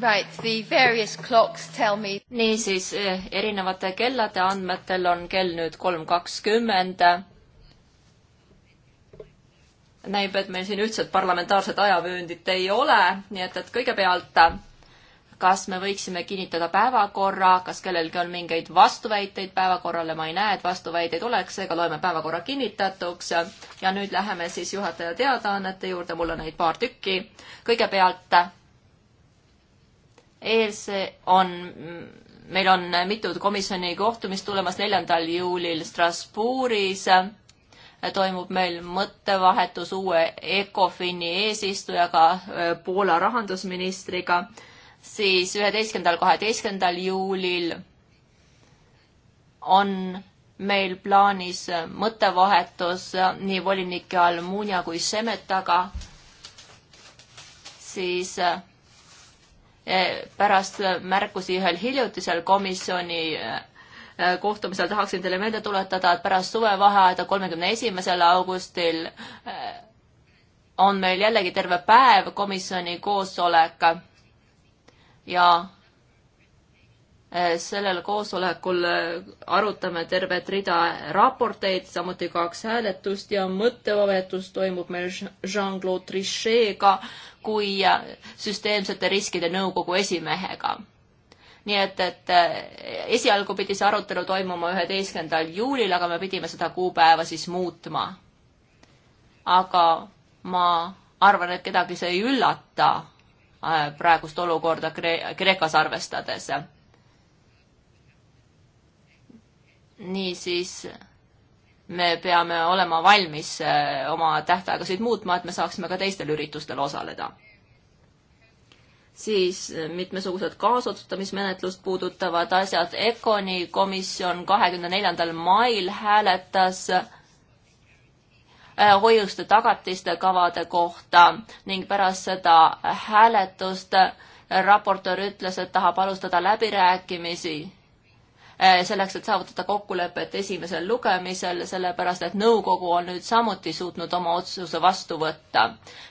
Right, the various clocks tell me. niisiis, eh, erinevate kellade andmetel on kell nüüd kolm kakskümmend. näib, et meil siin üldse parlamentaarset ajavööndit ei ole, nii et, et kõigepealt, kas me võiksime kinnitada päevakorra, kas kellelgi on mingeid vastuväiteid päevakorrale, ma ei näe, et vastuväiteid oleks, seega loeme päevakorra kinnitatuks. ja nüüd läheme siis juhataja teadaannete juurde, mul on neid paar tükki. kõigepealt ees on, meil on mitu komisjoni kohtumist tulemas neljandal juulil Strasbourgis. toimub meil mõttevahetus uue ECOFIN-i eesistujaga, äh, Poola rahandusministriga, siis üheteistkümnendal, kaheteistkümnendal juulil on meil plaanis mõttevahetus nii volinike Almunia kui Semetaga, siis äh, Eh, pärast märkusi ühel hiljutisel komisjoni eh, kohtumisel tahaksin teile meelde tuletada, et pärast suvevaheaeda kolmekümne esimesel augustil eh, on meil jällegi terve päev komisjoni koosolek ja Eh, sellel koosolekul eh, arutame tervet rida raporteid, samuti kaks hääletust ja mõttevahetus toimub meil Jean-Claude Trichet'ga kui eh, süsteemsete riskide nõukogu esimehega. nii et, et esialgu pidi see arutelu toimuma üheteistkümnendal juulil, aga me pidime seda kuupäeva siis muutma. aga ma arvan, et kedagi see ei üllata praegust olukorda Kre Kreekas arvestades niisiis me peame olema valmis äh, oma tähtaegasid muutma, et me saaksime ka teistel üritustel osaleda. siis äh, mitmesugused kaasotsustamismenetlust puudutavad asjad. ECONi komisjon kahekümne neljandal mail hääletas äh, hoiuste tagatiste kavade kohta ning pärast seda hääletust raportöör ütles, et tahab alustada läbirääkimisi Eh, selleks, et saavutada kokkulepet esimesel lugemisel, sellepärast et nõukogu on nüüd samuti suutnud oma otsuse vastu võtta.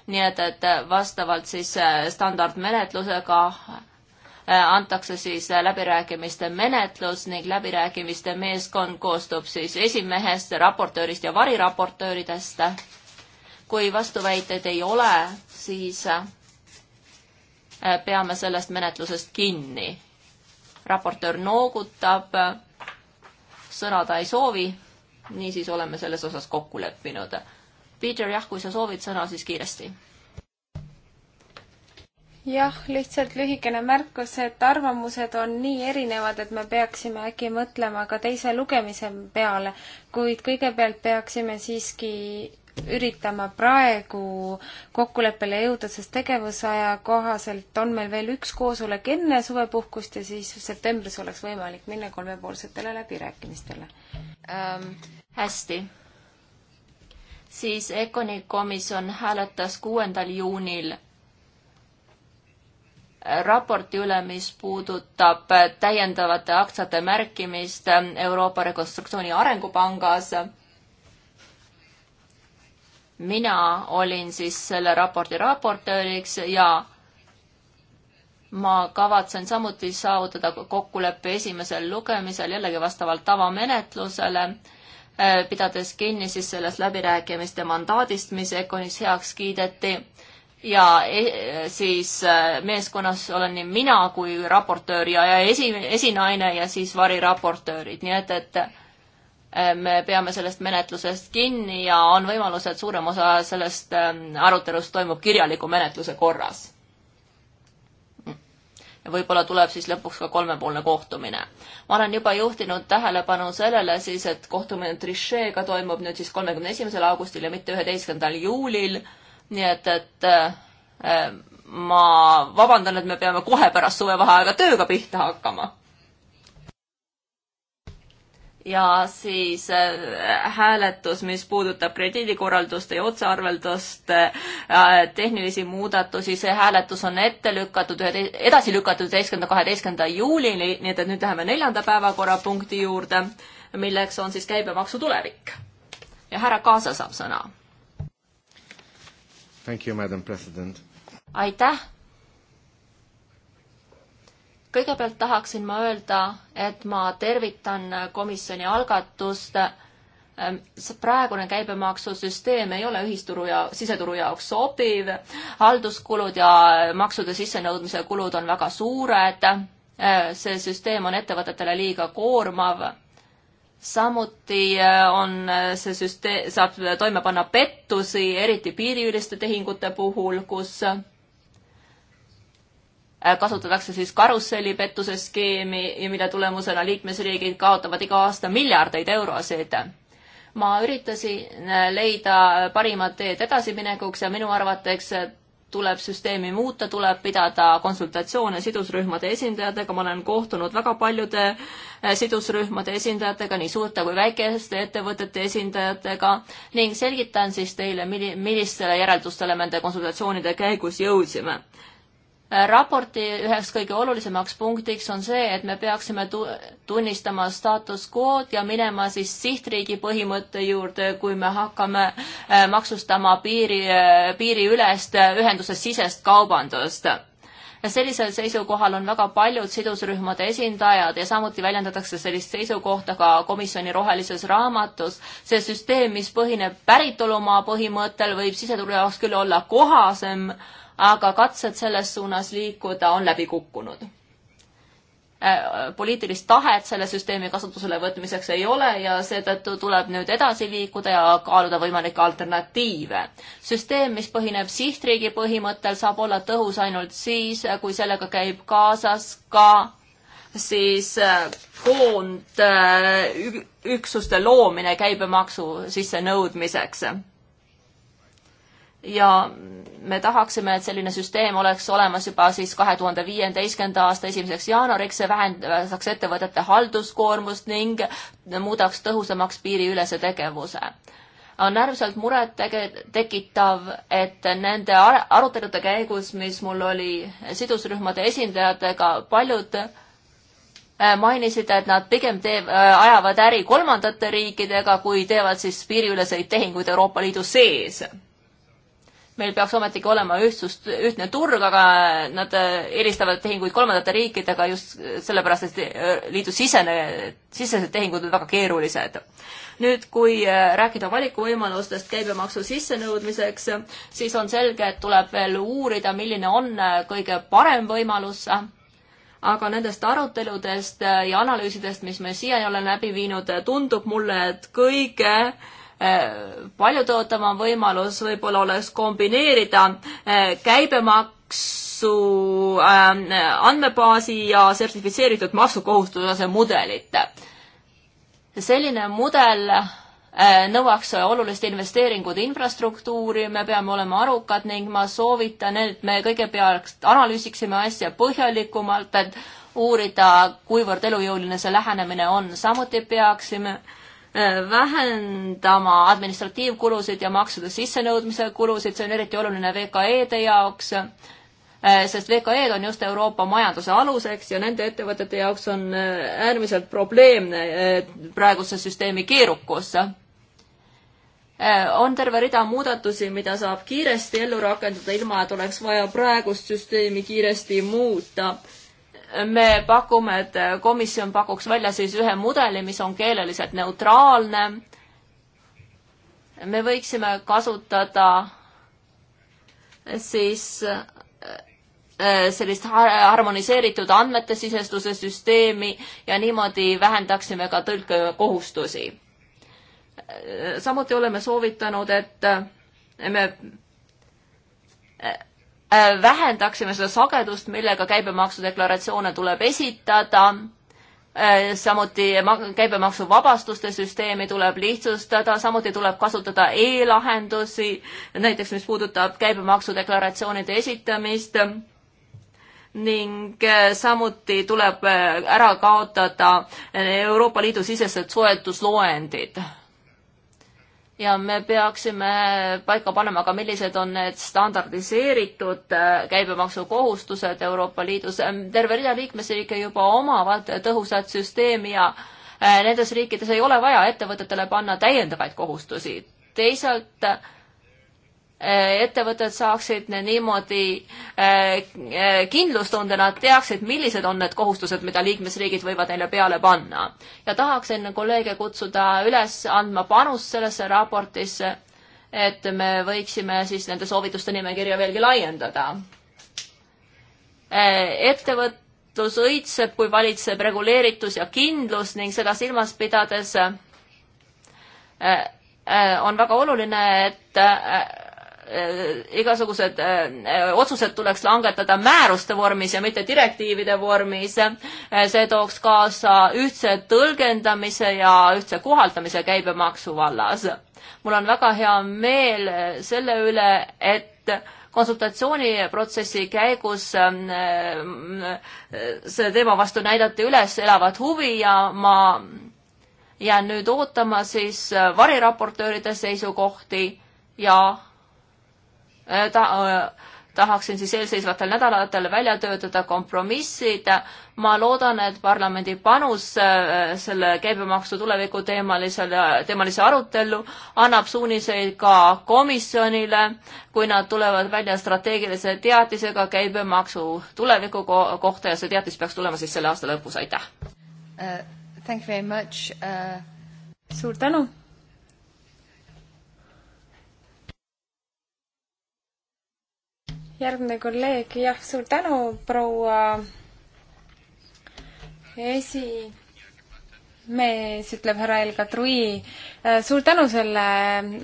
nii et, et vastavalt siis eh, standardmenetlusega eh, antakse siis läbirääkimiste menetlus ning läbirääkimiste meeskond koostub siis esimehest, raportöörist ja variraportööridest. kui vastuväiteid ei ole, siis peame sellest menetlusest kinni raportöör noogutab, sõna ta ei soovi, niisiis oleme selles osas kokku leppinud. Peter, jah, kui sa soovid sõna, siis kiiresti. jah, lihtsalt lühikene märkus, et arvamused on nii erinevad, et me peaksime äkki mõtlema ka teise lugemise peale, kuid kõigepealt peaksime siiski üritama praegu kokkuleppele jõuda, sest tegevusaja kohaselt on meil veel üks koosolek enne suvepuhkust ja siis septembris oleks võimalik minna kolmepoolsetele läbirääkimistele ähm,. hästi. siis Econi komisjon hääletas kuuendal juunil raporti üle, mis puudutab täiendavate aktsiate märkimist Euroopa Rekonstruktsiooni Arengupangas mina olin siis selle raporti raportööriks ja ma kavatsen samuti saavutada kokkuleppe esimesel lugemisel jällegi vastavalt tavamenetlusele, äh, pidades kinni siis sellest läbirääkimiste mandaadist, mis Econis heaks kiideti ja e, e siis äh, meeskonnas olen nii mina kui raportöör ja, ja esi, esinaine ja siis variraportöörid, nii et, et Ehm, me peame sellest menetlusest kinni ja on võimalus, et suurem osa sellest ehm, arutelust toimub kirjaliku menetluse korras. ja võib-olla tuleb siis lõpuks ka kolmepoolne kohtumine. ma olen juba juhtinud tähelepanu sellele siis, et kohtumine Trichet'ga toimub nüüd siis kolmekümne esimesel augustil ja mitte üheteistkümnendal juulil, nii et, et ehm, ma vabandan, et me peame kohe pärast suvevaheaega tööga pihta hakkama ja siis äh, hääletus, mis puudutab krediidikorralduste ja otsearvelduste äh, tehnilisi muudatusi, see hääletus on ette lükatud, edasi lükatud üheteistkümnenda, kaheteistkümnenda juulini, nii et, et nüüd läheme neljanda päevakorrapunkti juurde, milleks on siis käibemaksu tulevik. ja härra Kaasa saab sõna. aitäh kõigepealt tahaksin ma öelda, et ma tervitan komisjoni algatust. Ähm, praegune käibemaksusüsteem ei ole ühisturu ja siseturu jaoks sobiv. halduskulud ja maksude sissenõudmise kulud on väga suured. Äh, see süsteem on ettevõtetele liiga koormav samuti äh, on äh, see süsteem, saab toime panna pettusi, eriti piiriüliste tehingute puhul, kus Äh, kasutatakse siis karussellipettuse skeemi ja mille tulemusena liikmesriigid kaotavad iga aasta miljardeid eurosid. ma üritasin äh, leida äh, parimad teed edasiminekuks ja minu arvates tuleb süsteemi muuta, tuleb pidada konsultatsioone sidusrühmade esindajatega, ma olen kohtunud väga paljude sidusrühmade esindajatega, nii suurte kui väikeste ettevõtete esindajatega ning selgitan siis teile, milli-, millistele järeldustele me nende konsultatsioonide käigus jõudsime. Äh, raporti üheks kõige olulisemaks punktiks on see, et me peaksime tu-, tunnistama status quo'd ja minema siis sihtriigi põhimõtte juurde, kui me hakkame äh, maksustama piiri, äh, piiriülest ühenduse sisest kaubandust. sellisel seisukohal on väga paljud sidusrühmade esindajad ja samuti väljendatakse sellist seisukohta ka komisjoni rohelises raamatus. see süsteem, mis põhineb päritolumaa põhimõttel, võib siseturu jaoks küll olla kohasem, aga katsed selles suunas liikuda on läbi kukkunud. Äh, poliitilist tahet selle süsteemi kasutusele võtmiseks ei ole ja seetõttu tuleb nüüd edasi liikuda ja kaaluda võimalikke alternatiive. süsteem, mis põhineb sihtriigi põhimõttel, saab olla tõhus ainult siis, kui sellega käib kaasas ka siis äh, koondüksuste loomine käibemaksu sissenõudmiseks ja me tahaksime, et selline süsteem oleks olemas juba siis kahe tuhande viieteistkümnenda aasta esimeseks jaanuariks, see vähendaks ettevõtete halduskoormust ning muudaks tõhusamaks piiriülese tegevuse. on äärmiselt muret tege-, tekitav, et nende ar arutelude käigus, mis mul oli sidusrühmade esindajatega, paljud äh, mainisid, et nad pigem teev-, äh, ajavad äri kolmandate riikidega, kui teevad siis piiriüleseid tehinguid Euroopa Liidu sees meil peaks ometigi olema ühtsust, ühtne turg, aga nad äh, eelistavad tehinguid kolmandate riikidega just sellepärast, et äh, liidu sisene, sisesed tehingud on väga keerulised. nüüd, kui äh, rääkida valikuvõimalustest käibemaksu sissenõudmiseks, siis on selge, et tuleb veel uurida, milline on kõige parem võimalus aga nendest aruteludest ja analüüsidest, mis me siiani oleme läbi viinud, tundub mulle, et kõige äh, paljutõotavam võimalus võib-olla oleks kombineerida eh, käibemaksu eh, andmebaasi ja sertifitseeritud maksukohustuse mudelit. selline mudel eh, nõuaks olulist investeeringut infrastruktuuri, me peame olema arukad ning ma soovitan, et me kõigepealt analüüsiksime asja põhjalikumalt, et uurida, kuivõrd elujõuline see lähenemine on. samuti peaksime äh, Äh, vähendama administratiivkulusid ja maksude sissenõudmise kulusid, see on eriti oluline VKE-de jaoks, äh, sest VKE-d on just Euroopa majanduse aluseks ja nende ettevõtete jaoks on äh, äärmiselt probleemne praeguse süsteemi keerukus on terve rida muudatusi, mida saab kiiresti ellu rakendada, ilma et oleks vaja praegust süsteemi kiiresti muuta me pakume, et komisjon pakuks välja siis ühe mudeli, mis on keeleliselt neutraalne. me võiksime kasutada siis äh, sellist harmoniseeritud andmete sisestuse süsteemi ja niimoodi vähendaksime ka tõlkekohustusi. Äh, samuti oleme soovitanud, et me äh, Äh, vähendaksime seda sagedust, millega käibemaksudeklaratsioone tuleb esitada. Äh, samuti käibemaksuvabastuste süsteemi tuleb lihtsustada, samuti tuleb kasutada e-lahendusi, näiteks mis puudutab käibemaksudeklaratsioonide esitamist. ning äh, samuti tuleb ära kaotada Euroopa Liidu sisesed soetusloendid ja me peaksime paika panema ka, millised on need standardiseeritud äh, käibemaksukohustused Euroopa Liidus. Ähm, terve rida liikmesriike juba omavad tõhusat süsteemi ja äh, nendes riikides ei ole vaja ettevõtetele panna täiendavaid kohustusi. teisalt äh, Eh, ettevõtted saaksid niimoodi eh, eh, kindlustunde, nad teaksid, millised on need kohustused, mida liikmesriigid võivad neile peale panna. ja tahaksin kolleege kutsuda üles andma panust sellesse raportisse, et me võiksime siis nende soovituste nimekirja veelgi laiendada. ettevõtlus õitseb, kui valitseb reguleeritus ja kindlus ning seda silmas pidades on väga oluline, et Äh, igasugused äh, otsused tuleks langetada määruste vormis ja mitte direktiivide vormis. Äh, see tooks kaasa ühtse tõlgendamise ja ühtse kohaldamise käibemaksu vallas. mul on väga hea meel selle üle, et konsultatsiooniprotsessi käigus ähm, selle teema vastu näidati üles elavat huvi ja ma jään nüüd ootama siis variraportööride seisukohti ja Äh, ta-, äh, tahaksin siis eelseisvatel nädalatel välja töötada kompromissid. ma loodan, et parlamendi panus äh, selle käibemaksu tuleviku teemalisele, teemalise arutellu annab suuniseid ka komisjonile, kui nad tulevad välja strateegilise teatisega käibemaksu tuleviku ko kohta ja see teatis peaks tulema siis selle aasta lõpus, aitäh uh,! Thank you very much uh...! suur tänu! järgmine kolleeg, jah, suur tänu, proua esi-, mees, ütleb härra Elga Trui. Äh, suur tänu selle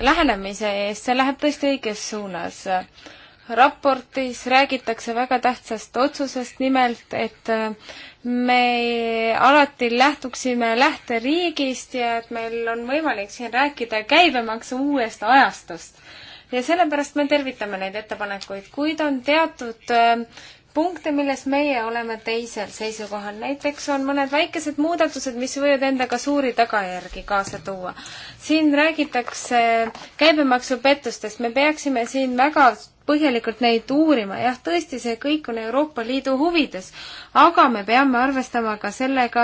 lähenemise eest, see läheb tõesti õiges suunas. raportis räägitakse väga tähtsast otsusest, nimelt et äh, me alati lähtuksime lähteriigist ja et meil on võimalik siin rääkida käibemaksu uuest ajastust ja sellepärast me tervitame neid ettepanekuid, kuid on teatud äh, punkte, milles meie oleme teisel seisukohal. näiteks on mõned väikesed muudatused, mis võivad endaga suuri tagajärgi kaasa tuua. siin räägitakse äh, käibemaksupettustest, me peaksime siin väga põhjalikult neid uurima, jah, tõesti, see kõik on Euroopa Liidu huvides, aga me peame arvestama ka sellega,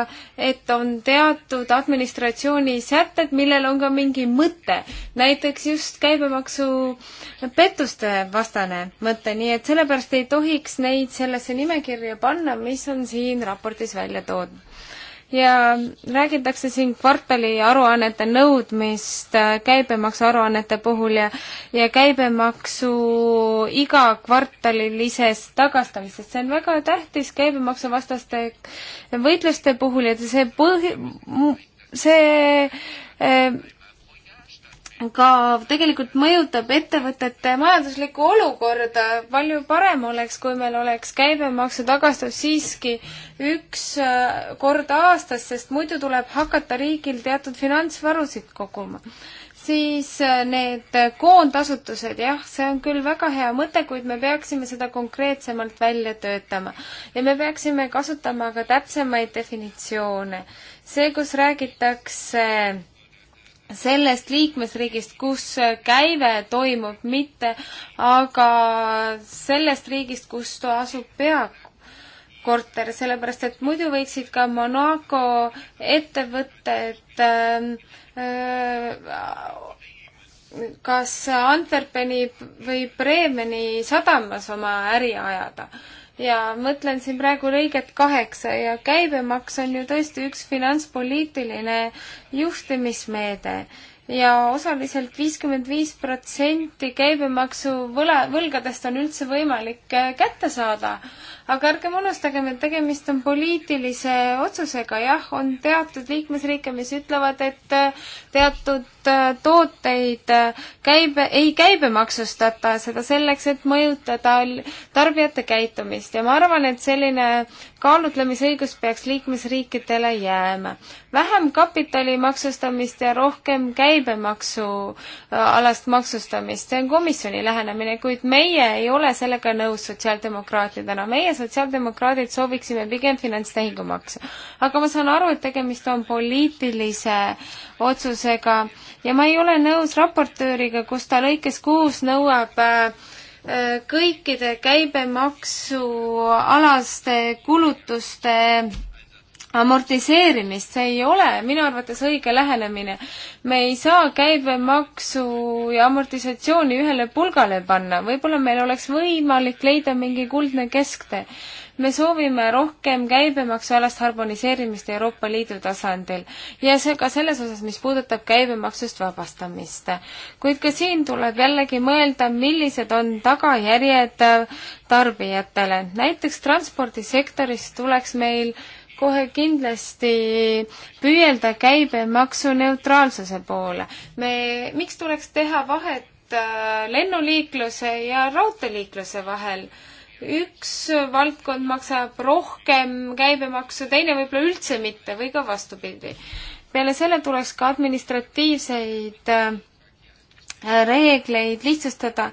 et on teatud administratsioonisätted, millel on ka mingi mõte, näiteks just käibemaksupettuste vastane mõte, nii et sellepärast ei tohiks neid sellesse nimekirja panna, mis on siin raportis välja toodud ja räägitakse siin kvartali aruannete nõudmist äh, käibemaksu aruannete puhul ja, ja käibemaksu igakvartalilisest tagastamisest. see on väga tähtis käibemaksuvastaste võitluste puhul ja see põhi, see äh, ka tegelikult mõjutab ettevõtete majanduslikku olukorda. palju parem oleks, kui meil oleks käibemaksu tagastus siiski üks äh, kord aastas, sest muidu tuleb hakata riigil teatud finantsvarusid koguma. siis äh, need koondasutused, jah, see on küll väga hea mõte, kuid me peaksime seda konkreetsemalt välja töötama. ja me peaksime kasutama ka täpsemaid definitsioone. see, kus räägitakse äh, sellest liikmesriigist, kus käive toimub, mitte aga sellest riigist, kus ta asub peakorter, sellepärast et muidu võiksid ka Monaco ettevõtted ähm, äh, kas Antwerpeni või Bremeni sadamas oma äri ajada ja mõtlen siin praegu lõiget kaheksa ja käibemaks on ju tõesti üks finantspoliitiline juhtimismeede ja osaliselt viiskümmend viis protsenti käibemaksu võla, võlgadest on üldse võimalik äh, kätte saada aga ärgem unustagem, et tegemist on poliitilise otsusega, jah, on teatud liikmesriike, mis ütlevad, et äh, teatud äh, tooteid äh, käibe, ei käibemaksustata, seda selleks, et mõjutada tarbijate käitumist ja ma arvan, et selline kaalutlemisõigus peaks liikmesriikidele jääma. vähem kapitali maksustamist ja rohkem käibemaksu alast maksustamist, see on komisjoni lähenemine, kuid meie ei ole sellega nõus sotsiaaldemokraatidena, meie sotsiaaldemokraadid sooviksime pigem finantstehingumaksu. aga ma saan aru, et tegemist on poliitilise otsusega ja ma ei ole nõus raportööriga, kus ta lõikes kuus nõuab äh, kõikide käibemaksualaste kulutuste amortiseerimist, see ei ole minu arvates õige lähenemine. me ei saa käibemaksu ja amortisatsiooni ühele pulgale panna, võib-olla meil oleks võimalik leida mingi kuldne kesktee. me soovime rohkem käibemaksualast harmoniseerimist Euroopa Liidu tasandil ja see ka selles osas, mis puudutab käibemaksust vabastamist. kuid ka siin tuleb jällegi mõelda, millised on tagajärjed tarbijatele. näiteks transpordisektoris tuleks meil kohe kindlasti püüelda käibemaksu neutraalsuse poole. me, miks tuleks teha vahet äh, lennuliikluse ja raudteeliikluse vahel? üks valdkond maksab rohkem käibemaksu, teine võib-olla üldse mitte või ka vastupidi. peale selle tuleks ka administratiivseid äh, reegleid lihtsustada,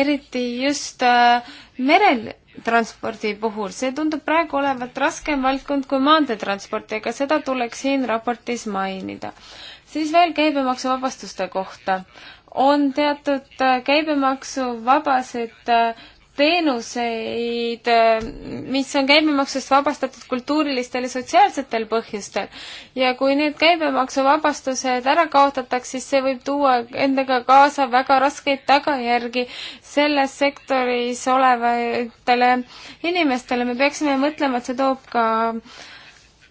eriti just äh, merel transpordi puhul. see tundub praegu olevat raskem valdkond kui maanteetransport ja ka seda tuleks siin raportis mainida. siis veel käibemaksuvabastuste kohta. on teatud äh, käibemaksuvabasid äh, teenuseid, äh, mis on käibemaksust vabastatud kultuurilistel ja sotsiaalsetel põhjustel. ja kui need käibemaksuvabastused ära kaotatakse, siis see võib tuua endaga kaasa väga raskeid tagajärgi selles sektoris olevatele inimestele. me peaksime mõtlema, et see toob ka äh,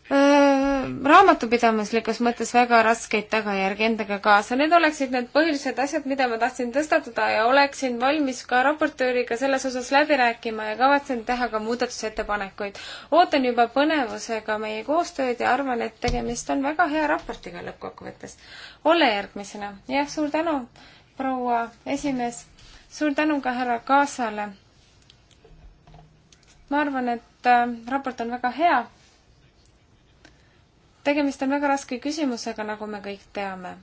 raamatupidamislikus mõttes väga raskeid tagajärgi endaga kaasa. Need oleksid need põhilised asjad, mida ma tahtsin tõstatada ja oleksin valmis ka raportööriga selles osas läbi rääkima ja kavatsen teha ka muudatusettepanekuid. ootan juba põnevusega meie koostööd ja arvan, et tegemist on väga hea raportiga lõppkokkuvõttes. Olle järgmisena. jah, suur tänu, proua esimees. suur tänu ka härra Kaasale. ma arvan, et äh, raport on väga hea tegemist on väga raske küsimusega, nagu me kõik teame.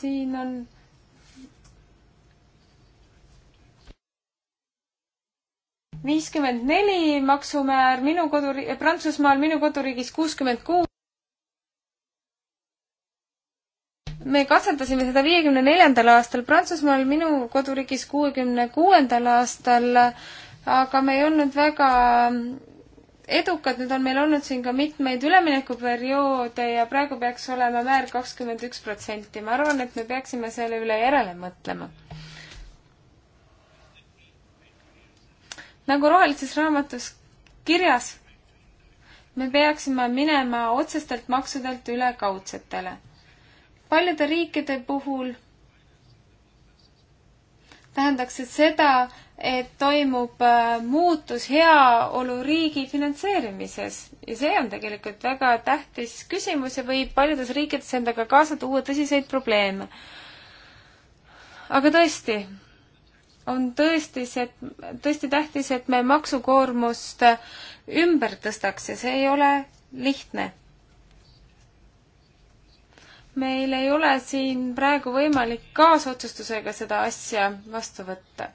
siin on viiskümmend neli maksumäär minu kodu, eh, Prantsusmaal minu koduriigis kuuskümmend kuus. me katsetasime seda viiekümne neljandal aastal Prantsusmaal, minu koduriigis kuuekümne kuuendal aastal aga me ei olnud väga edukad, nüüd on meil olnud siin ka mitmeid üleminekuperioode ja praegu peaks olema määr kakskümmend üks protsenti. ma arvan, et me peaksime selle üle järele mõtlema. nagu rohelises raamatus kirjas, me peaksime minema otsestelt maksudelt üle kaudsetele. paljude riikide puhul tähendaks see seda, et toimub äh, muutus heaolu riigi finantseerimises ja see on tegelikult väga tähtis küsimus ja võib paljudes riikides endaga kaasa tuua tõsiseid probleeme. aga tõesti, on tõesti see, tõesti tähtis, et me maksukoormust ümber tõstaks ja see ei ole lihtne. meil ei ole siin praegu võimalik kaasotsustusega seda asja vastu võtta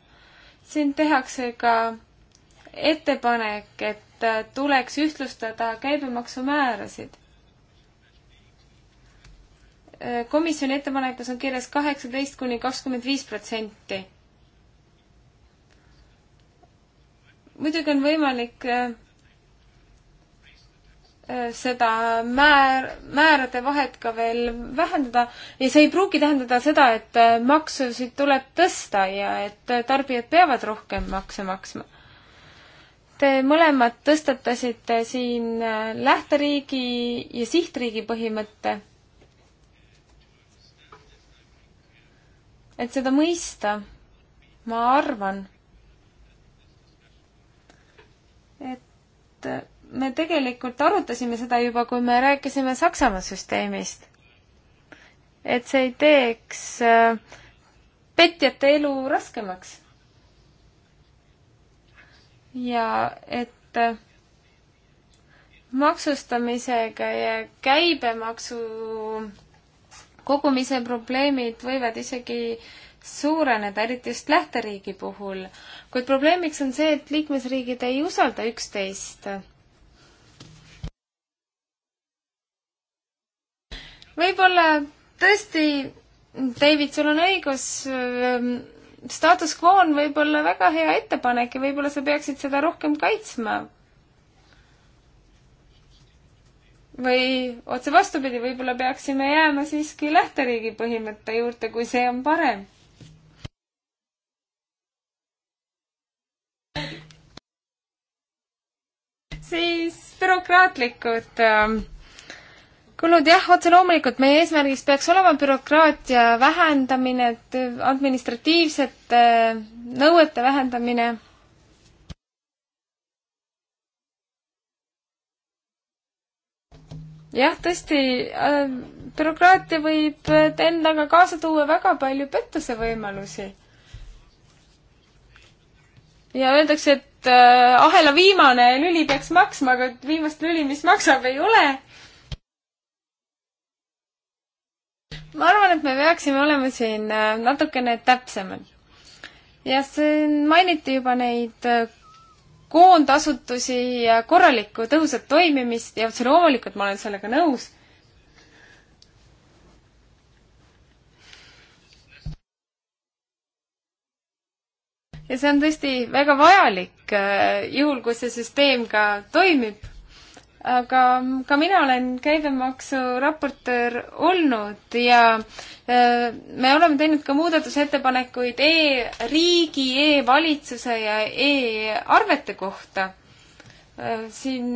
siin tehakse ka ettepanek, et tuleks ühtlustada käibemaksumäärasid komisjoni ettepanekus on kirjas kaheksateist kuni kakskümmend viis protsenti. muidugi on võimalik Äh, seda määr, määrade vahet ka veel vähendada ja see ei pruugi tähendada seda, et äh, maksusid tuleb tõsta ja et äh, tarbijad peavad rohkem makse maksma. Te mõlemad tõstatasite siin lähteriigi ja sihtriigi põhimõtte. et seda mõista, ma arvan, et me tegelikult arutasime seda juba, kui me rääkisime Saksamaa süsteemist. et see ei teeks äh, petjate elu raskemaks. ja et äh, maksustamisega ja käibemaksu kogumise probleemid võivad isegi suureneda, eriti just lähteriigi puhul. kuid probleemiks on see, et liikmesriigid ei usalda üksteist võib-olla tõesti, David, sul on õigus, ehm, status quo on võib-olla väga hea ettepanek ja võib-olla sa peaksid seda rohkem kaitsma. või otse vastupidi, võib-olla peaksime jääma siiski lähteriigi põhimõtte juurde, kui see on parem siis bürokraatlikud ähm, kulud jah, otse loomulikult meie eesmärgiks peaks olema bürokraatia vähendamine, et eh, administratiivsete eh, nõuete vähendamine. jah, tõesti, äh, bürokraatia võib eh, endaga kaasa tuua väga palju pettuse võimalusi. ja öeldakse, et ahela viimane lüli peaks maksma, aga viimast lüli, mis maksab, ei ole ma arvan, et me peaksime olema siin äh, natukene täpsemad. ja siin mainiti juba neid äh, koondasutusi ja korralikku tõhusat toimimist ja otse loomulikult ma olen sellega nõus. ja see on tõesti väga vajalik, äh, juhul kui see süsteem ka toimib aga ka mina olen käibemaksuraportöör olnud ja äh, me oleme teinud ka muudatusettepanekuid e-riigi e, e-valitsuse ja e-arvete kohta. Äh, siin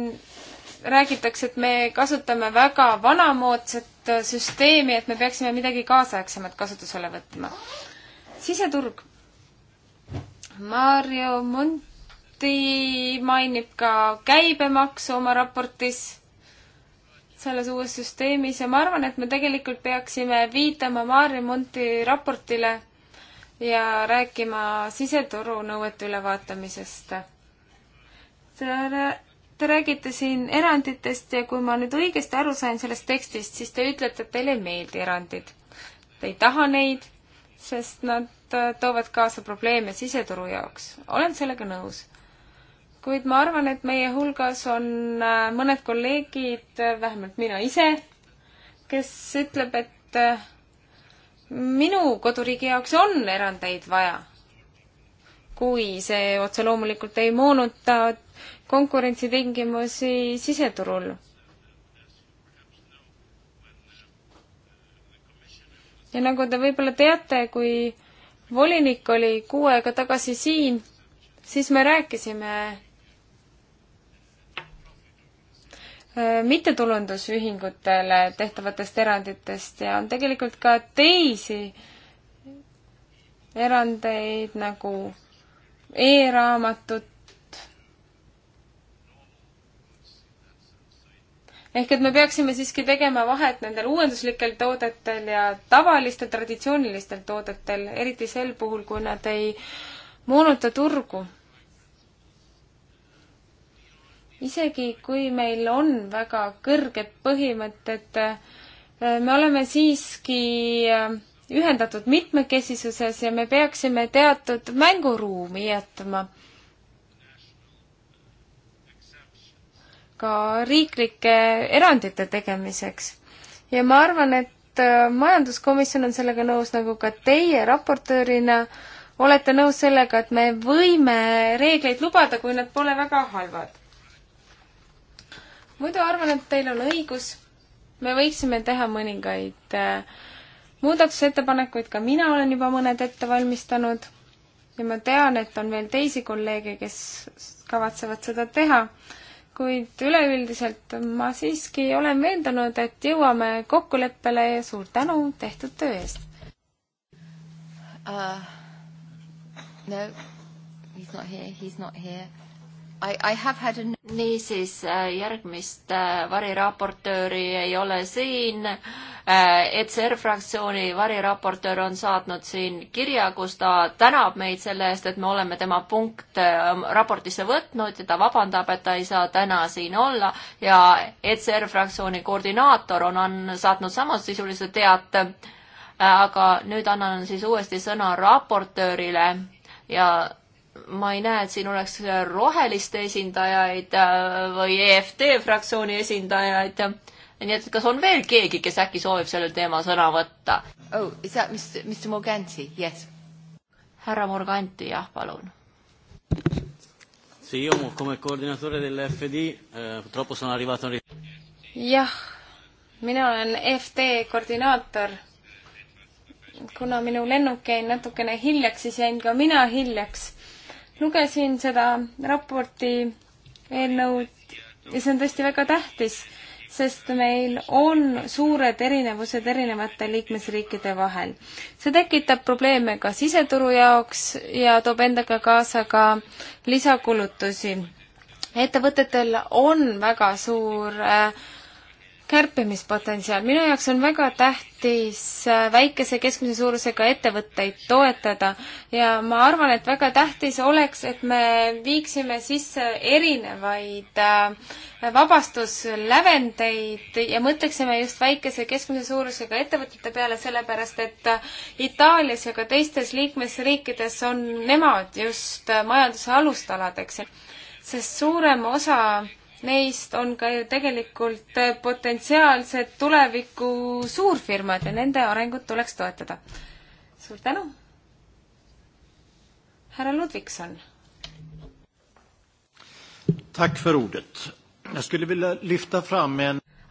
räägitakse, et me kasutame väga vanamoodsat äh, süsteemi, et me peaksime midagi kaasaegsemat kasutusele võtma. siseturg. Mario Mont-, samuti mainib ka käibemaksu oma raportis selles uues süsteemis ja ma arvan, et me tegelikult peaksime viitama Maarja Munti raportile ja rääkima siseturu nõuete ülevaatamisest. Te räägite siin eranditest ja kui ma nüüd õigesti aru sain sellest tekstist, siis te ütlete, et teile ei meeldi erandid. Te ei taha neid, sest nad äh, toovad kaasa probleeme siseturu jaoks. olen sellega nõus kuid ma arvan, et meie hulgas on äh, mõned kolleegid, äh, vähemalt mina ise, kes ütleb, et äh, minu koduriigi jaoks on erandeid vaja. kui see otse loomulikult ei moonuta konkurentsitingimusi siseturul. ja nagu te võib-olla teate, kui volinik oli kuu aega tagasi siin, siis me rääkisime mittetulundusühingutele tehtavatest eranditest ja on tegelikult ka teisi erandeid nagu e-raamatut. ehk et me peaksime siiski tegema vahet nendel uuenduslikel toodetel ja tavalistel traditsioonilistel toodetel, eriti sel puhul, kui nad ei moonuta turgu isegi kui meil on väga kõrged põhimõtted, äh, me oleme siiski äh, ühendatud mitmekesisuses ja me peaksime teatud mänguruumi jätma. ka riiklike erandite tegemiseks. ja ma arvan, et äh, majanduskomisjon on sellega nõus, nagu ka teie raportöörina olete nõus sellega, et me võime reegleid lubada, kui nad pole väga halvad muidu arvan, et teil on õigus, me võiksime teha mõningaid äh, muudatusettepanekuid, ka mina olen juba mõned ette valmistanud ja ma tean, et on veel teisi kolleege, kes kavatsevad seda teha, kuid üleüldiselt ma siiski olen veendunud, et jõuame kokkuleppele ja suur tänu tehtud töö eest uh,. No, he's not here, he's not here niisiis, äh, järgmist äh, variraportööri ei ole siin. Äh, ECR fraktsiooni variraportöör on saatnud siin kirja, kus ta tänab meid selle eest, et me oleme tema punkt ähm, raportisse võtnud ja ta vabandab, et ta ei saa täna siin olla ja ECR fraktsiooni koordinaator on, on saatnud samasisulise teate. aga nüüd annan siis uuesti sõna raportöörile ja ma ei näe, et siin oleks roheliste esindajaid äh, või EFD fraktsiooni esindajaid. nii et kas on veel keegi, kes äkki soovib sellel teemal sõna võtta? oh, is that Mr, Mr Morganti, yes. härra Morganti, jah, palun. Eh, jah, mina olen EFD koordinaator kuna minu lennuk jäi natukene hiljaks, siis jäin ka mina hiljaks lugesin seda raporti eelnõud ja see on tõesti väga tähtis, sest meil on suured erinevused erinevate liikmesriikide vahel. see tekitab probleeme ka siseturu jaoks ja toob endaga kaasa ka lisakulutusi. ettevõtetel on väga suur äh, kärpimispotentsiaal, minu jaoks on väga tähtis äh, väikese keskmise suurusega ettevõtteid toetada ja ma arvan, et väga tähtis oleks, et me viiksime sisse erinevaid äh, vabastuslävendeid ja mõtleksime just väikese keskmise suurusega ettevõtete peale, sellepärast et äh, Itaalias ja ka teistes liikmesriikides on nemad just majanduse alustaladeks, sest suurem osa neist on ka ju tegelikult äh, potentsiaalsed tuleviku suurfirmad ja nende arengut tuleks toetada. suur tänu! härra Ludvikson.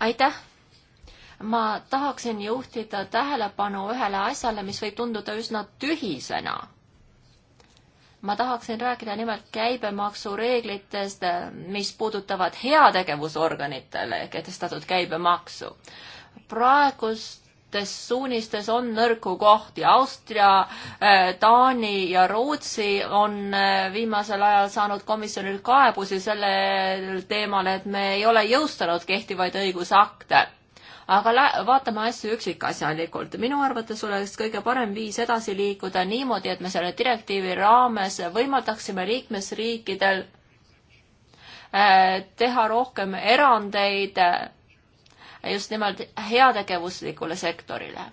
aitäh! ma tahaksin juhtida tähelepanu ühele asjale, mis võib tunduda üsna tühisena ma tahaksin rääkida nimelt käibemaksureeglitest, mis puudutavad heategevusorganitele kehtestatud käibemaksu. praegustes suunistes on nõrku kohti. Austria, äh, Taani ja Rootsi on äh, viimasel ajal saanud komisjonilt kaebusi sellel teemal, et me ei ole jõustanud kehtivaid õigusakte aga vaatame asju üksikasjalikult. minu arvates oleks kõige parem viis edasi liikuda niimoodi, et me selle direktiivi raames võimaldaksime liikmesriikidel äh, teha rohkem erandeid äh, just nimelt heategevuslikule sektorile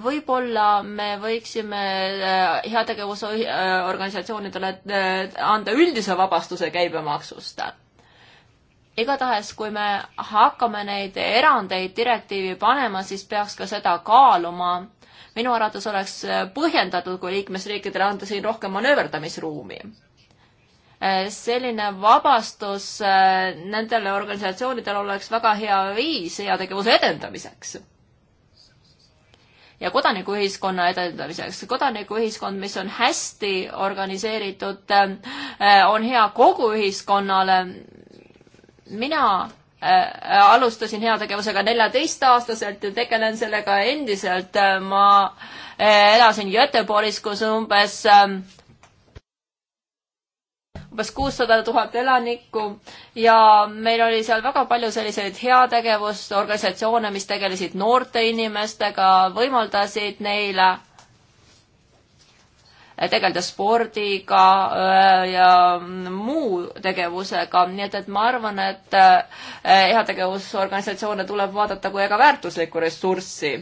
võib-olla me võiksime äh, heategevusorganisatsioonidele äh, äh, anda üldise vabastuse käibemaksust. igatahes, kui me hakkame neid erandeid direktiivi panema, siis peaks ka seda kaaluma. minu arvates oleks põhjendatud, kui liikmesriikidele anda siin rohkem manööverdamisruumi selline vabastus nendele organisatsioonidele oleks väga hea viis heategevuse edendamiseks ja kodanikuühiskonna edendamiseks. kodanikuühiskond, mis on hästi organiseeritud, äh, on hea kogu ühiskonnale. mina äh, alustasin heategevusega neljateistaastaselt ja tegelen sellega endiselt. ma äh, elasin Göteborgis, kus umbes umbes kuussada tuhat elanikku ja meil oli seal väga palju selliseid heategevust, organisatsioone, mis tegelesid noorte inimestega, võimaldasid neile tegeleda spordiga äh, ja muu tegevusega, nii et, et ma arvan, et äh, heategevusorganisatsioone tuleb vaadata kui väga väärtuslikku ressurssi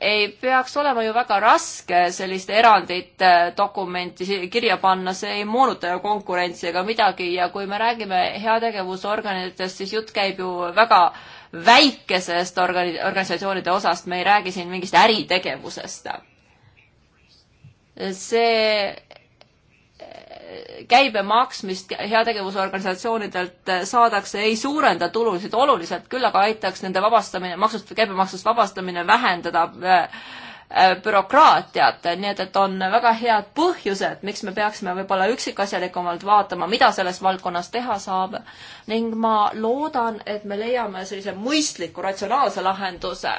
ei peaks olema ju väga raske sellist erandit äh, dokumenti kirja panna, see ei moonuta ju konkurentsi ega midagi ja kui me räägime heategevusorganitest, siis jutt käib ju väga väikesest organi-, organisatsioonide osast, me ei räägi siin mingist äritegevusest. see käibe maksmist heategevusorganisatsioonidelt saadakse, ei suurenda tulusid oluliselt, küll aga aitaks nende vabastamine, maksust, käibemaksust vabastamine vähendada äh, äh, bürokraatiat, nii et, et on väga head põhjused, miks me peaksime võib-olla üksikasjalikumalt vaatama, mida selles valdkonnas teha saab. ning ma loodan, et me leiame sellise mõistliku, ratsionaalse lahenduse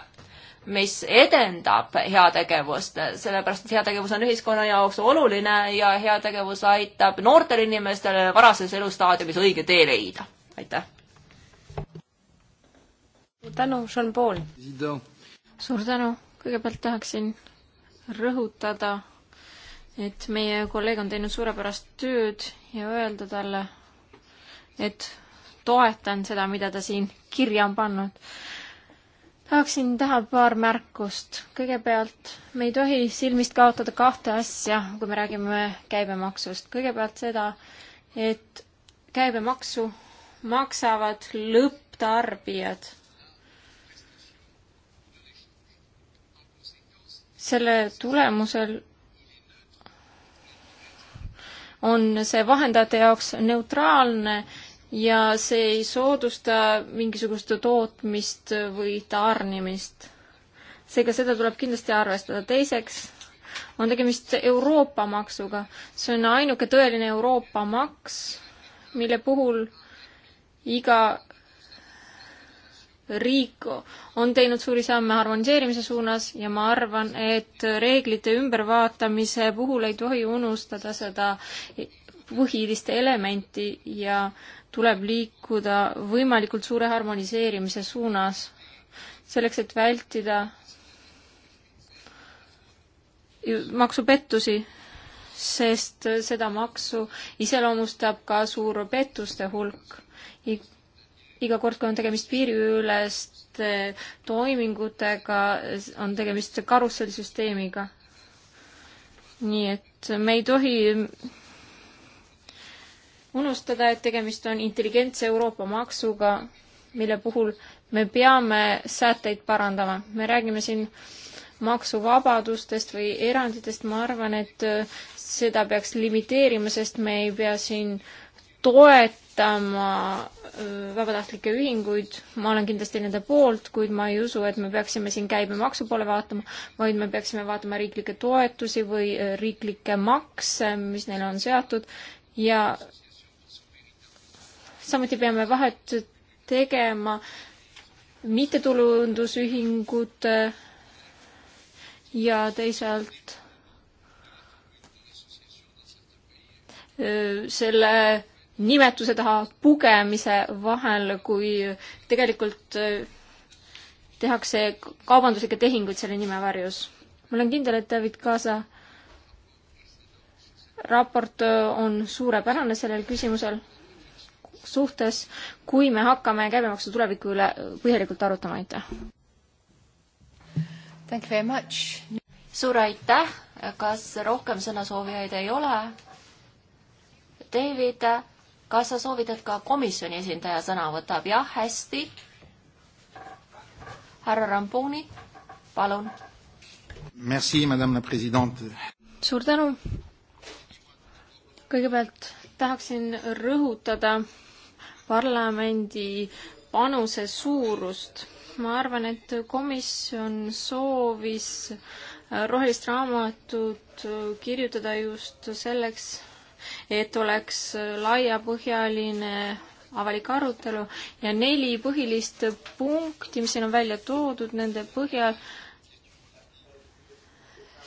mis edendab heategevust, sellepärast et heategevus on ühiskonna jaoks oluline ja heategevus aitab noortel inimestel varases elustaadiumis õige tee leida. aitäh! tänu, Jean-Paul! suur tänu! kõigepealt tahaksin rõhutada, et meie kolleeg on teinud suurepärast tööd ja öelda talle, et toetan seda, mida ta siin kirja on pannud tahaksin teha paar märkust. kõigepealt me ei tohi silmist kaotada kahte asja, kui me räägime käibemaksust. kõigepealt seda, et käibemaksu maksavad lõpptarbijad. selle tulemusel on see vahendajate jaoks neutraalne ja see ei soodusta mingisugust tootmist või tarnimist. seega seda tuleb kindlasti arvestada. teiseks on tegemist Euroopa maksuga. see on ainuke tõeline Euroopa maks, mille puhul iga riik on teinud suuri samme harmoniseerimise suunas ja ma arvan, et reeglite ümbervaatamise puhul ei tohi unustada seda põhilist elementi ja tuleb liikuda võimalikult suure harmoniseerimise suunas, selleks et vältida maksupettusi, sest seda maksu iseloomustab ka suur pettuste hulk. iga kord, kui on tegemist piiriüleste toimingutega, on tegemist karussellsüsteemiga. nii et me ei tohi unustada, et tegemist on intelligentse Euroopa maksuga, mille puhul me peame sätteid parandama. me räägime siin maksuvabadustest või eranditest, ma arvan, et äh, seda peaks limiteerima, sest me ei pea siin toetama äh, vabatahtlikke ühinguid, ma olen kindlasti nende poolt, kuid ma ei usu, et me peaksime siin käibemaksu poole vaatama, vaid me peaksime vaatama riiklikke toetusi või äh, riiklikke makse, mis neile on seatud ja samuti peame vahet tegema mittetulundusühingute ja teisalt selle nimetuse taha pugemise vahel, kui tegelikult tehakse kaubanduslikke tehinguid selle nime varjus. ma olen kindel, et David Kaasa raport on suurepärane sellel küsimusel suhtes, kui me hakkame käibemaksu tuleviku üle põhjalikult arutama, aitäh! Thank you very much! suur aitäh, kas rohkem sõnasoovijaid ei ole? David, kas sa soovid, et ka komisjoni esindaja sõna võtab? jah, hästi. härra Rambuni, palun. Merci, madame la president. suur tänu. kõigepealt tahaksin rõhutada parlamendi panuse suurust. ma arvan, et komisjon soovis äh, rohelist raamatut äh, kirjutada just selleks, et oleks äh, laiapõhjaline avalik arutelu ja neli põhilist punkti, mis siin on välja toodud, nende põhjal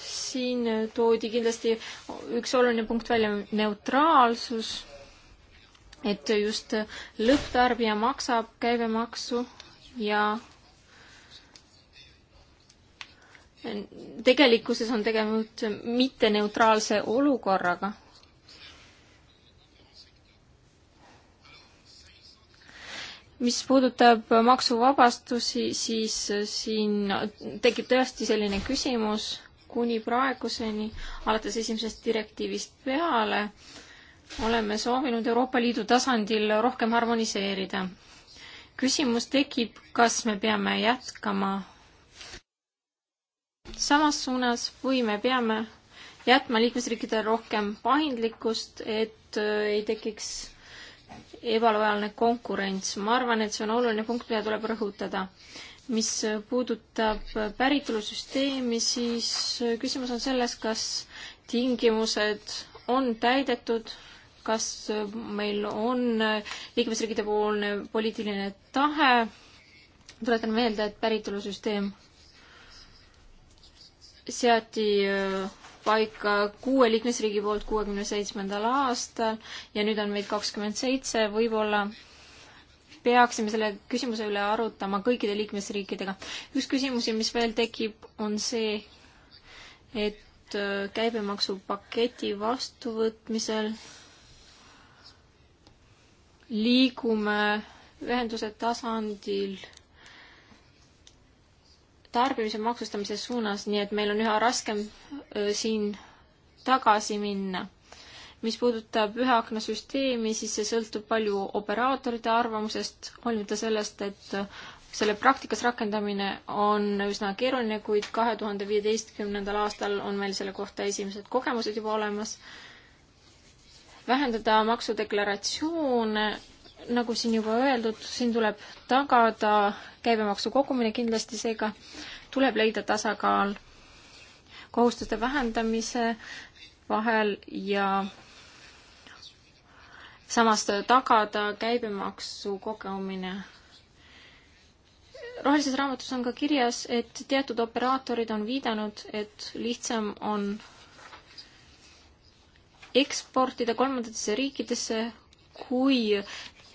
siin toodi kindlasti üks oluline punkt välja, neutraalsus et just lõpptarbija maksab käibemaksu ja tegelikkuses on tegemist mitteneutraalse olukorraga. mis puudutab maksuvabastusi, siis siin tekib tõesti selline küsimus kuni praeguseni, alates esimesest direktiivist peale äh, oleme soovinud Euroopa Liidu tasandil rohkem harmoniseerida. küsimus tekib, kas me peame jätkama samas suunas või me peame jätma liikmesriikidele rohkem paindlikkust, et äh, ei tekiks ebalojaalne konkurents. ma arvan, et see on oluline punkt, mida tuleb rõhutada. mis puudutab päritolusüsteemi, siis küsimus on selles, kas tingimused on täidetud kas meil on liikmesriikide poolne poliitiline tahe. tuletan meelde, et päritolusüsteem seati äh, paika kuue liikmesriigi poolt kuuekümne seitsmendal aastal ja nüüd on meid kakskümmend seitse, võib-olla peaksime selle küsimuse üle arutama kõikide liikmesriikidega. üks küsimusi, mis veel tekib, on see, et äh, käibemaksupaketi vastuvõtmisel liigume ühenduse tasandil tarbimise maksustamise suunas, nii et meil on üha raskem siin tagasi minna. mis puudutab ühe akna süsteemi, siis see sõltub palju operaatorite arvamusest, hoolimata sellest, et selle praktikas rakendamine on üsna keeruline, kuid kahe tuhande viieteistkümnendal aastal on meil selle kohta esimesed kogemused juba olemas vähendada maksudeklaratsioone, nagu siin juba öeldud, siin tuleb tagada käibemaksu kogumine kindlasti, seega tuleb leida tasakaal kohustuste vähendamise vahel ja samas tagada käibemaksu kogemine. rohelises raamatus on ka kirjas, et teatud operaatorid on viidanud, et lihtsam on eksportida kolmandatesse riikidesse, kui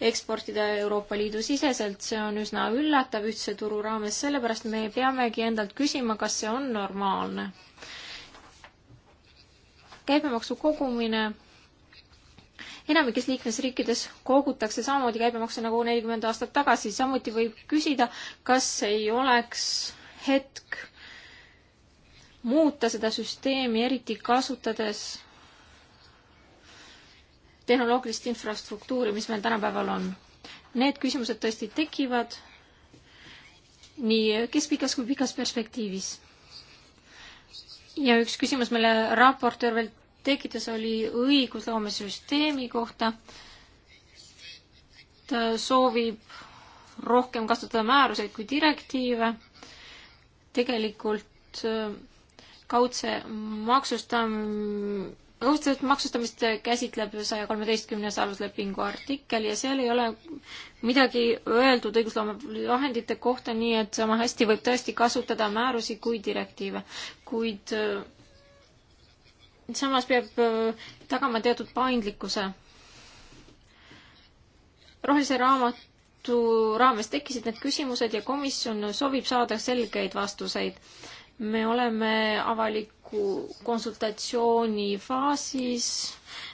eksportida Euroopa Liidu siseselt, see on üsna üllatav ühtse turu raames, sellepärast me peamegi endalt küsima, kas see on normaalne. käibemaksu kogumine enamikes liikmesriikides kogutakse samamoodi käibemaksu nagu nelikümmend aastat tagasi, samuti võib küsida, kas ei oleks hetk muuta seda süsteemi, eriti kasutades tehnoloogilist infrastruktuuri, mis meil tänapäeval on. Need küsimused tõesti tekivad nii keskpikas kui pikas perspektiivis. ja üks küsimus, mille raportöör veel tekitas, oli õigusloomesüsteemi kohta. ta soovib rohkem kasutada määruseid kui direktiive. tegelikult äh, kaudse maksustam-, õudset maksustamist käsitleb saja kolmeteistkümnes aluslepingu artikkel ja seal ei ole midagi öeldud õigusloomevahendite kohta, nii et sama hästi võib tõesti kasutada määrusi kui direktiive. kuid äh, samas peab äh, tagama teatud paindlikkuse. rohelise raamatu raames tekkisid need küsimused ja komisjon soovib saada selgeid vastuseid me oleme avaliku konsultatsiooni faasis,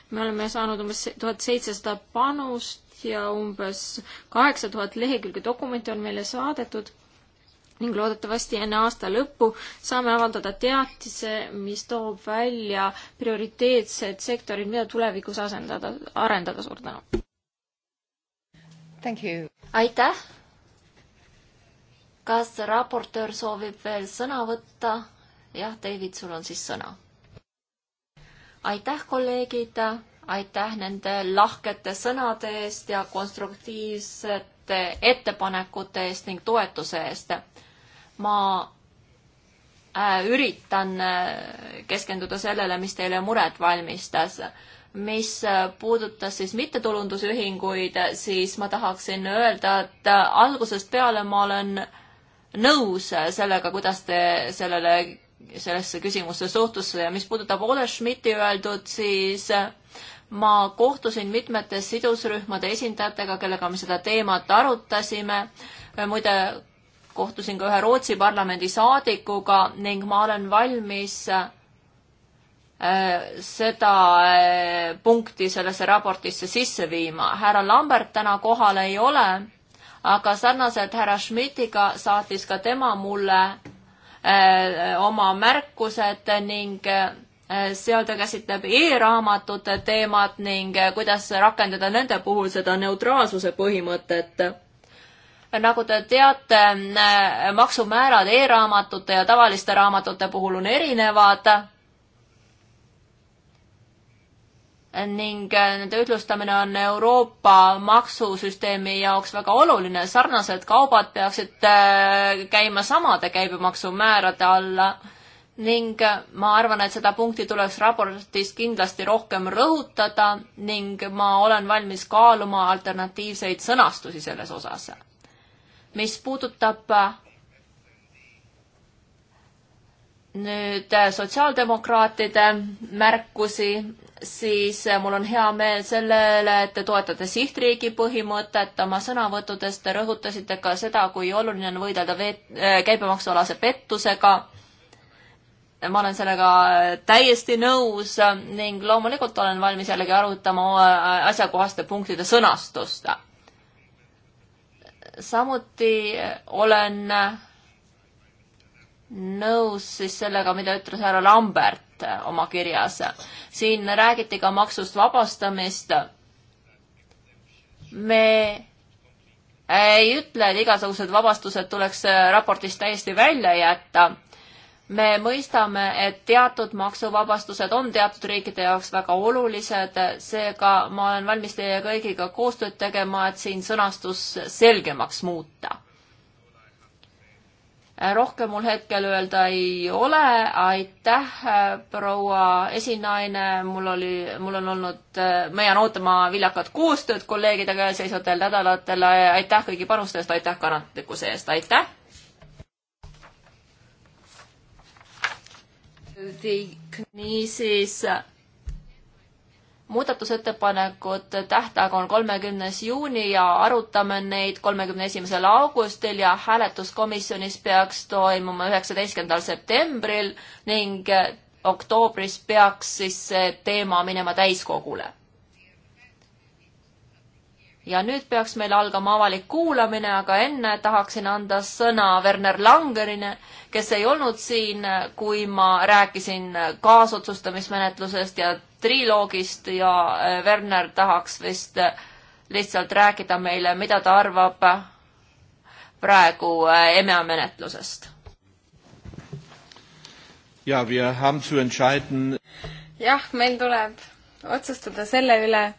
me oleme saanud umbes tuhat seitsesada panust ja umbes kaheksa tuhat lehekülge dokumente on meile saadetud ning loodetavasti enne aasta lõppu saame avaldada teatise, mis toob välja prioriteetsed sektorid, mida tulevikus asendada, arendada. suur tänu! aitäh! kas raportöör soovib veel sõna võtta? jah, David, sul on siis sõna. aitäh, kolleegid, aitäh nende lahkete sõnade eest ja konstruktiivsete ettepanekute eest ning toetuse eest. ma äh, üritan äh, keskenduda sellele, mis teile muret valmistas mis äh, puudutas siis mittetulundusühinguid, siis ma tahaksin öelda, et algusest peale ma olen äh, nõus sellega, kuidas te sellele, sellesse küsimusse suhtusite ja mis puudutab Ole Schmidti öeldud, siis ma kohtusin mitmete sidusrühmade esindajatega, kellega me seda teemat arutasime. muide, kohtusin ka ühe Rootsi parlamendi saadikuga ning ma olen valmis äh, seda äh, punkti sellesse raportisse sisse viima. härra Lambert täna kohal ei ole aga sarnaselt härra Schmidtiga saatis ka tema mulle äh, oma märkused ning äh, seal ta käsitleb e-raamatute teemat ning äh, kuidas rakendada nende puhul seda neutraalsuse põhimõtet. nagu te teate, maksumäärad e-raamatute ja tavaliste raamatute puhul on erinevad ning äh, nende ühtlustamine on Euroopa maksusüsteemi jaoks väga oluline. sarnased kaubad peaksid äh, käima samade käibemaksumäärade alla ning äh, ma arvan, et seda punkti tuleks raportis kindlasti rohkem rõhutada ning ma olen valmis kaaluma alternatiivseid sõnastusi selles osas. mis puudutab nüüd äh, sotsiaaldemokraatide märkusi, siis äh, mul on hea meel sellele, et te toetate sihtriigi põhimõtet. oma sõnavõttudes te rõhutasite ka seda, kui oluline on võidelda veet-, äh, käibemaksualase pettusega. ma olen sellega täiesti nõus ning loomulikult olen valmis jällegi arutama asjakohaste punktide sõnastust. samuti olen nõus siis sellega, mida ütles härra Lambert äh, oma kirjas. siin räägiti ka maksust vabastamist. me ei ütle, et igasugused vabastused tuleks äh, raportist täiesti välja jätta. me mõistame, et teatud maksuvabastused on teatud riikide jaoks väga olulised, seega ma olen valmis teie kõigiga koostööd tegema, et siin sõnastus selgemaks muuta rohkem mul hetkel öelda ei ole, aitäh, proua esinaine, mul oli, mul on olnud, ma jään ootama viljakat koostööd kolleegidega seisvatel nädalatel, aitäh kõigi panuste eest, aitäh kannatlikkuse eest, aitäh! niisiis muudatusettepanekud, tähtaeg on kolmekümnes juuni ja arutame neid kolmekümne esimesel augustil ja hääletuskomisjonis peaks toimuma üheksateistkümnendal septembril ning oktoobris peaks siis see teema minema täiskogule. ja nüüd peaks meil algama avalik kuulamine, aga enne tahaksin anda sõna Werner Langerile, kes ei olnud siin, kui ma rääkisin kaasotsustamismenetlusest ja triloogist ja äh, Werner tahaks vist äh, lihtsalt rääkida meile, mida ta arvab äh, praegu EMEA menetlusest. ja, jah, meil tuleb otsustada selle üle,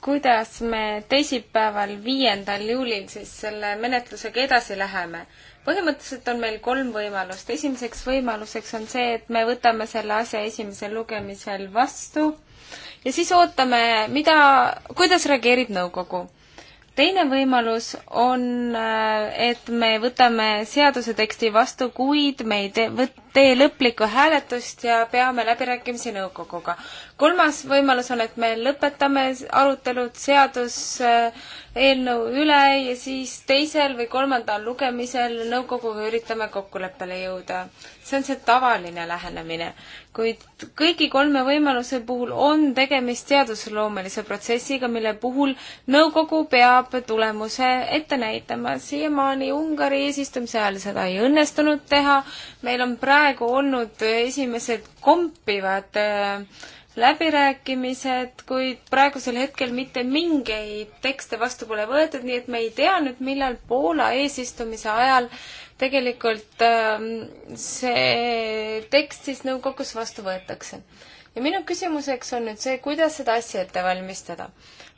kuidas me teisipäeval, viiendal juulil siis selle menetlusega edasi läheme põhimõtteliselt on meil kolm võimalust. esimeseks võimaluseks on see, et me võtame selle asja esimesel lugemisel vastu ja siis ootame, mida, kuidas reageerib nõukogu. teine võimalus on, äh, et me võtame seaduse teksti vastu, kuid me ei tee, võt-, tee lõplikku hääletust ja peame läbirääkimisi nõukoguga. kolmas võimalus on, et me lõpetame arutelud seaduseelnõu üle ja siis teisel või kolmandal lugemisel nõukoguga üritame kokkuleppele jõuda. see on see tavaline lähenemine. kuid kõigi kolme võimaluse puhul on tegemist seadusloomelise protsessiga, mille puhul nõukogu peab tulemuse ette näitama. siiamaani Ungari eesistumise ajal seda ei õnnestunud teha, meil on praegu praegu olnud esimesed kompivad äh, läbirääkimised, kuid praegusel hetkel mitte mingeid tekste vastu pole võetud, nii et me ei tea nüüd, millal Poola eesistumise ajal tegelikult ähm, see tekst siis nõukogus vastu võetakse ja minu küsimuseks on nüüd see, kuidas seda asja ette valmistada.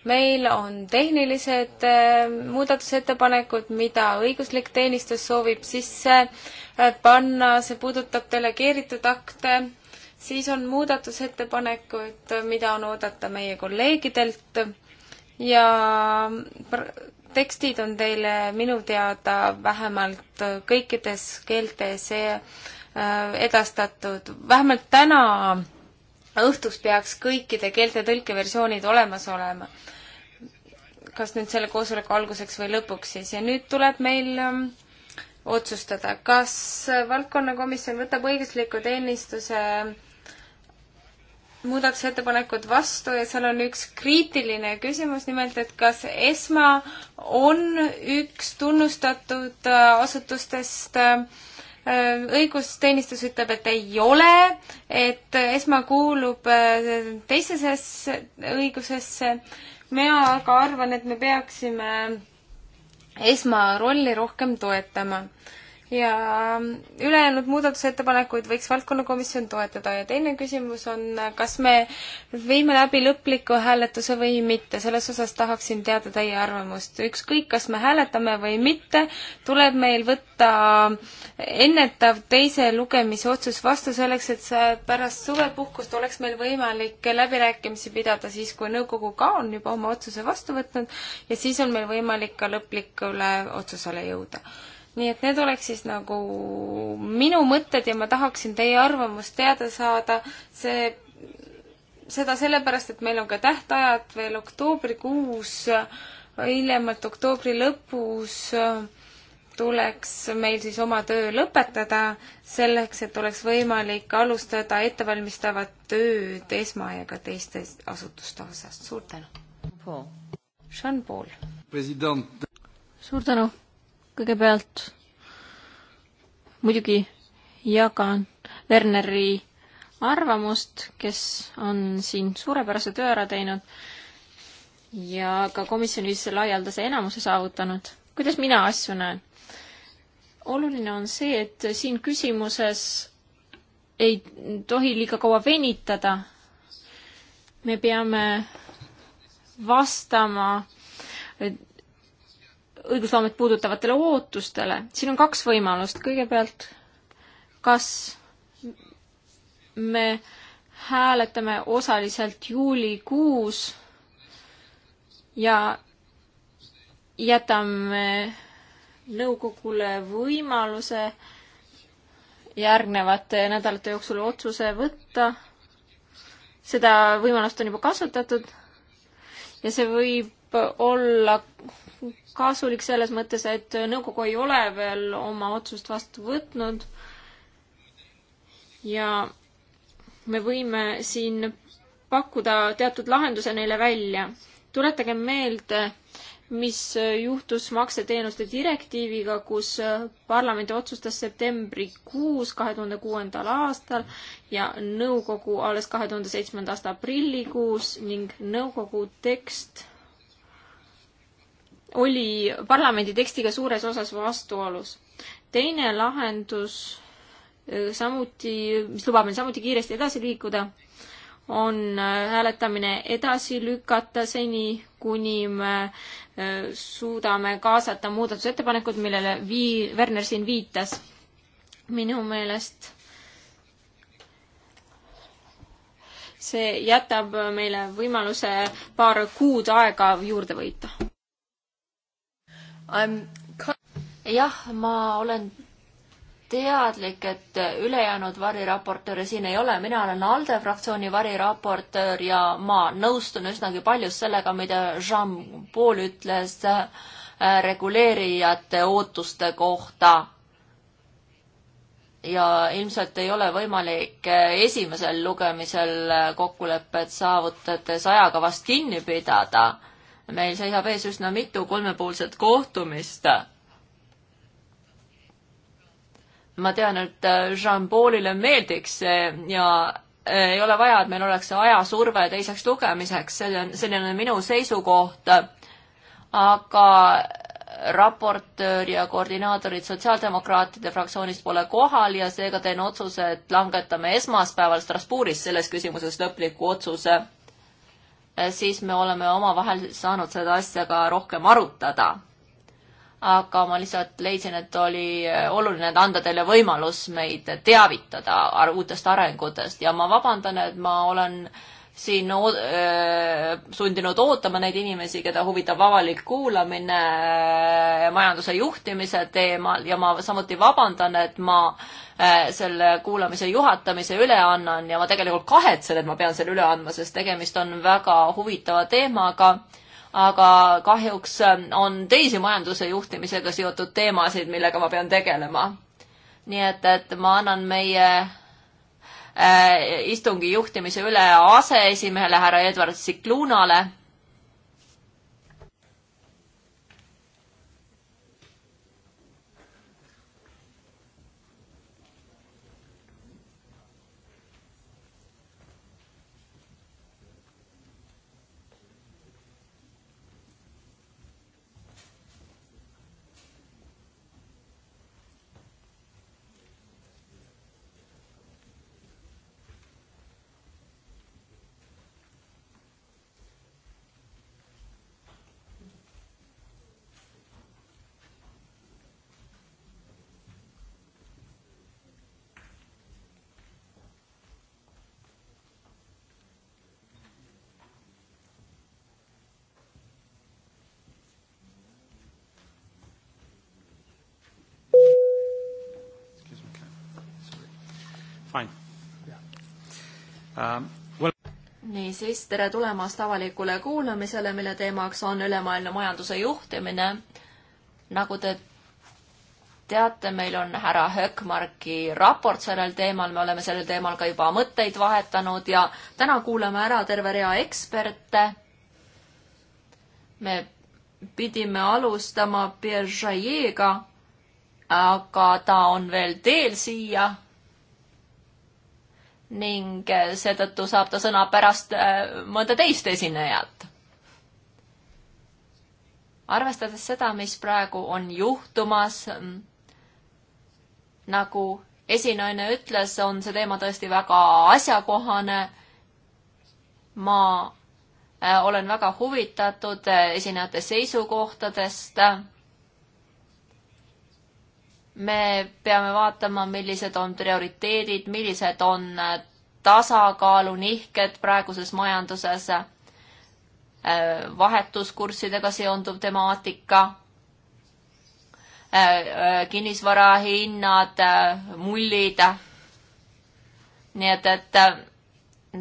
meil on tehnilised äh, muudatusettepanekud, mida õiguslik teenistus soovib sisse äh, panna, see puudutab delegeeritud akte, siis on muudatusettepanekud, äh, mida on oodata meie kolleegidelt ja tekstid on teile minu teada vähemalt kõikides keeltes edastatud, vähemalt täna õhtuks peaks kõikide keelte tõlkeversioonid olemas olema. kas nüüd selle koosoleku alguseks või lõpuks siis ja nüüd tuleb meil ähm, otsustada, kas valdkonnakomisjon võtab õigusliku teenistuse äh, muudatusettepanekud vastu ja seal on üks kriitiline küsimus, nimelt et kas ESMA on üks tunnustatud äh, asutustest äh, Äh, õigusteenistus ütleb, et ei ole, et ESMA kuulub äh, teisesesse õigusesse. mina aga arvan, et me peaksime ESMA rolli rohkem toetama ja ähm, ülejäänud muudatusettepanekuid võiks valdkonnakomisjon toetada ja teine küsimus on, kas me viime läbi lõpliku hääletuse või mitte, selles osas tahaksin teada teie arvamust. ükskõik, kas me hääletame või mitte, tuleb meil võtta ennetav teise lugemise otsus vastu selleks, et see pärast suvepuhkust oleks meil võimalik läbirääkimisi pidada siis, kui nõukogu ka on juba oma otsuse vastu võtnud ja siis on meil võimalik ka lõplikule otsusele jõuda nii et need oleks siis nagu minu mõtted ja ma tahaksin teie arvamust teada saada, see, seda sellepärast, et meil on ka tähtajad veel oktoobrikuus, hiljemalt oktoobri lõpus tuleks meil siis oma töö lõpetada, selleks et oleks võimalik alustada ettevalmistavat tööd esma- ja ka teiste asutuste osas. suur tänu! Jean-Paul. suur tänu! kõigepealt muidugi jagan Werneri arvamust, kes on siin suurepärase töö ära teinud ja ka komisjonis laialdase enamuse saavutanud. kuidas mina asju näen? oluline on see, et siin küsimuses ei tohi liiga kaua venitada. me peame vastama õigusloomet puudutavatele ootustele. siin on kaks võimalust, kõigepealt kas me hääletame osaliselt juulikuus ja jätame nõukogule võimaluse järgnevate nädalate jooksul otsuse võtta. seda võimalust on juba kasutatud ja see võib olla kasulik selles mõttes, et nõukogu ei ole veel oma otsust vastu võtnud ja me võime siin pakkuda teatud lahenduse neile välja. tuletagem meelde, mis juhtus makseteenuste direktiiviga, kus parlament otsustas septembrikuus kahe tuhande kuuendal aastal ja nõukogu alles kahe tuhande seitsmenda aasta aprillikuus ning nõukogu tekst oli parlamendi tekstiga suures osas vastuolus. teine lahendus äh, samuti, mis lubab meil samuti kiiresti edasi liikuda, on äh, hääletamine edasi lükata seni, kuni me äh, suudame kaasata muudatusettepanekud, millele vii-, Werner siin viitas. minu meelest see jätab meile võimaluse paar kuud aega juurde võita jah, ma olen teadlik, et ülejäänud variraportööre siin ei ole, mina olen ALDE fraktsiooni variraportöör ja ma nõustun üsnagi paljus sellega, mida Jean-Paul ütles äh, reguleerijate ootuste kohta. ja ilmselt ei ole võimalik äh, esimesel lugemisel äh, kokkulepet saavutades ajakavast kinni pidada meil seisab ees üsna mitu kolmepoolset kohtumist. ma tean, et äh, Jean-Paulile meeldiks see ja äh, ei ole vaja, et meil oleks ajasurve teiseks lugemiseks, see on, selline on minu seisukoht. aga raportöör ja koordinaatorid Sotsiaaldemokraatide fraktsioonist pole kohal ja seega teen otsuse, et langetame esmaspäeval Strasbourgis selles küsimuses lõpliku otsuse Äh, siis me oleme omavahel saanud seda asja ka rohkem arutada. aga ma lihtsalt leidsin, et oli äh, oluline anda teile võimalus meid teavitada uutest arengutest ja ma vabandan, et ma olen äh, siin öö, äh, sundinud ootama neid inimesi, keda huvitab avalik kuulamine öö, äh, majanduse juhtimise teemal ja ma samuti vabandan, et ma öö, äh, selle kuulamise juhatamise üle annan ja ma tegelikult kahetsen, et ma pean selle üle andma, sest tegemist on väga huvitava teemaga aga kahjuks on teisi majanduse juhtimisega seotud teemasid, millega ma pean tegelema. nii et, et ma annan meie Äh, istungi juhtimise üle aseesimehele härra Edward Siklunale siis tere tulemast avalikule kuulamisele, mille teemaks on ülemaailmne majanduse juhtimine. nagu te teate, meil on härra Höökmarki raport sellel teemal, me oleme sellel teemal ka juba mõtteid vahetanud ja täna kuulame ära terve rea eksperte. me pidime alustama Pierre Jaillet'ga, aga ta on veel teel siia ning eh, seetõttu saab ta sõna pärast eh, mõnda teist esinejat. arvestades seda, mis praegu on juhtumas, mm, nagu esinaine ütles, on see teema tõesti väga asjakohane. ma eh, olen väga huvitatud esinejate seisukohtadest me peame vaatama, millised on prioriteedid, millised on äh, tasakaalunihked praeguses majanduses, äh, vahetuskurssidega seonduv temaatika, äh, kinnisvarahinnad, mullid. nii et, et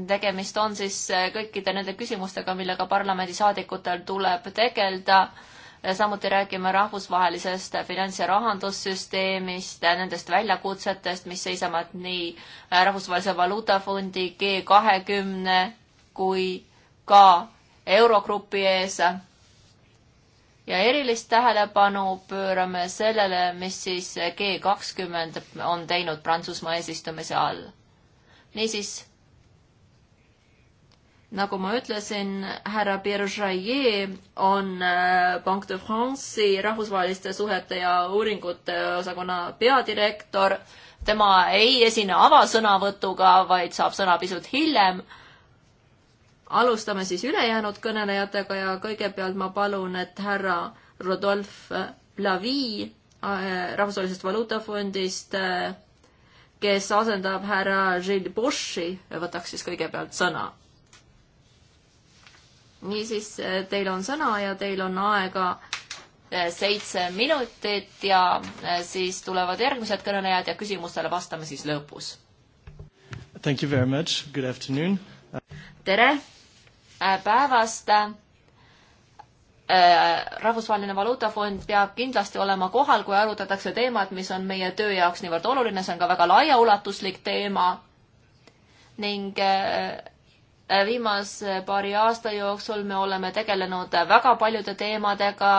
tegemist on siis kõikide nende küsimustega, millega parlamendisaadikutel tuleb tegeleda samuti räägime rahvusvahelisest finants- ja rahandussüsteemist, nendest väljakutsetest, mis seisavad nii Rahvusvahelise Valuutafondi G kahekümne kui ka Eurogrupi ees. ja erilist tähelepanu pöörame sellele, mis siis G kakskümmend on teinud Prantsusmaa eesistumise all. niisiis nagu ma ütlesin, härra Berger on äh, Banque de France'i rahvusvaheliste suhete ja uuringute osakonna peadirektor. tema ei esine avasõnavõtuga, vaid saab sõna pisut hiljem. alustame siis ülejäänud kõnelejatega ja kõigepealt ma palun, et härra Rodolphe Blavi äh, rahvusvahelisest valuutafondist, äh, kes asendab härra Gilles Boshi, võtaks siis kõigepealt sõna niisiis, teil on sõna ja teil on aega eh, seitse minutit ja eh, siis tulevad järgmised kõnelejad ja küsimustele vastame siis lõpus. Thank you very much, good afternoon. tere eh, päevast. rahvusvaheline Valuutafond peab kindlasti olema kohal, kui arutatakse teemat, mis on meie töö jaoks niivõrd oluline, see on ka väga laiaulatuslik teema ning viimase paari aasta jooksul me oleme tegelenud väga paljude teemadega,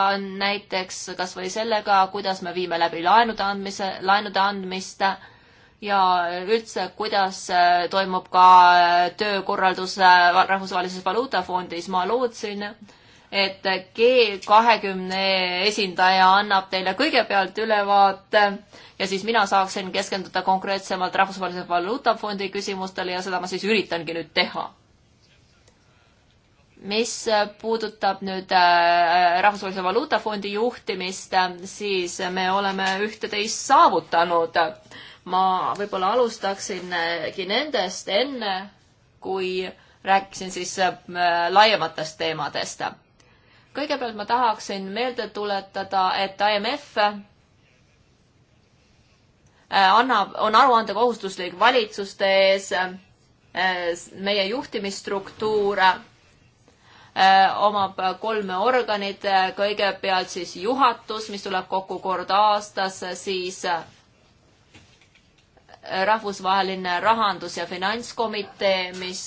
näiteks kas või sellega, kuidas me viime läbi laenude andmise, laenude andmist ja üldse, kuidas toimub ka töökorraldus Rahvusvahelises Valuutafondis, ma lootsin, et G kahekümne esindaja annab teile kõigepealt ülevaate ja siis mina saaksin keskenduda konkreetsemalt Rahvusvahelise Valuutafondi küsimustele ja seda ma siis üritangi nüüd teha mis puudutab nüüd äh, Rahvusvahelise Valuutafondi juhtimist, siis me oleme üht-teist saavutanud. ma võib-olla alustaksingi nendest enne, kui rääkisin siis äh, laiematest teemadest. kõigepealt ma tahaksin meelde tuletada, et IMF äh, annab, on aruandekohustuslik valitsuste ees, meie juhtimisstruktuur Äh, omab kolme organit, äh, kõigepealt siis juhatus, mis tuleb kokku kord aastas, äh, siis rahvusvaheline rahandus- ja finantskomitee, mis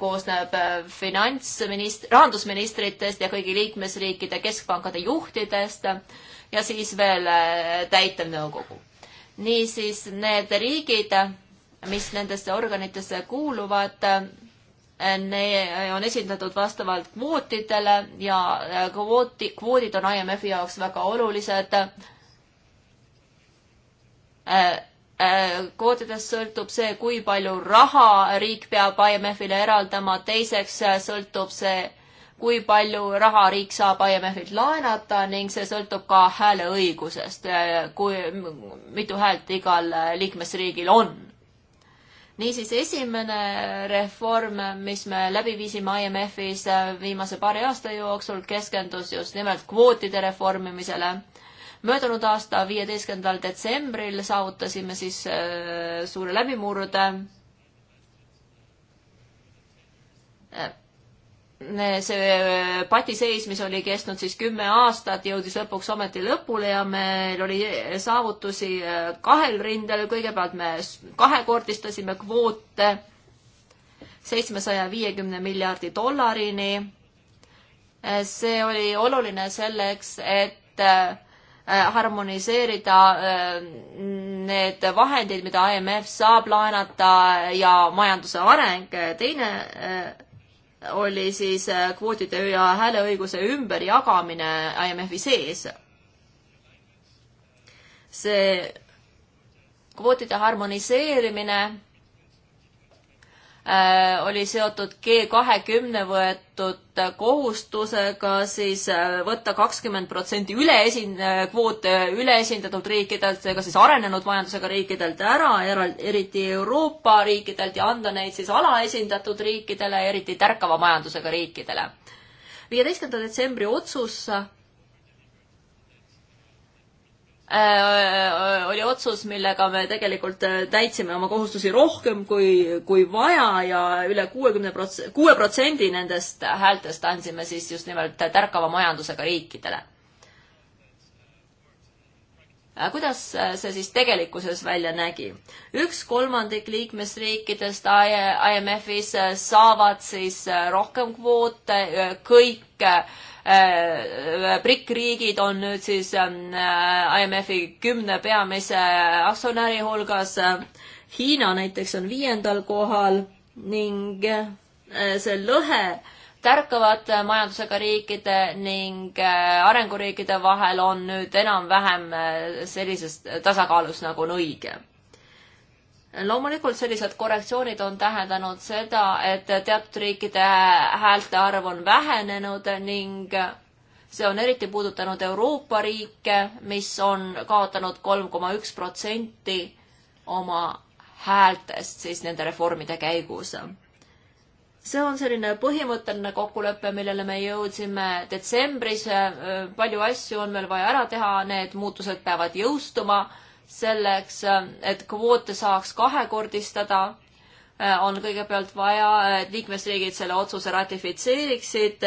koosneb finantsminist-, rahandusministritest ja kõigi liikmesriikide keskpankade juhtidest ja siis veel täitevnõukogu. niisiis need riigid, mis nendesse organitesse kuuluvad, on esindatud vastavalt kvootidele ja äh, kvooti, kvoodid on IMF-i jaoks väga olulised. Äh, äh, kvootidest sõltub see, kui palju raha riik peab IMF-ile eraldama, teiseks sõltub see, kui palju raha riik saab IMF-ilt laenata ning see sõltub ka hääleõigusest, kui mitu häält igal liikmesriigil on niisiis, esimene reform, mis me läbi viisime IMF-is äh, viimase paari aasta jooksul, keskendus just nimelt kvootide reformimisele. möödunud aasta viieteistkümnendal detsembril saavutasime siis äh, suure läbimurde äh, see patiseis, mis oli kestnud siis kümme aastat, jõudis lõpuks ometi lõpule ja meil oli saavutusi äh, kahel rindel, kõigepealt me kahekordistasime kvoote seitsmesaja viiekümne miljardi dollarini. Äh, see oli oluline selleks, et äh, harmoniseerida need vahendid, mida IMF saab laenata ja majanduse areng. teine oli siis äh, kvootide ja hääleõiguse ümberjagamine IMF-i sees. see kvootide harmoniseerimine Äh, oli seotud G kahekümne võetud kohustusega siis äh, võtta kakskümmend protsenti üleesin-, äh, kvoote üleesindatud riikidelt, ega siis arenenud majandusega riikidelt ära, eriti Euroopa riikidelt ja anda neid siis alaesindatud riikidele, eriti tärkava majandusega riikidele. viieteistkümnenda detsembri otsus Äh, oli otsus, millega me tegelikult äh, täitsime oma kohustusi rohkem kui, kui vaja ja üle kuuekümne prots-, kuue protsendi nendest häältest andsime siis just nimelt tärkava majandusega riikidele. Äh, kuidas see siis tegelikkuses välja nägi? üks kolmandik liikmesriikidest IMF-is saavad siis rohkem kvoote, kõik Äh, BRIC riigid on nüüd siis ähm, äh, IMF-i kümne peamise aktsionäri hulgas. Hiina näiteks on viiendal kohal ning äh, see lõhe tärkavate majandusega riikide ning arenguriikide vahel on nüüd enam-vähem sellises tasakaalus, nagu on õige loomulikult sellised korrektsioonid on tähendanud seda, et teatud riikide häälte arv on vähenenud ning see on eriti puudutanud Euroopa riike, mis on kaotanud kolm koma üks protsenti oma häältest siis nende reformide käigus. see on selline põhimõtteline kokkulepe, millele me jõudsime detsembris. palju asju on veel vaja ära teha, need muutused peavad jõustuma selleks, et kvoote saaks kahekordistada, äh, on kõigepealt vaja, et liikmesriigid selle otsuse ratifitseeriksid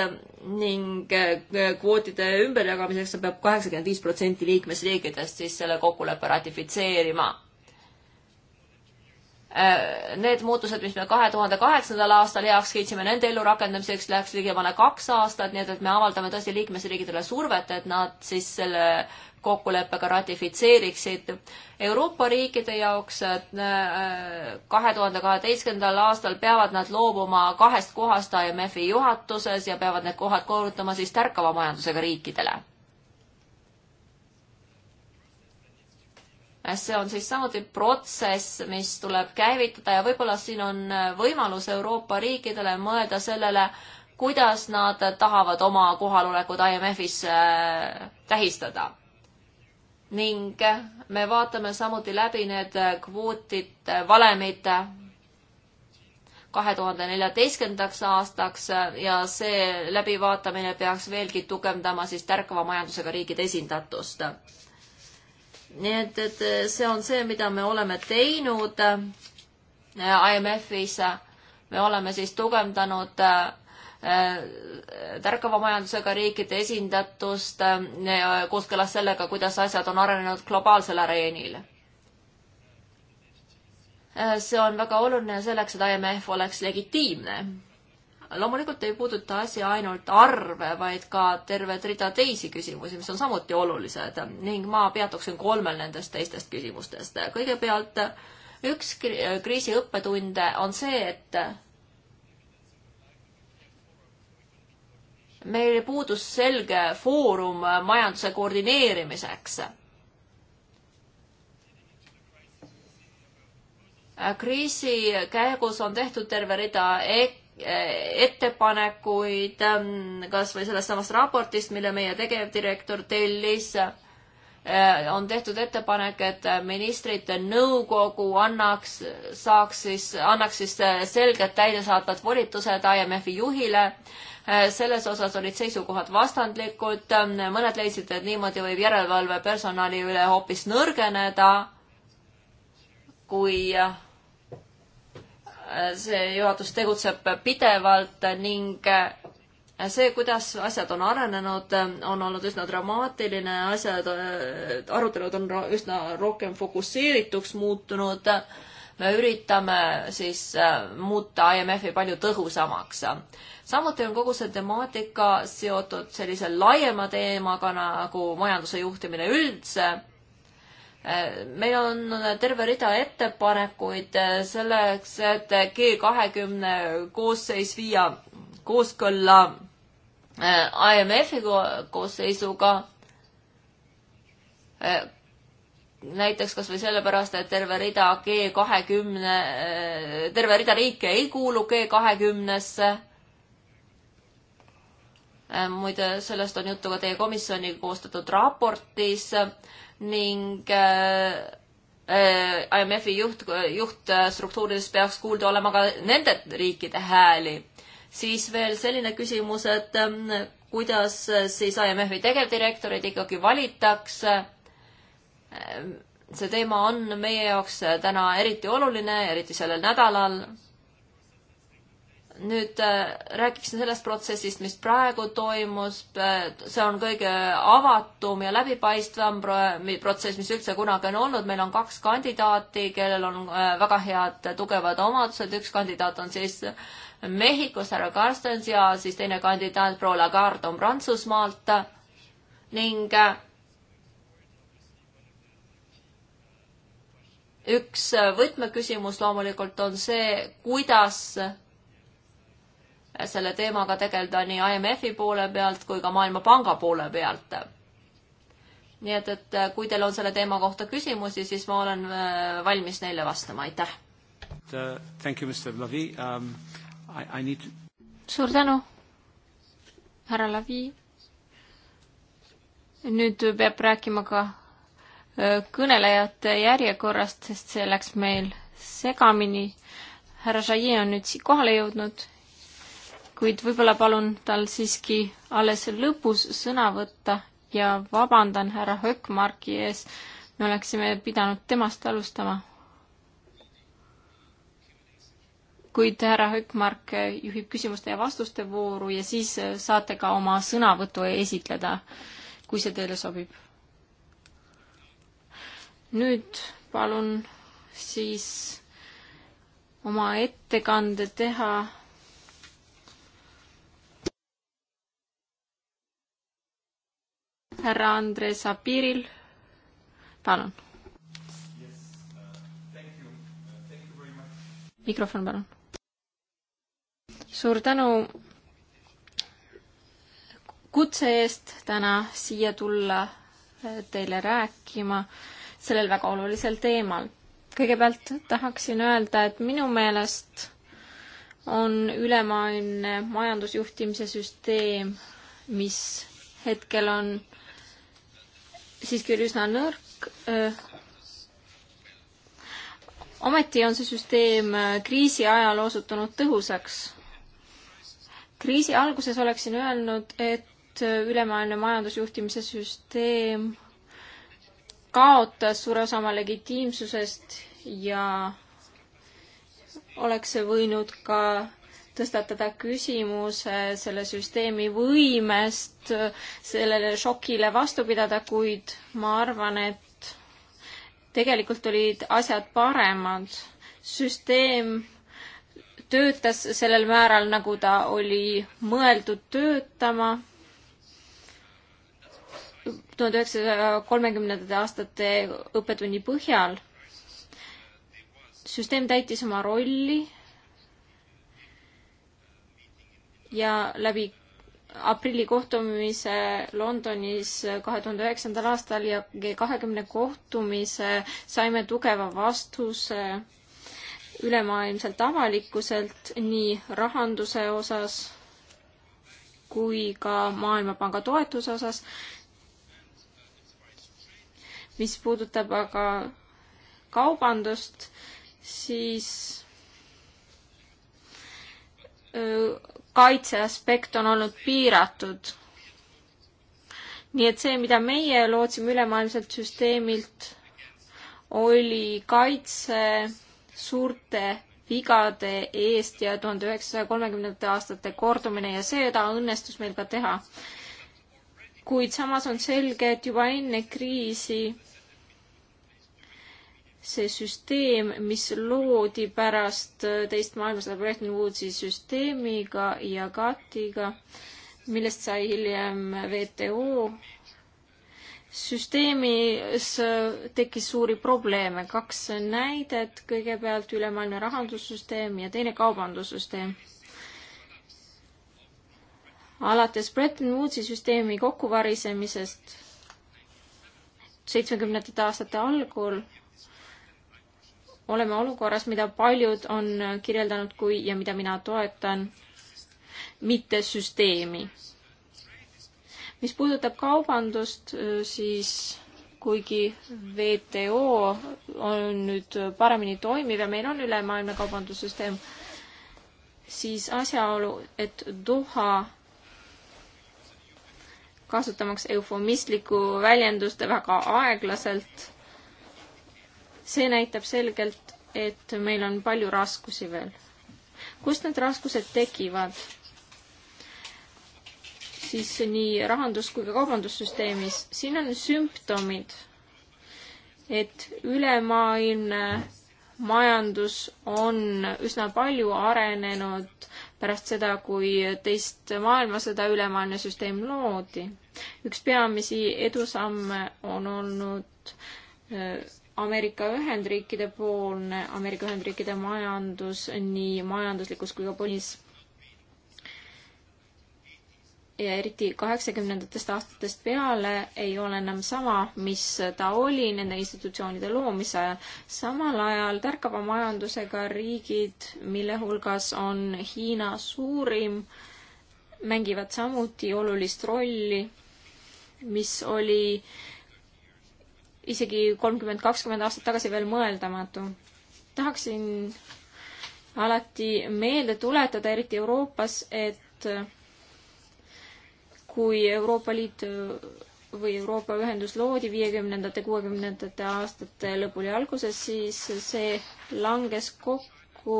ning äh, kvootide ümberjagamiseks peab kaheksakümmend viis protsenti liikmesriikidest siis selle kokkuleppe ratifitseerima Äh, need muutused, mis me kahe tuhande kaheksandal aastal heaks kiitsime, nende ellu rakendamiseks läks ligemale kaks aastat, nii et, et me avaldame tõesti liikmesriikidele survet, et nad siis selle kokkuleppega ratifitseeriksid. Euroopa riikide jaoks äh, kahe tuhande kaheteistkümnendal aastal peavad nad loobuma kahest kohast IMF-i juhatuses ja peavad need kohad korrutama siis tärkava majandusega riikidele see on siis samuti protsess, mis tuleb käivitada ja võib-olla siin on äh, võimalus Euroopa riikidele mõelda sellele, kuidas nad tahavad oma kohalolekut IMF-is äh, tähistada. ning äh, me vaatame samuti läbi need kvootid, valemid kahe tuhande neljateistkümnendaks aastaks ja see läbivaatamine peaks veelgi tugevdama siis tärkava majandusega riikide esindatust nii et, et see on see, mida me oleme teinud äh, IMF-is. me oleme siis tugevdanud äh, äh, tärkava majandusega riikide esindatust kooskõlas sellega, kuidas asjad on arenenud globaalsel areenil. see on väga oluline selleks, et IMF oleks legitiimne loomulikult ei puuduta asi ainult arve, vaid ka terved rida teisi küsimusi, mis on samuti olulised ning ma peatuksin kolmel nendest teistest küsimustest. kõigepealt üks kriisi õppetunde on see, et meil puudus selge foorum majanduse koordineerimiseks kriisi käigus on tehtud terve rida ek-, ettepanekuid ähm, kas või sellest samast raportist, mille meie tegevdirektor tellis, äh, on tehtud ettepanek, et ministrite nõukogu annaks, saaks siis, annaks siis äh, selged täidesaatvad volitused IMF-i juhile. Äh, selles osas olid seisukohad vastandlikud, ähm, mõned leidsid, et niimoodi võib järelevalve personali üle hoopis nõrgeneda, kui see juhatus tegutseb pidevalt ning äh, see, kuidas asjad on arenenud, on olnud üsna dramaatiline, asjad, äh, arutelud on üsna rohkem fokusseerituks muutunud. me üritame siis äh, muuta IMF-i palju tõhusamaks. samuti on kogu see temaatika seotud sellise laiema teemaga nagu majanduse juhtimine üldse meil on terve rida ettepanekuid selleks, et G kahekümne koosseis viia kooskõlla äh, IMF-i koosseisuga. Äh, näiteks kasvõi sellepärast, et terve rida G kahekümne, äh, terve rida riike ei kuulu G kahekümnesse muide, sellest on juttu ka teie komisjoni koostatud raportis ning äh, äh, IMF-i juht, juhtstruktuurides äh, peaks kuulda olema ka nende riikide hääli. siis veel selline küsimus, et ähm, kuidas siis IMF-i tegevdirektoreid ikkagi valitakse. Ähm, see teema on meie jaoks täna eriti oluline, eriti sellel nädalal nüüd äh, räägiksin sellest protsessist, mis praegu toimus, äh, see on kõige avatum ja läbipaistvam protsess, mis üldse kunagi on olnud, meil on kaks kandidaati, kellel on äh, väga head tugevad omadused, üks kandidaat on siis Mehhikos, härra Carstens, ja siis teine kandidaat, proua Lagarde on Prantsusmaalt ning üks võtmeküsimus loomulikult on see, kuidas selle teemaga tegeleda nii IMF-i poole pealt kui ka Maailmapanga poole pealt. nii et, et äh, kui teil on selle teema kohta küsimusi, siis ma olen äh, valmis neile vastama, aitäh. Uh, um, need... suur tänu, härra Lavi. nüüd peab rääkima ka äh, kõnelejate järjekorrast, sest see läks meil segamini. härra Jaie on nüüd kohale jõudnud kuid võib-olla palun tal siiski alles lõpus sõna võtta ja vabandan härra Höökmarki ees. me oleksime pidanud temast alustama. kuid härra Höökmark juhib küsimuste ja vastuste vooru ja siis saate ka oma sõnavõtu esitleda, kui see teile sobib. nüüd palun siis oma ettekande teha härra Andres Abiril, palun. mikrofon, palun. suur tänu kutse eest täna siia tulla äh, teile rääkima sellel väga olulisel teemal. kõigepealt tahaksin öelda, et minu meelest on ülemaailmne majandusjuhtimise süsteem, mis hetkel on siiski oli üsna nõrk. Äh, ometi on see süsteem äh, kriisi ajal osutunud tõhusaks. kriisi alguses oleksin öelnud, et äh, ülemaailmne majandusjuhtimise süsteem kaotas suure osa oma legitiimsusest ja oleks võinud ka tõstatada küsimuse selle süsteemi võimest sellele šokile vastu pidada, kuid ma arvan, et tegelikult olid asjad paremad. süsteem töötas sellel määral, nagu ta oli mõeldud töötama tuhande üheksasaja kolmekümnendate aastate õppetunni põhjal. süsteem täitis oma rolli, ja läbi aprilli kohtumise Londonis kahe tuhande üheksandal aastal ja G kahekümne kohtumise saime tugeva vastuse ülemaailmselt avalikkuselt nii rahanduse osas kui ka Maailmapanga toetuse osas. mis puudutab aga kaubandust, siis kaitse aspekt on olnud piiratud. nii et see, mida meie lootsime ülemaailmselt süsteemilt, oli kaitse suurte vigade eest ja tuhande üheksasaja kolmekümnendate aastate kordumine ja seda õnnestus meil ka teha. kuid samas on selge, et juba enne kriisi see süsteem, mis loodi pärast teist maailmasõda Bretton Woodsi süsteemiga ja GATT-iga, millest sai hiljem WTO. süsteemis tekkis suuri probleeme, kaks näidet, kõigepealt ülemaailmne rahandussüsteem ja teine kaubandussüsteem. alates Bretton Woodsi süsteemi kokkuvarisemisest seitsmekümnendate aastate algul oleme olukorras, mida paljud on kirjeldanud kui ja mida mina toetan, mitte süsteemi. mis puudutab kaubandust, siis kuigi WTO on nüüd paremini toimiv ja meil on ülemaailmne kaubandussüsteem, siis asjaolu, et Doha kasutamaks eufemistlikku väljendust väga aeglaselt see näitab selgelt, et meil on palju raskusi veel. kust need raskused tekivad? siis nii rahandus- kui ka kaubandussüsteemis, siin on sümptomid, et ülemaailmne majandus on üsna palju arenenud pärast seda, kui teist maailmasõda ülemaailmne süsteem loodi. üks peamisi edusamme on olnud äh, Ameerika Ühendriikide poolne, Ameerika Ühendriikide majandus nii majanduslikus kui ka polis ja eriti kaheksakümnendatest aastatest peale ei ole enam sama, mis ta oli nende institutsioonide loomise ajal. samal ajal tärkava majandusega riigid, mille hulgas on Hiina suurim, mängivad samuti olulist rolli, mis oli äh, isegi kolmkümmend, kakskümmend aastat tagasi veel mõeldamatu. tahaksin alati meelde tuletada, eriti Euroopas, et kui Euroopa Liit või Euroopa Ühendus loodi viiekümnendate, kuuekümnendate aastate lõpul ja alguses, siis see langes kokku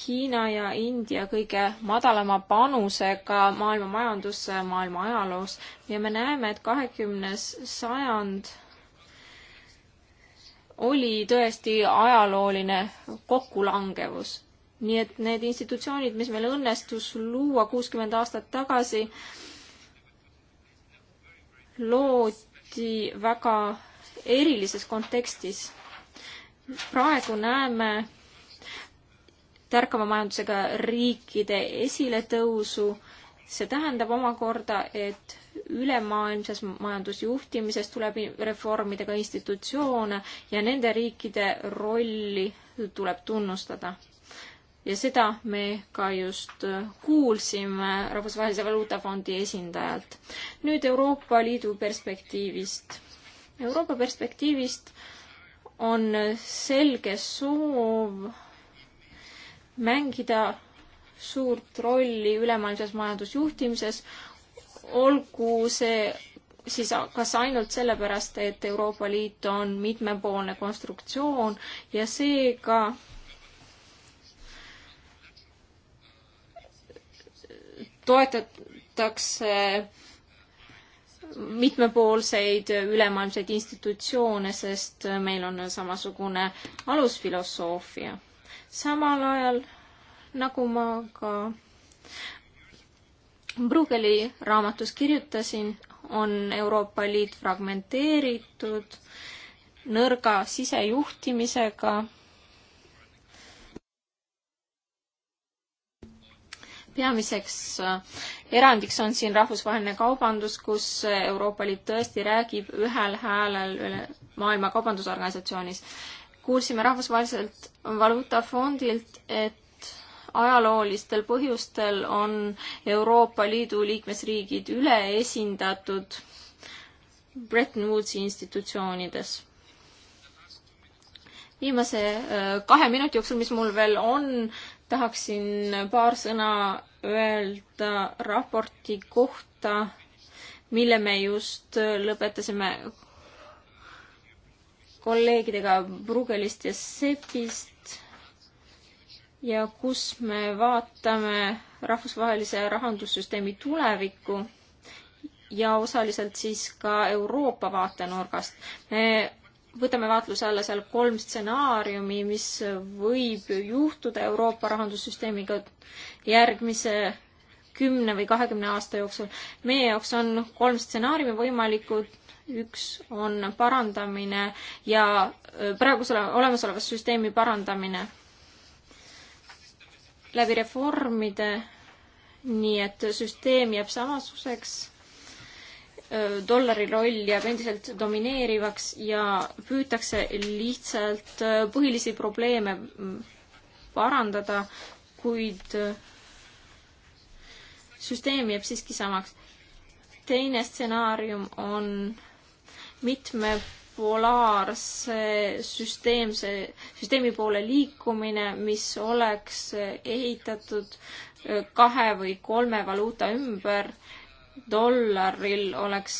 Hiina ja India kõige madalama panusega maailma majandusse, maailma ajaloos ja me näeme, et kahekümnes sajand oli tõesti ajalooline kokkulangevus. nii et need institutsioonid, mis meil õnnestus luua kuuskümmend aastat tagasi, loodi väga erilises kontekstis. praegu näeme tärkava majandusega riikide esiletõusu see tähendab omakorda, et ülemaailmses majandusjuhtimises tuleb reformida ka institutsioone ja nende riikide rolli tuleb tunnustada. ja seda me ka just kuulsime Rahvusvahelise Valuutafondi esindajalt. nüüd Euroopa Liidu perspektiivist. Euroopa perspektiivist on selge soov mängida suurt rolli ülemaailmses majandusjuhtimises, olgu see siis kas ainult sellepärast, et Euroopa Liit on mitmepoolne konstruktsioon ja seega toetatakse mitmepoolseid ülemaailmseid institutsioone, sest meil on samasugune alusfilosoofia. samal ajal nagu ma ka Bruegeli raamatus kirjutasin, on Euroopa Liit fragmenteeritud, nõrga sisejuhtimisega. peamiseks äh, erandiks on siin rahvusvaheline kaubandus, kus Euroopa Liit tõesti räägib ühel häälel üle Maailma Kaubandusorganisatsioonis. kuulsime rahvusvaheliselt valuutafondilt, et ajaloolistel põhjustel on Euroopa Liidu liikmesriigid üleesindatud Bretton Woodsi institutsioonides. viimase äh, kahe minuti jooksul, mis mul veel on, tahaksin paar sõna öelda raporti kohta, mille me just äh, lõpetasime kolleegidega Brugelist ja Sepist ja kus me vaatame rahvusvahelise rahandussüsteemi tulevikku ja osaliselt siis ka Euroopa vaatenurgast. me võtame vaatluse alla seal kolm stsenaariumi, mis võib juhtuda Euroopa rahandussüsteemiga järgmise kümne või kahekümne aasta jooksul. meie jaoks on kolm stsenaariumi võimalikud, üks on parandamine ja praeguse olemasoleva süsteemi parandamine läbi reformide, nii et süsteem jääb samasuguseks, dollari roll jääb endiselt domineerivaks ja püütakse lihtsalt põhilisi probleeme parandada, kuid süsteem jääb siiski samaks. teine stsenaarium on mitme polaarse süsteemse, süsteemi poole liikumine, mis oleks ehitatud kahe või kolme valuuta ümber. dollaril oleks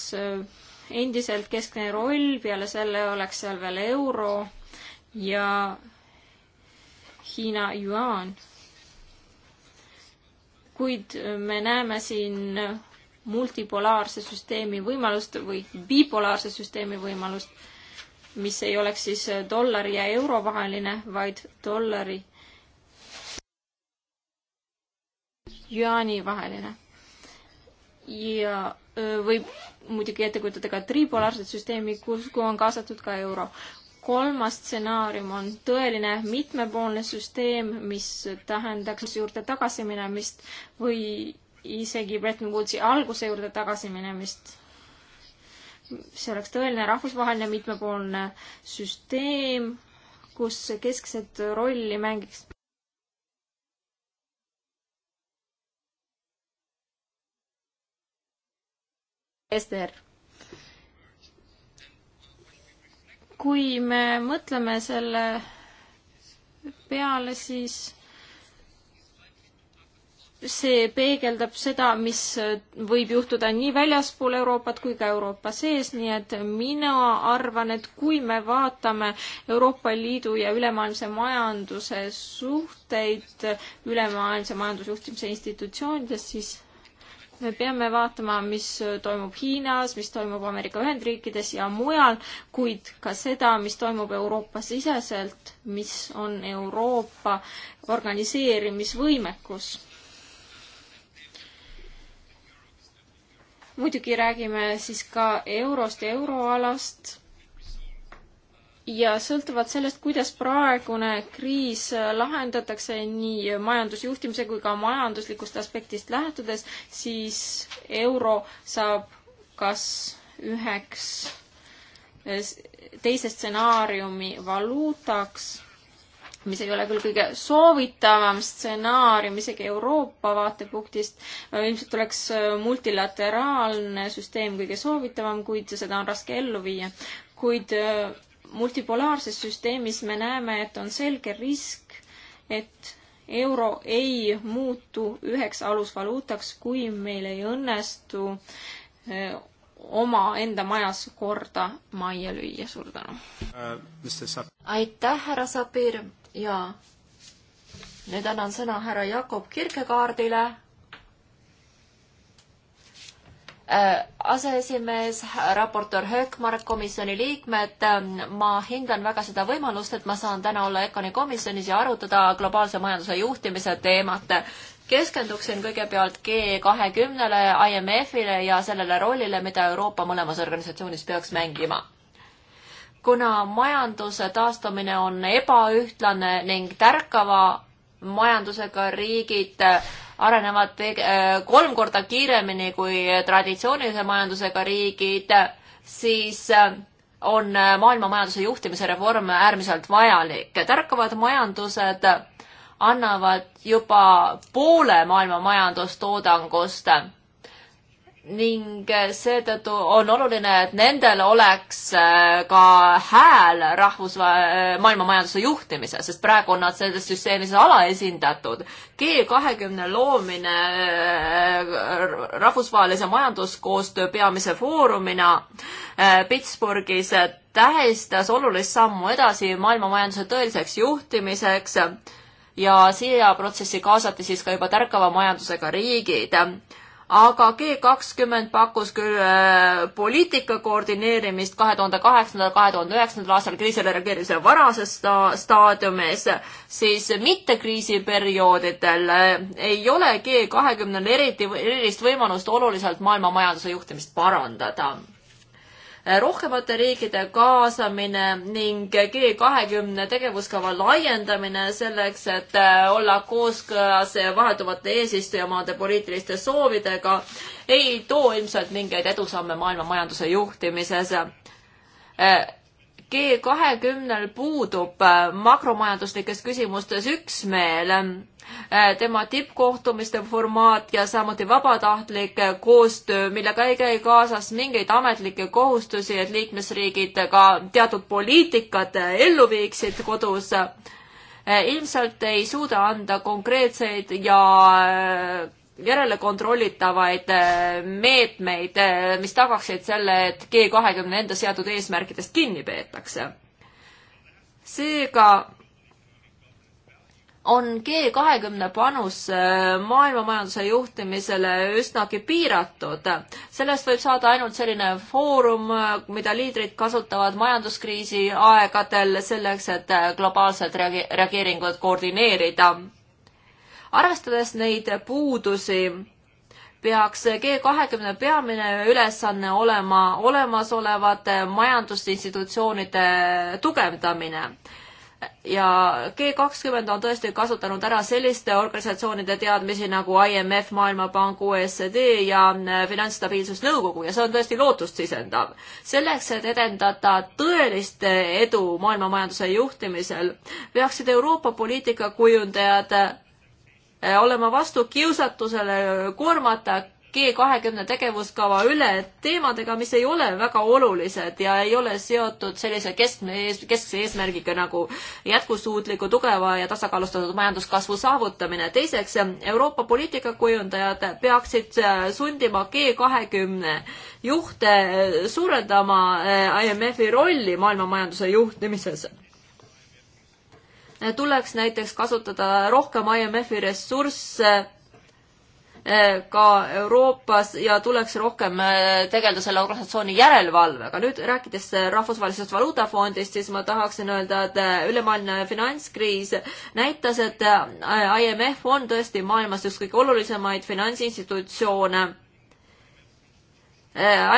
endiselt keskne roll, peale selle oleks seal veel euro ja Hiina juaan. kuid me näeme siin multipolaarse süsteemi võimalust või bipolaarse süsteemi võimalust, mis ei oleks siis dollari ja euro vaheline, vaid dollari jüaani vaheline. ja võib muidugi ette kujutada ka tripolaarset süsteemi, kus, kuhu on kaasatud ka euro. kolmas stsenaarium on tõeline mitmepoolne süsteem, mis tähendaks juurde tagasiminemist või isegi Bretton Woodsi alguse juurde tagasi minemist. see oleks tõeline rahvusvaheline mitmepoolne süsteem, kus keskset rolli mängiks SDR. kui me mõtleme selle peale, siis see peegeldab seda, mis võib juhtuda nii väljaspool Euroopat kui ka Euroopa sees, nii et mina arvan, et kui me vaatame Euroopa Liidu ja ülemaailmse majanduse suhteid ülemaailmse majandusjuhtimise institutsioonides, siis me peame vaatama, mis toimub Hiinas, mis toimub Ameerika Ühendriikides ja mujal, kuid ka seda, mis toimub Euroopa siseselt, mis on Euroopa organiseerimisvõimekus muidugi räägime siis ka eurost ja euroalast ja sõltuvalt sellest, kuidas praegune kriis lahendatakse nii majandusjuhtimise kui ka majanduslikust aspektist lähtudes, siis euro saab kas üheks teise stsenaariumi valuutaks mis ei ole küll kõige soovitavam stsenaarium isegi Euroopa vaatepunktist. Äh, ilmselt oleks äh, multilateraalne süsteem kõige soovitavam, kuid seda on raske ellu viia. kuid äh, multipolaarses süsteemis me näeme, et on selge risk, et euro ei muutu üheks alusvaluutaks, kui meil ei õnnestu omaenda majas korda majja lüüa. suur tänu uh,! aitäh, härra Sapir! ja nüüd annan sõna härra Jakob Kirkekaardile. Äh, aseesimees, raportöör Höökmark, komisjoni liikmed, äh, ma hindan väga seda võimalust, et ma saan täna olla EKONi komisjonis ja arutada globaalse majanduse juhtimise teemat keskenduksin kõigepealt G20-le, IMF-ile ja sellele rollile, mida Euroopa mõlemas organisatsioonis peaks mängima kuna majanduse taastumine on ebaühtlane ning tärkava majandusega riigid äh, arenevad äh, kolm korda kiiremini kui traditsioonilise majandusega riigid, siis äh, on maailma majanduse juhtimise reform äärmiselt vajalik. tärkavad majandused annavad juba poole maailma majandustoodangust ning eh, seetõttu on oluline, et nendel oleks eh, ka hääl rahvusva-, eh, maailmamajanduse juhtimises, sest praegu on nad selles süsteemis alaesindatud. G kahekümne loomine rahvusvahelise majanduskoostöö peamise foorumina Pittsburghis tähistas olulist sammu edasi maailma majanduse tõeliseks juhtimiseks ja siia protsessi kaasati siis ka juba tärkava majandusega riigid aga G kakskümmend pakkus küll äh, poliitika koordineerimist kahe tuhande kaheksandal, kahe tuhande üheksandal aastal kriisile reageerimise varases sta-, staadiumis, siis mitte kriisiperioodidel äh, ei ole G kahekümnel eriti, erilist võimalust oluliselt maailma majanduse juhtimist parandada Äh, rohkemate riikide kaasamine ning G kahekümne tegevuskava laiendamine selleks, et äh, olla kooskõlas vahetuvate eesistujamaade poliitiliste soovidega, ei too ilmselt mingeid edusamme maailma majanduse juhtimises. Äh, G kahekümnel puudub makromajanduslikes küsimustes üksmeel Äh, tema tippkohtumiste formaat ja samuti vabatahtlik äh, koostöö, millega ei käi kaasas mingeid ametlikke kohustusi, et liikmesriigid ka teatud poliitikat äh, ellu viiksid kodus ilmselt ei suuda anda konkreetseid ja järelekontrollitavaid meetmeid, mis tagaksid selle, et G kahekümne enda seatud eesmärkidest kinni peetakse. seega on G kahekümne panus äh, maailmamajanduse juhtimisele üsnagi piiratud. sellest võib saada ainult selline foorum, äh, mida liidrid kasutavad majanduskriisi aegadel selleks, et äh, globaalset reage reageeringut koordineerida. arvestades neid puudusi, peaks G kahekümne peamine ülesanne olema olemasolevate majandusinstitutsioonide tugevdamine ja G kakskümmend on tõesti kasutanud ära selliste organisatsioonide teadmisi nagu IMF, Maailmapank, OECD ja äh, Finantsstabiilsusnõukogu ja see on tõesti lootust sisendav. selleks, et edendada tõelist edu maailmamajanduse juhtimisel, peaksid Euroopa poliitikakujundajad äh, olema vastu kiusatusele koormata G kahekümne tegevuskava üle teemadega, mis ei ole väga olulised ja ei ole seotud sellise keskne, keskse eesmärgiga nagu jätkusuutliku, tugeva ja tasakaalustatud majanduskasvu saavutamine. teiseks, Euroopa poliitikakujundajad peaksid äh, sundima G kahekümne juhte äh, suurendama äh, IMF-i rolli maailma majanduse juhtimises tuleks näiteks kasutada rohkem IMF-i ressursse Eh, ka Euroopas ja tuleks rohkem eh, tegeleda selle organisatsiooni järelevalvega. nüüd rääkides eh, Rahvusvahelisest Valuutafondist, siis ma tahaksin öelda, et ülemaailmne finantskriis näitas, et IMF on tõesti maailmas üks kõige olulisemaid finantsinstitutsioone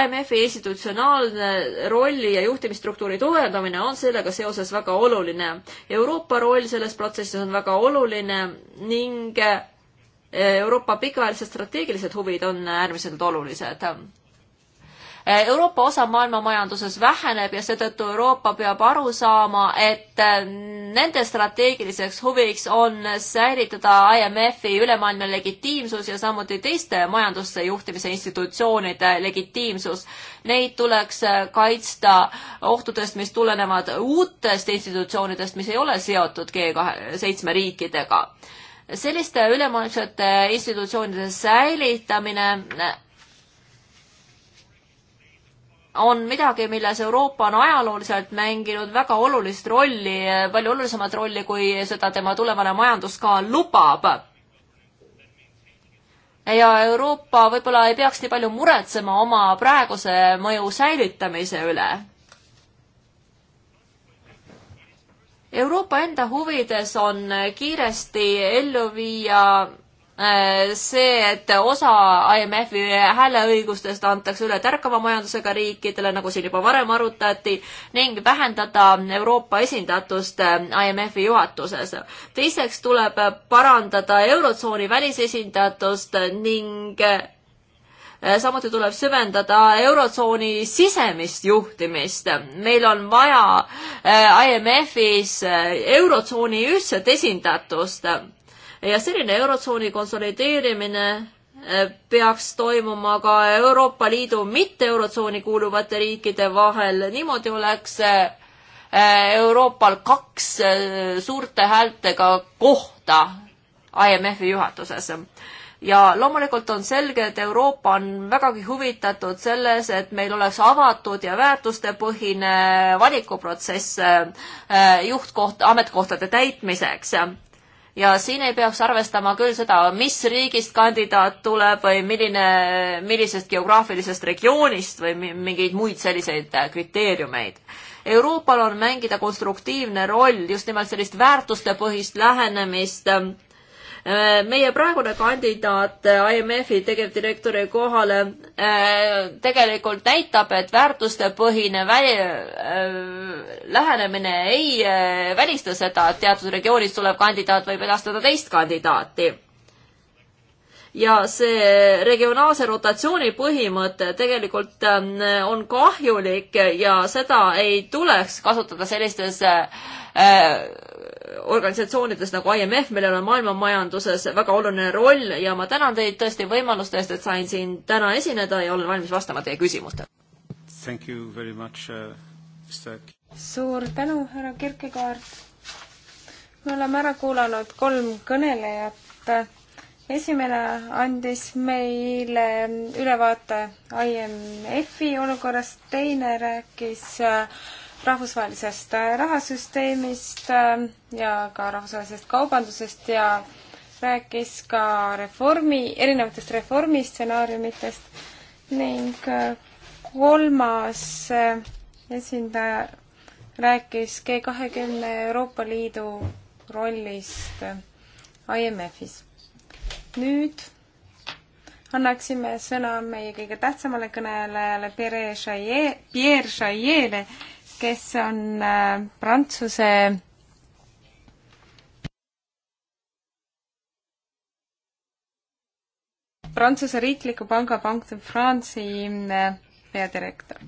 IMF-i institutsionaalne rolli ja juhtimisstruktuuri tugevdamine on sellega seoses väga oluline. Euroopa roll selles protsessis on väga oluline ning Euroopa pikaajalised strateegilised huvid on äärmiselt olulised. Euroopa osa maailma majanduses väheneb ja seetõttu Euroopa peab aru saama, et äh, nende strateegiliseks huviks on säilitada IMF-i ülemaailmne legitiimsus ja samuti teiste majandusse juhtimise institutsioonide legitiimsus. Neid tuleks äh, kaitsta ohtudest, mis tulenevad uutest institutsioonidest, mis ei ole seotud G kahe, seitsme riikidega selliste ülemaailmsete institutsioonide säilitamine on midagi, milles Euroopa on ajalooliselt mänginud väga olulist rolli, palju olulisemat rolli, kui seda tema tulevane majanduskaal lubab. ja Euroopa võib-olla ei peaks nii palju muretsema oma praeguse mõju säilitamise üle Euroopa enda huvides on kiiresti ellu viia eh, see, et osa IMF-i hääleõigustest antakse üle tärkava majandusega riikidele, nagu siin juba varem arutati, ning vähendada Euroopa esindatust eh, IMF-i juhatuses. teiseks tuleb parandada Eurotsooni välisesindatust ning eh, Äh, samuti tuleb süvendada Eurotsooni sisemist juhtimist. meil on vaja äh, IMF-is äh, Eurotsooni ühtset esindatust ja selline Eurotsooni konsolideerimine peaks toimuma ka Euroopa Liidu mitte Eurotsooni kuuluvate riikide vahel, niimoodi oleks Euroopal kaks suurte häältega kohta IMF-i juhatuses ja loomulikult on selge, et Euroopa on vägagi huvitatud selles, et meil oleks avatud ja väärtustepõhine valikuprotsess äh, juhtkoht, ametikohtade täitmiseks ja siin ei peaks arvestama küll seda, mis riigist kandidaat tuleb või milline, millisest geograafilisest regioonist või mingeid muid selliseid äh, kriteeriumeid. Euroopal on mängida konstruktiivne roll just nimelt sellist väärtustepõhist lähenemist äh, Äh, meie praegune kandidaat äh, IMF-i tegevdirektori kohale äh, tegelikult näitab, et väärtustepõhine vä-, lähenemine ei välista seda, et teatud regioonis tulev kandidaat võib edastada teist kandidaati ja see regionaalse rotatsiooni põhimõte tegelikult on kahjulik ja seda ei tuleks kasutada sellistes organisatsioonides nagu IMF, millel on maailma majanduses väga oluline roll ja ma tänan teid tõesti võimaluste eest, et sain siin täna esineda ja olen valmis vastama teie küsimustele. Uh, suur tänu, härra Kirkekaart. me oleme ära kuulanud kolm kõnelejat. esimene andis meile ülevaate IMF-i olukorrast, teine rääkis äh, rahvusvahelisest äh, rahasüsteemist äh, ja ka rahvusvahelisest kaubandusest ja rääkis ka reformi, erinevatest reformistsenaariumitest ning äh, kolmas esindaja rääkis G kahekümne Euroopa Liidu rollist IMF-is. nüüd annaksime sõna meie kõige tähtsamale kõnelejale Pierre Chaillet, Pierre Chaillet'le, kes on äh, Prantsuse Prantsuse Riikliku Panga Bank de France'i äh, peadirektor.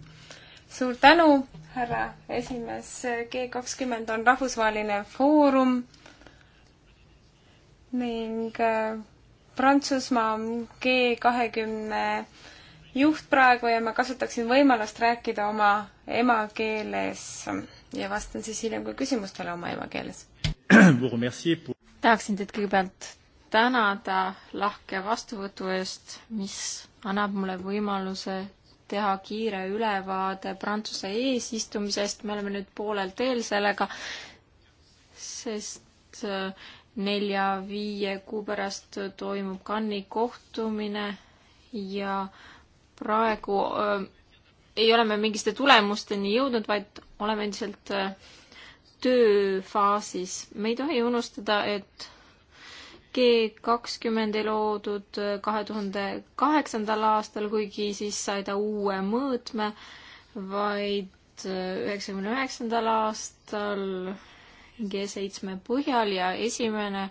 suur tänu, härra esimees, G kakskümmend on rahvusvaheline foorum ning äh, Prantsusmaa on G kahekümne 20 juht praegu ja ma kasutaksin võimalust rääkida oma emakeeles ja vastan siis hiljem ka küsimustele oma emakeeles. tahaksin teid kõigepealt tänada lahke vastuvõtu eest, mis annab mulle võimaluse teha kiire ülevaade Prantsuse eesistumisest, me oleme nüüd poolel teel sellega, sest äh, nelja-viie kuu pärast toimub Cannes'i kohtumine ja äh, praegu äh, ei ole me mingite tulemusteni jõudnud, vaid oleme endiselt äh, tööfaasis. me ei tohi unustada, et G kakskümmend ei loodud kahe tuhande kaheksandal aastal, kuigi siis sai ta uue mõõtme, vaid üheksakümne üheksandal aastal G seitsme põhjal ja esimene äh,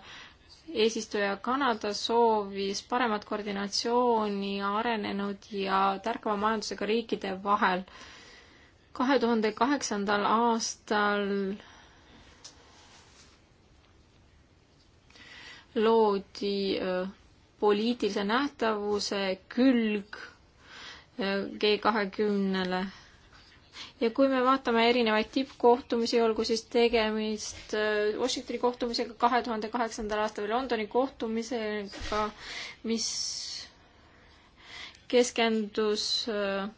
eesistuja Kanada soovis paremat koordinatsiooni arenenud ja tärkava majandusega riikide vahel. kahe tuhande kaheksandal aastal loodi äh, poliitilise nähtavuse külg äh, G kahekümnele ja kui me vaatame erinevaid tippkohtumisi, olgu siis tegemist äh, Washingtoni kohtumisega kahe tuhande kaheksandal aastal või Londoni kohtumisega, mis keskendus äh,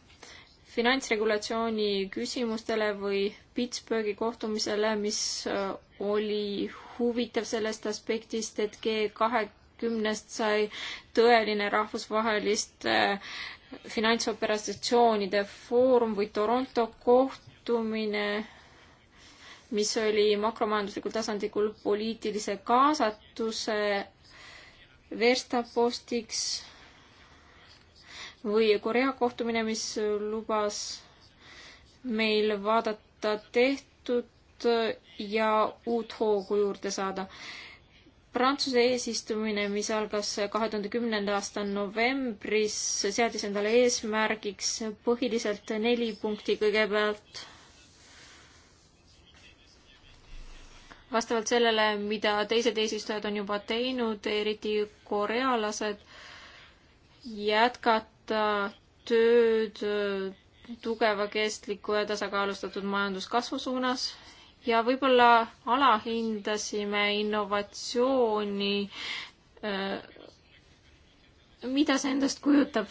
finantsregulatsiooni küsimustele või Pittsburghi kohtumisele, mis äh, oli huvitav sellest aspektist, et G kahekümnest sai tõeline rahvusvaheliste finantsoperatsioonide foorum või Toronto kohtumine, mis oli makromajanduslikul tasandil poliitilise kaasatuse verstapostiks või Korea kohtumine, mis lubas meil vaadata tehtud ja uut hoogu juurde saada. Prantsuse eesistumine, mis algas kahe tuhande kümnenda aasta novembris, seadis endale eesmärgiks põhiliselt neli punkti kõigepealt. vastavalt sellele, mida teised eesistujad on juba teinud, eriti korealased, jätkata tööd tugeva, kestliku ja tasakaalustatud majanduskasvu suunas ja võib-olla alahindasime innovatsiooni, äh, mida see endast kujutab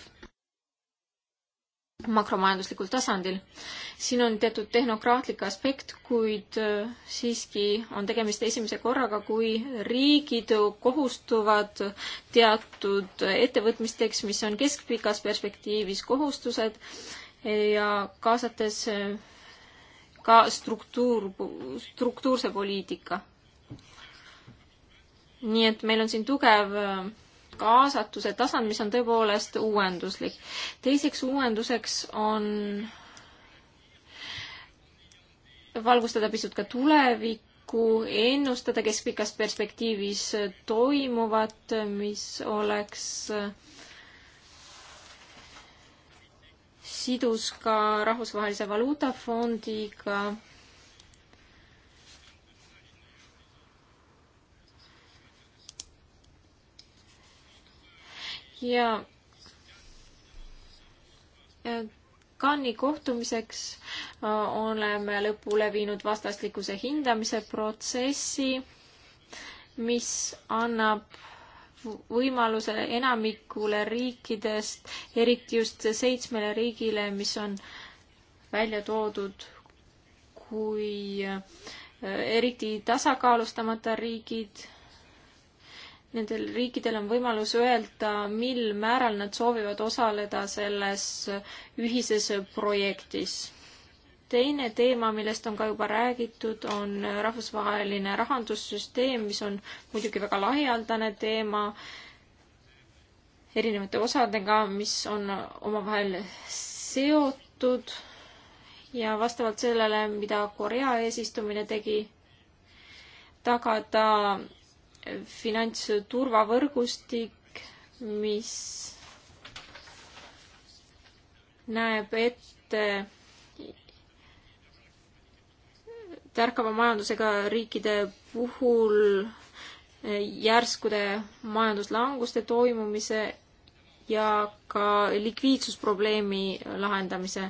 makromajanduslikul tasandil. siin on teatud tehnokraatlik aspekt, kuid äh, siiski on tegemist esimese korraga, kui riigid kohustuvad teatud ettevõtmisteks, mis on keskpikas perspektiivis kohustused ja kaasates äh, ka struktuur, struktuurse poliitika. nii et meil on siin tugev äh, kaasatuse tasand, mis on tõepoolest uuenduslik. teiseks uuenduseks on valgustada pisut ka tulevikku, ennustada keskpikas perspektiivis toimuvat, mis oleks äh, sidus ka Rahvusvahelise Valuutafondiga ja Cannes'i kohtumiseks äh, oleme lõpule viinud vastastikuse hindamise protsessi, mis annab võimaluse enamikule riikidest, eriti just seitsmele riigile, mis on välja toodud kui äh, eriti tasakaalustamata riigid. Nendel riikidel on võimalus öelda, mil määral nad soovivad osaleda selles ühises projektis teine teema, millest on ka juba räägitud, on rahvusvaheline rahandussüsteem, mis on muidugi väga laialdane teema erinevate osadega, mis on omavahel seotud ja vastavalt sellele, mida Korea eesistumine tegi, tagada finantsturvavõrgustik, mis näeb ette tärkava majandusega riikide puhul eh, järskude majanduslanguste toimumise ja ka likviidsusprobleemi lahendamise.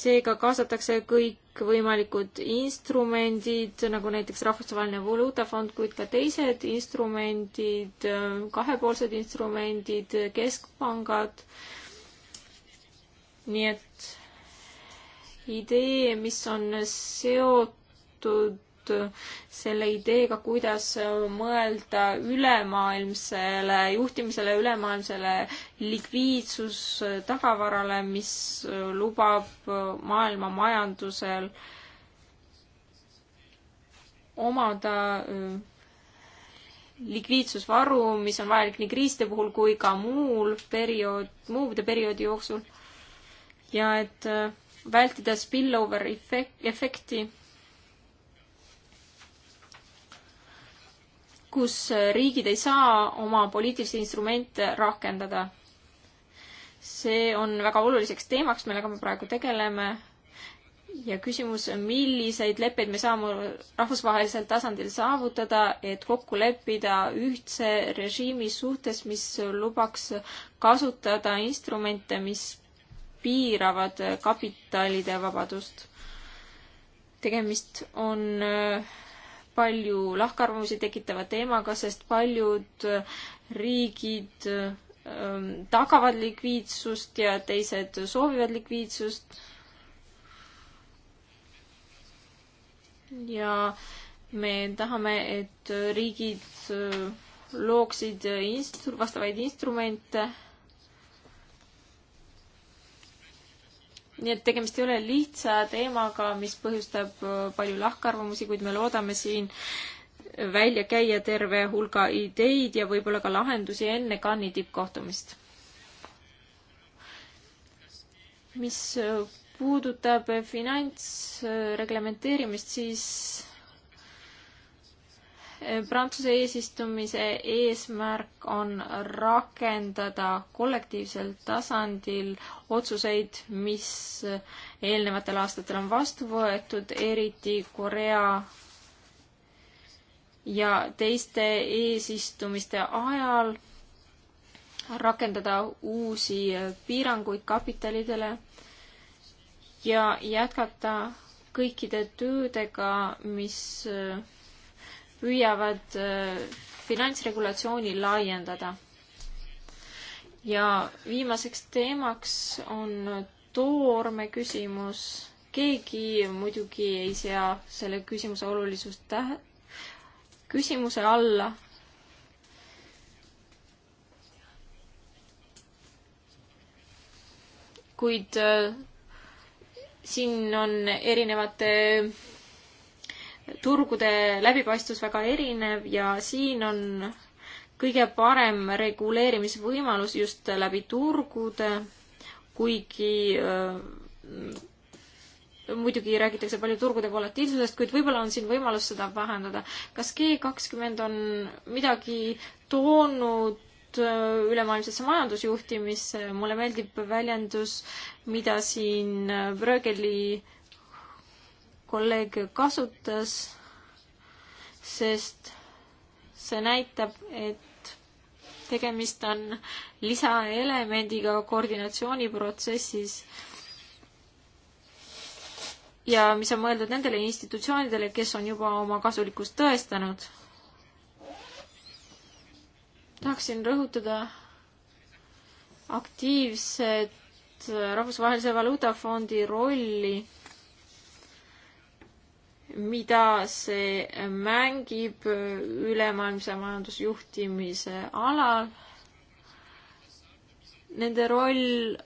seega kaasatakse kõikvõimalikud instrumendid, nagu näiteks Rahvusvaheline Valuutafond, kuid ka teised instrumendid, kahepoolsed instrumendid, keskpangad. nii et idee, mis on seotud selle ideega, kuidas mõelda ülemaailmsele juhtimisele, ülemaailmsele likviidsustagavarale, mis lubab maailma majandusel omada äh, likviidsusvaru, mis on vajalik nii kriiside puhul kui ka muul periood, muude perioodi jooksul. ja et äh, vältida spillover efekti, kus riigid ei saa oma poliitilisi instrumente rakendada. see on väga oluliseks teemaks, millega me praegu tegeleme ja küsimus, milliseid leppeid me saame rahvusvahelisel tasandil saavutada, et kokku leppida ühtse režiimi suhtes, mis lubaks kasutada instrumente, mis piiravad äh, kapitalide vabadust. tegemist on äh, palju lahkarvamusi tekitava teemaga, sest paljud äh, riigid ähm, tagavad likviidsust ja teised soovivad likviidsust. ja me tahame, et riigid looksid instru-, vastavaid instrumente nii et tegemist ei ole lihtsa teemaga, mis põhjustab äh, palju lahkarvamusi, kuid me loodame siin välja käia terve hulga ideid ja võib-olla ka lahendusi enne Cannes'i tippkohtumist. mis äh, puudutab äh, finantsreglementeerimist, siis Prantsuse eesistumise eesmärk on rakendada kollektiivsel tasandil otsuseid, mis eelnevatel aastatel on vastu võetud, eriti Korea ja teiste eesistumiste ajal rakendada uusi piiranguid kapitalidele ja jätkata kõikide töödega, mis püüavad äh, finantsregulatsiooni laiendada. ja viimaseks teemaks on toorme küsimus. keegi muidugi ei sea selle küsimuse olulisust tähe, küsimuse alla. kuid äh, siin on erinevate turgude läbipaistvus väga erinev ja siin on kõige parem reguleerimisvõimalus just läbi turgude, kuigi muidugi räägitakse palju turgude volatiilsusest, kuid võib-olla on siin võimalus seda vähendada. kas G kakskümmend on midagi toonud ülemaailmsesse majandusjuhtimisse, mulle meeldib väljendus, mida siin Brögeli äh, kolleeg kasutas, sest see näitab, et tegemist on lisaelemendiga koordinatsiooniprotsessis ja mis on mõeldud nendele institutsioonidele, kes on juba oma kasulikkust tõestanud. tahaksin rõhutada aktiivset Rahvusvahelise Valuutafondi rolli mida see mängib ülemaailmse majandusjuhtimise alal. Nende roll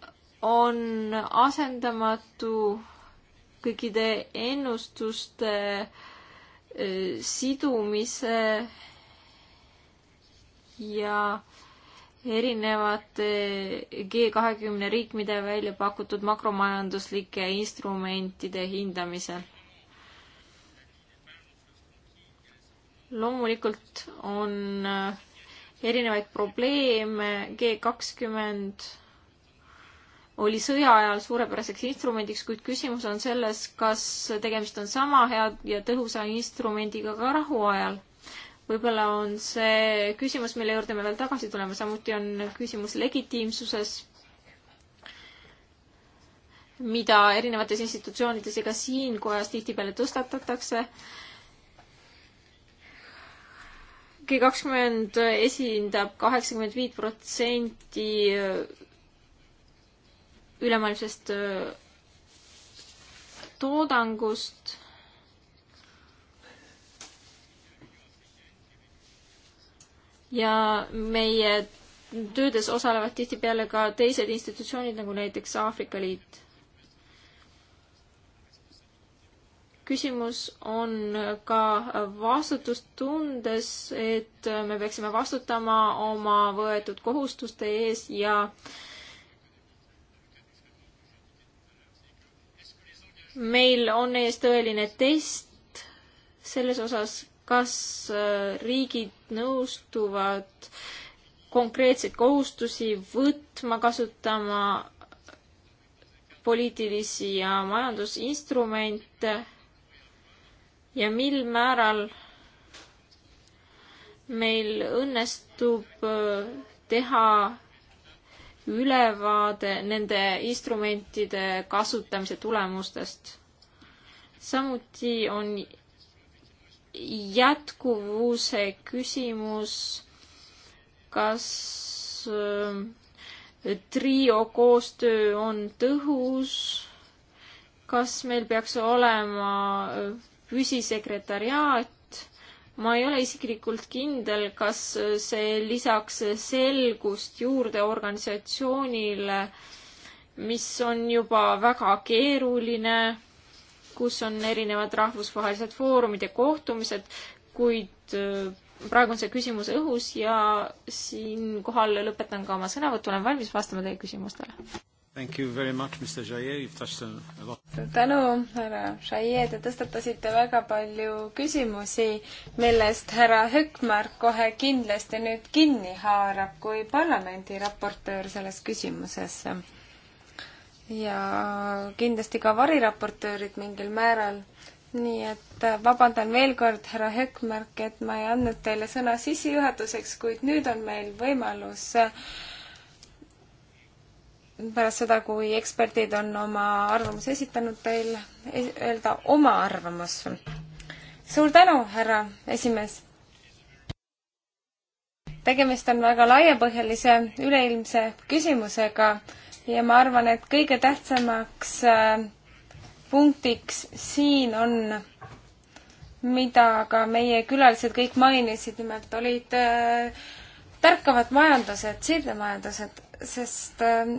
on asendamatu kõikide ennustuste eh, sidumise ja erinevate G kahekümne riikmide välja pakutud makromajanduslike instrumentide hindamisel loomulikult on äh, erinevaid probleeme, G kakskümmend oli sõja ajal suurepäraseks instrumendiks, kuid küsimus on selles, kas tegemist on sama hea ja tõhusa instrumendiga ka rahu ajal. võib-olla on see küsimus, mille juurde me veel tagasi tuleme, samuti on küsimus legitiimsuses, mida erinevates institutsioonides ja ka siin kojas tihtipeale tõstatatakse G kakskümmend esindab kaheksakümmend viit protsenti äh, ülemaailmsest äh, toodangust. ja meie töödes osalevad tihtipeale ka teised institutsioonid, nagu näiteks Aafrika Liit küsimus on ka vastutustundes, et me peaksime vastutama oma võetud kohustuste ees ja meil on ees tõeline test selles osas, kas riigid nõustuvad konkreetseid kohustusi võtma, kasutama poliitilisi ja majandusinstrumente ja mil määral meil õnnestub äh, teha ülevaade nende instrumentide kasutamise tulemustest. samuti on jätkuvuse küsimus, kas äh, trio koostöö on tõhus, kas meil peaks olema äh, püsisekretariaat. ma ei ole isiklikult kindel, kas see lisaks selgust juurde organisatsioonile, mis on juba väga keeruline, kus on erinevad rahvusvahelised foorumid ja kohtumised, kuid äh, praegu on see küsimus õhus ja siinkohal lõpetan ka oma sõnavõtu, olen valmis vastama teie küsimustele suur tänu, härra Jaie, te tõstatasite väga palju küsimusi, millest härra Hökmark kohe kindlasti nüüd kinni haarab kui parlamendi raportöör selles küsimuses ja kindlasti ka variraportöörid mingil määral. nii et vabandan veel kord, härra Hökmark, et ma ei andnud teile sõna sissejuhatuseks, kuid nüüd on meil võimalus pärast seda, kui eksperdid on oma arvamuse esitanud, teil öelda oma arvamus. suur tänu, härra esimees! tegemist on väga laiapõhjalise üleilmse küsimusega ja ma arvan, et kõige tähtsamaks äh, punktiks siin on, mida ka meie külalised kõik mainisid, nimelt olid äh, tärkavad majandused, siirdemajandused, sest äh,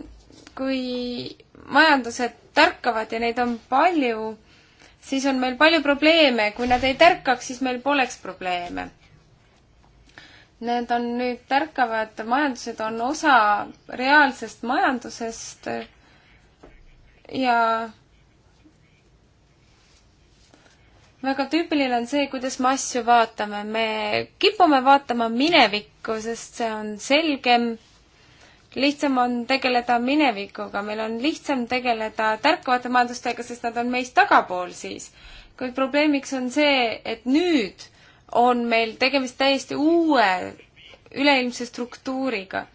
kui majandused tärkavad ja neid on palju, siis on meil palju probleeme, kui nad ei tärkaks, siis meil poleks probleeme. Need on nüüd tärkavad majandused, on osa reaalsest majandusest ja väga tüüpiline on see, kuidas me asju vaatame. me kipume vaatama minevikku, sest see on selgem lihtsam on tegeleda minevikuga, meil on lihtsam tegeleda tärkavate majandustega, sest nad on meist tagapool siis. kuid probleemiks on see, et nüüd on meil tegemist täiesti uue üleilmse struktuuriga.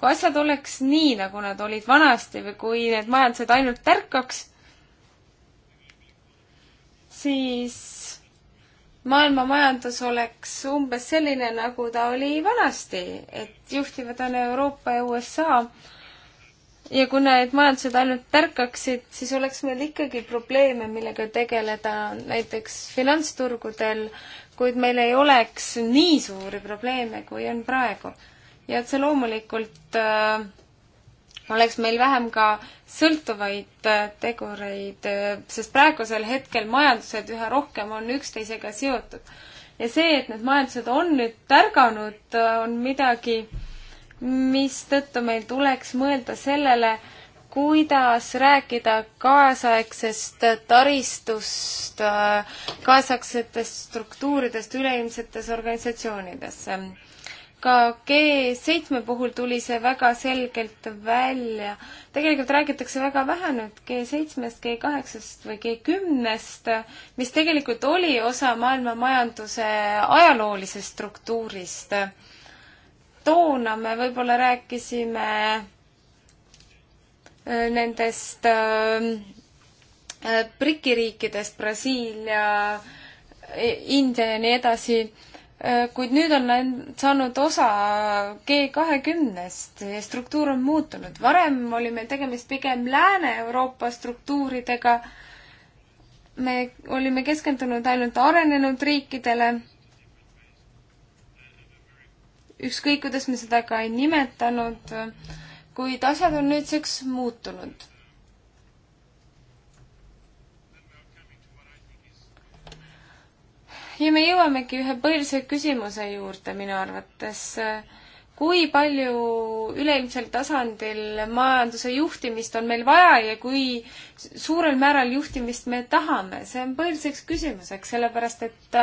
kui asjad oleks nii, nagu nad olid vanasti või kui need majandused ainult tärkaks, siis maailma majandus oleks umbes selline, nagu ta oli vanasti, et juhtivad on Euroopa ja USA. ja kui need majandused ainult tärkaksid, siis oleks meil ikkagi probleeme, millega tegeleda näiteks finantsturgudel, kuid meil ei oleks nii suuri probleeme, kui on praegu. ja otse loomulikult äh, oleks meil vähem ka sõltuvaid äh, tegureid, äh, sest praegusel hetkel majandused üha rohkem on üksteisega seotud. ja see, et need majandused on nüüd tärganud, äh, on midagi, mistõttu meil tuleks mõelda sellele, kuidas rääkida kaasaegsest taristust, kaasaegsetest struktuuridest üleilmsetes organisatsioonides ka G7 puhul tuli see väga selgelt välja. tegelikult räägitakse väga vähe nüüd G7-st, G8-st või G10-st, mis tegelikult oli osa maailma majanduse ajaloolisest struktuurist. toona me võib-olla rääkisime äh, nendest äh, äh, BRICS-i riikidest, Brasiilia, India ja nii edasi Äh, kuid nüüd on nad saanud osa G kahekümnest ja struktuur on muutunud. varem oli meil tegemist pigem Lääne-Euroopa struktuuridega. me olime keskendunud ainult arenenud riikidele. ükskõik, kuidas me seda ka ei nimetanud, kuid asjad on nüüdseks muutunud ja me jõuamegi ühe põhilise küsimuse juurde minu arvates. kui palju üleilmsel tasandil majanduse juhtimist on meil vaja ja kui suurel määral juhtimist me tahame, see on põhiliseks küsimuseks, sellepärast et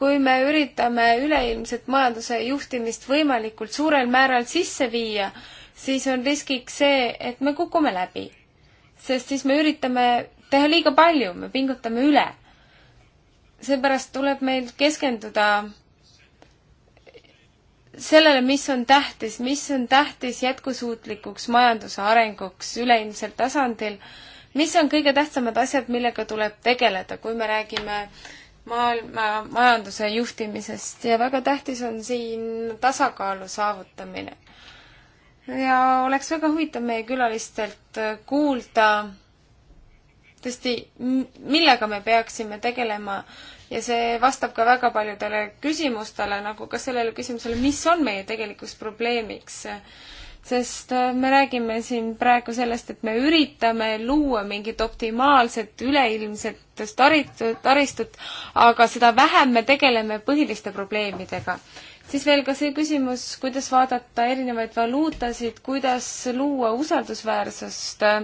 kui me üritame üleilmset majanduse juhtimist võimalikult suurel määral sisse viia, siis on riskiks see, et me kukume läbi. sest siis me üritame teha liiga palju, me pingutame üle seepärast tuleb meil keskenduda sellele, mis on tähtis, mis on tähtis jätkusuutlikuks majanduse arenguks üleilmsel tasandil, mis on kõige tähtsamad asjad, millega tuleb tegeleda, kui me räägime maailma majanduse juhtimisest ja väga tähtis on siin tasakaalu saavutamine. ja oleks väga huvitav meie külalistelt kuulda tõesti, millega me peaksime tegelema ja see vastab ka väga paljudele küsimustele, nagu ka sellele küsimusele, mis on meie tegelikuks probleemiks. sest äh, me räägime siin praegu sellest, et me üritame luua mingit optimaalset üleilmset taristut, taristut, aga seda vähem me tegeleme põhiliste probleemidega siis veel ka see küsimus, kuidas vaadata erinevaid valuutasid, kuidas luua usaldusväärsust äh,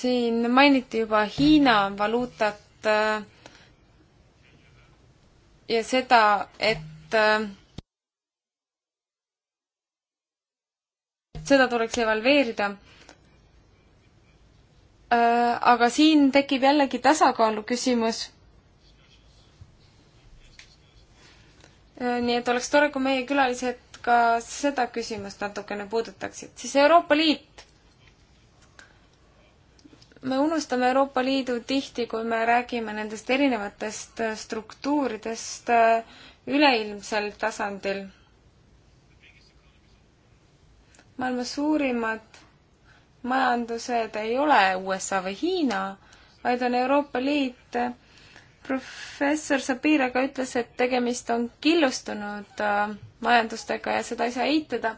siin mainiti juba Hiina valuutat äh, ja seda, et äh, seda tuleks evalveerida. Äh, aga siin tekib jällegi tasakaalu küsimus. nii et oleks tore, kui meie külalised ka seda küsimust natukene puudutaksid. siis Euroopa Liit me unustame Euroopa Liidu tihti, kui me räägime nendest erinevatest struktuuridest äh, üleilmsel tasandil. maailma suurimad majandused ei ole USA või Hiina, vaid on Euroopa Liit. professor Sabir aga ütles, et tegemist on killustunud äh, majandustega ja seda ei saa eitada.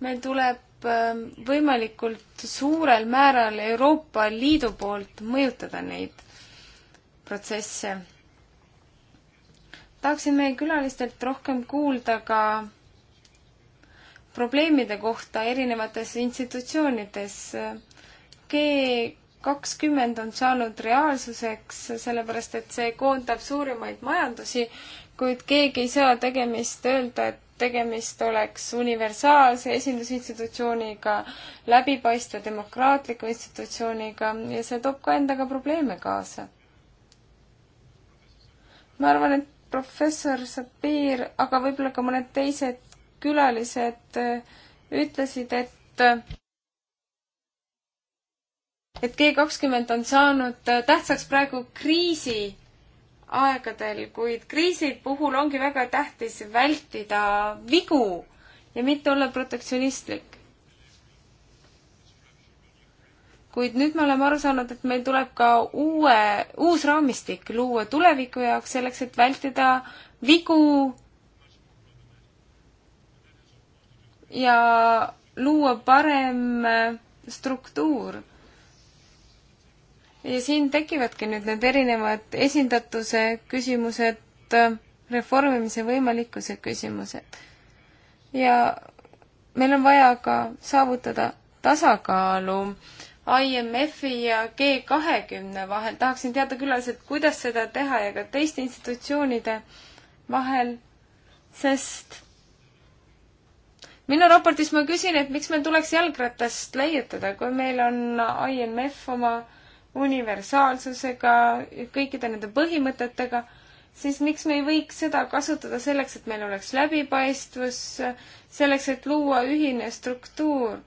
meil tuleb Ähm, võimalikult suurel määral Euroopa Liidu poolt mõjutada neid protsesse. tahaksin meie külalistelt rohkem kuulda ka probleemide kohta erinevates institutsioonides. G kakskümmend on saanud reaalsuseks, sellepärast et see koondab suurimaid majandusi, kuid keegi ei saa tegemist öelda, et tegemist oleks universaalse esindusinstitutsiooniga, läbipaistva demokraatliku institutsiooniga ja see toob ka endaga probleeme kaasa. ma arvan, et professor Sapir, aga võib-olla ka mõned teised külalised äh, ütlesid, et et G kakskümmend on saanud äh, tähtsaks praegu kriisi aegadel, kuid kriisi puhul ongi väga tähtis vältida vigu ja mitte olla protektsionistlik. kuid nüüd me oleme aru saanud, et meil tuleb ka uue, uus raamistik luua tuleviku jaoks, selleks et vältida vigu ja luua parem struktuur ja siin tekivadki nüüd need erinevad esindatuse küsimused, reformimise võimalikkuse küsimused. ja meil on vaja ka saavutada tasakaalu IMF-i ja G kahekümne vahel, tahaksin teada külaliselt, kuidas seda teha ja ka teiste institutsioonide vahel, sest minu raportis ma küsin, et miks meil tuleks jalgratast leiutada, kui meil on IMF oma äh, universaalsusega, kõikide nende põhimõtetega, siis miks me ei võiks seda kasutada selleks, et meil oleks läbipaistvus, selleks, et luua ühine struktuur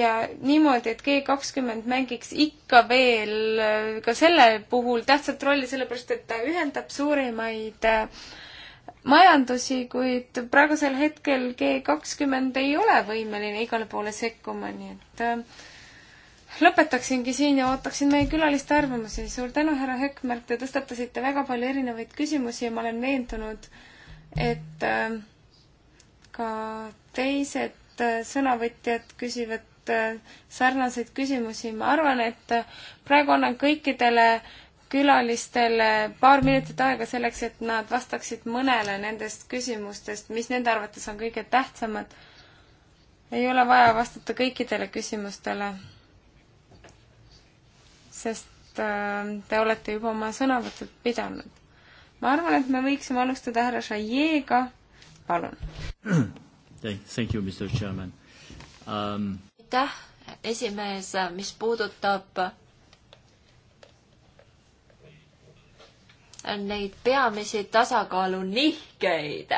ja niimoodi, et G kakskümmend mängiks ikka veel ka selle puhul tähtsat rolli, sellepärast et ta ühendab suurimaid äh, majandusi, kuid praegusel hetkel G kakskümmend ei ole võimeline igale poole sekkuma, nii et äh, lõpetaksingi siin ja ootaksin meie külaliste arvamusi. suur tänu, härra Hökmark, te tõstatasite väga palju erinevaid küsimusi ja ma olen veendunud, et äh, ka teised äh, sõnavõtjad küsivad äh, sarnaseid küsimusi. ma arvan, et praegu annan kõikidele külalistele paar minutit aega selleks, et nad vastaksid mõnele nendest küsimustest, mis nende arvates on kõige tähtsamad. ei ole vaja vastata kõikidele küsimustele sest äh, te olete juba oma sõnavõtud pidanud. ma arvan, et me võiksime alustada härra Šaiega, palun. Thank you, Mr Chairman um.... aitäh, esimees, mis puudutab neid peamisi tasakaalu nihkeid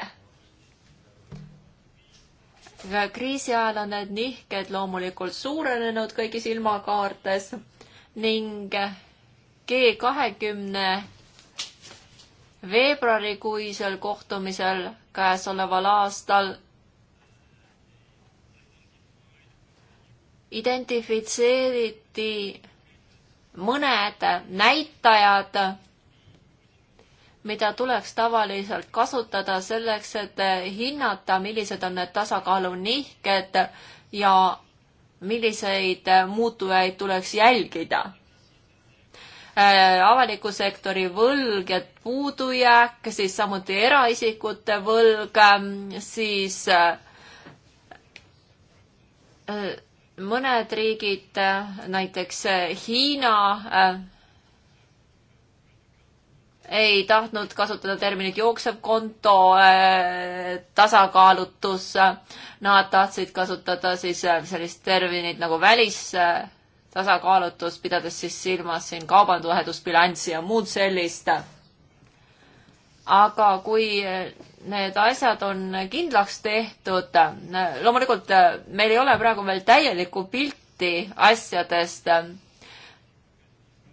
kriisi ajal on need nihked loomulikult suurenenud kõigis ilmakaartes ning G kahekümne veebruarikuisel kohtumisel käesoleval aastal identifitseeriti mõned näitajad, mida tuleks tavaliselt kasutada selleks, et hinnata, millised on need tasakaalunihked ja milliseid äh, muutujaid tuleks jälgida äh, avaliku sektori võlg ja puudujääk, siis samuti eraisikute võlg, ähm, siis äh, mõned riigid, näiteks Hiina, ei tahtnud kasutada terminit jooksev konto äh, tasakaalutus. Nad tahtsid kasutada siis äh, sellist terminit nagu välistasakaalutus, äh, pidades siis silmas siin kaubandusvahetusbilanssi ja muud sellist. aga kui need asjad on kindlaks tehtud, loomulikult meil ei ole praegu veel täielikku pilti asjadest,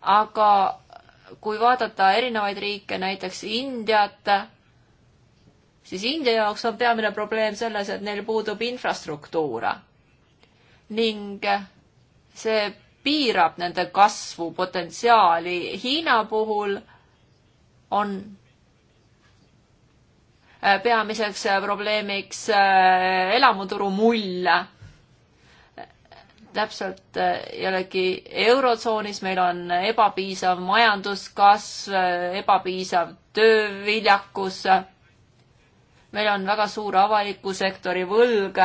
aga kui vaadata erinevaid riike, näiteks Indiat, siis India jaoks on peamine probleem selles, et neil puudub infrastruktuur ning see piirab nende kasvupotentsiaali. Hiina puhul on peamiseks probleemiks äh, elamuturu mull täpselt äh, jällegi Eurotsoonis meil on ebapiisav majanduskasv, äh, ebapiisav tööviljakus. meil on väga suur avaliku sektori võlg.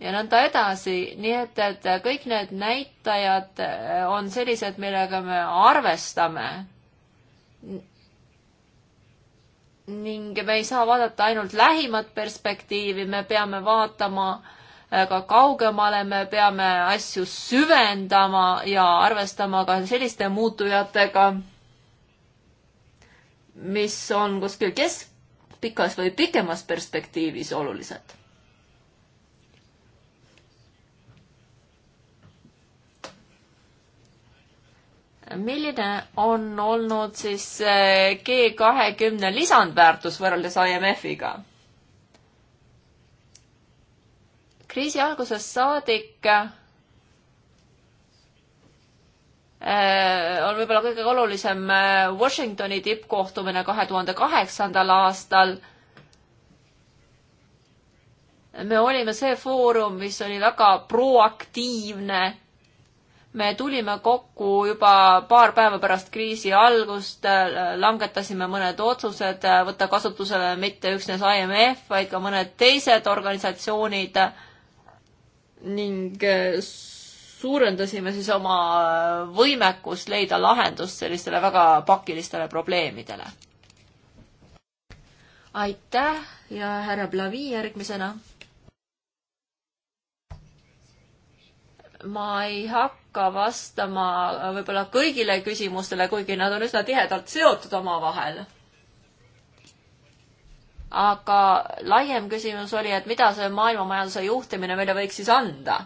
ja nõnda edasi, nii et, et kõik need näitajad äh, on sellised, millega me arvestame ning me ei saa vaadata ainult lähimat perspektiivi, me peame vaatama ka kaugemale, me peame asju süvendama ja arvestama ka selliste muutujatega, mis on kuskil keskpikas või pikemas perspektiivis olulised. milline on olnud siis eh, G kahekümne lisandväärtus võrreldes IMF-iga? kriisi algusest saadik äh, on võib-olla kõige olulisem äh, Washingtoni tippkohtumine kahe tuhande kaheksandal aastal. me olime see foorum, mis oli väga proaktiivne. me tulime kokku juba paar päeva pärast kriisi algust, äh, langetasime mõned otsused võtta kasutusele mitte üksnes IMF, vaid ka mõned teised organisatsioonid ning äh, suurendasime siis oma äh, võimekust leida lahendust sellistele väga pakilistele probleemidele. aitäh ja härra Blavi järgmisena. ma ei hakka vastama võib-olla kõigile küsimustele, kuigi nad on üsna tihedalt seotud omavahel aga laiem küsimus oli, et mida see maailmamajanduse juhtimine meile võiks siis anda?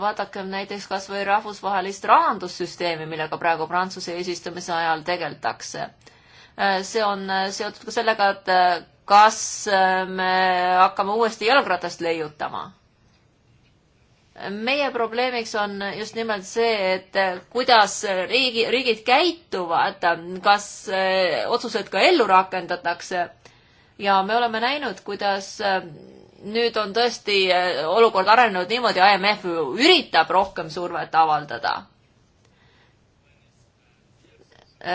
vaadakem näiteks kas või rahvusvahelist rahandussüsteemi, millega praegu Prantsuse eesistumise ajal tegeldakse. see on seotud ka sellega, et kas me hakkame uuesti jalgratast leiutama meie probleemiks on just nimelt see, et kuidas riigi, riigid käituvad, kas eh, otsused ka ellu rakendatakse. ja me oleme näinud, kuidas eh, nüüd on tõesti eh, olukord arenenud niimoodi, IMF üritab rohkem survet avaldada.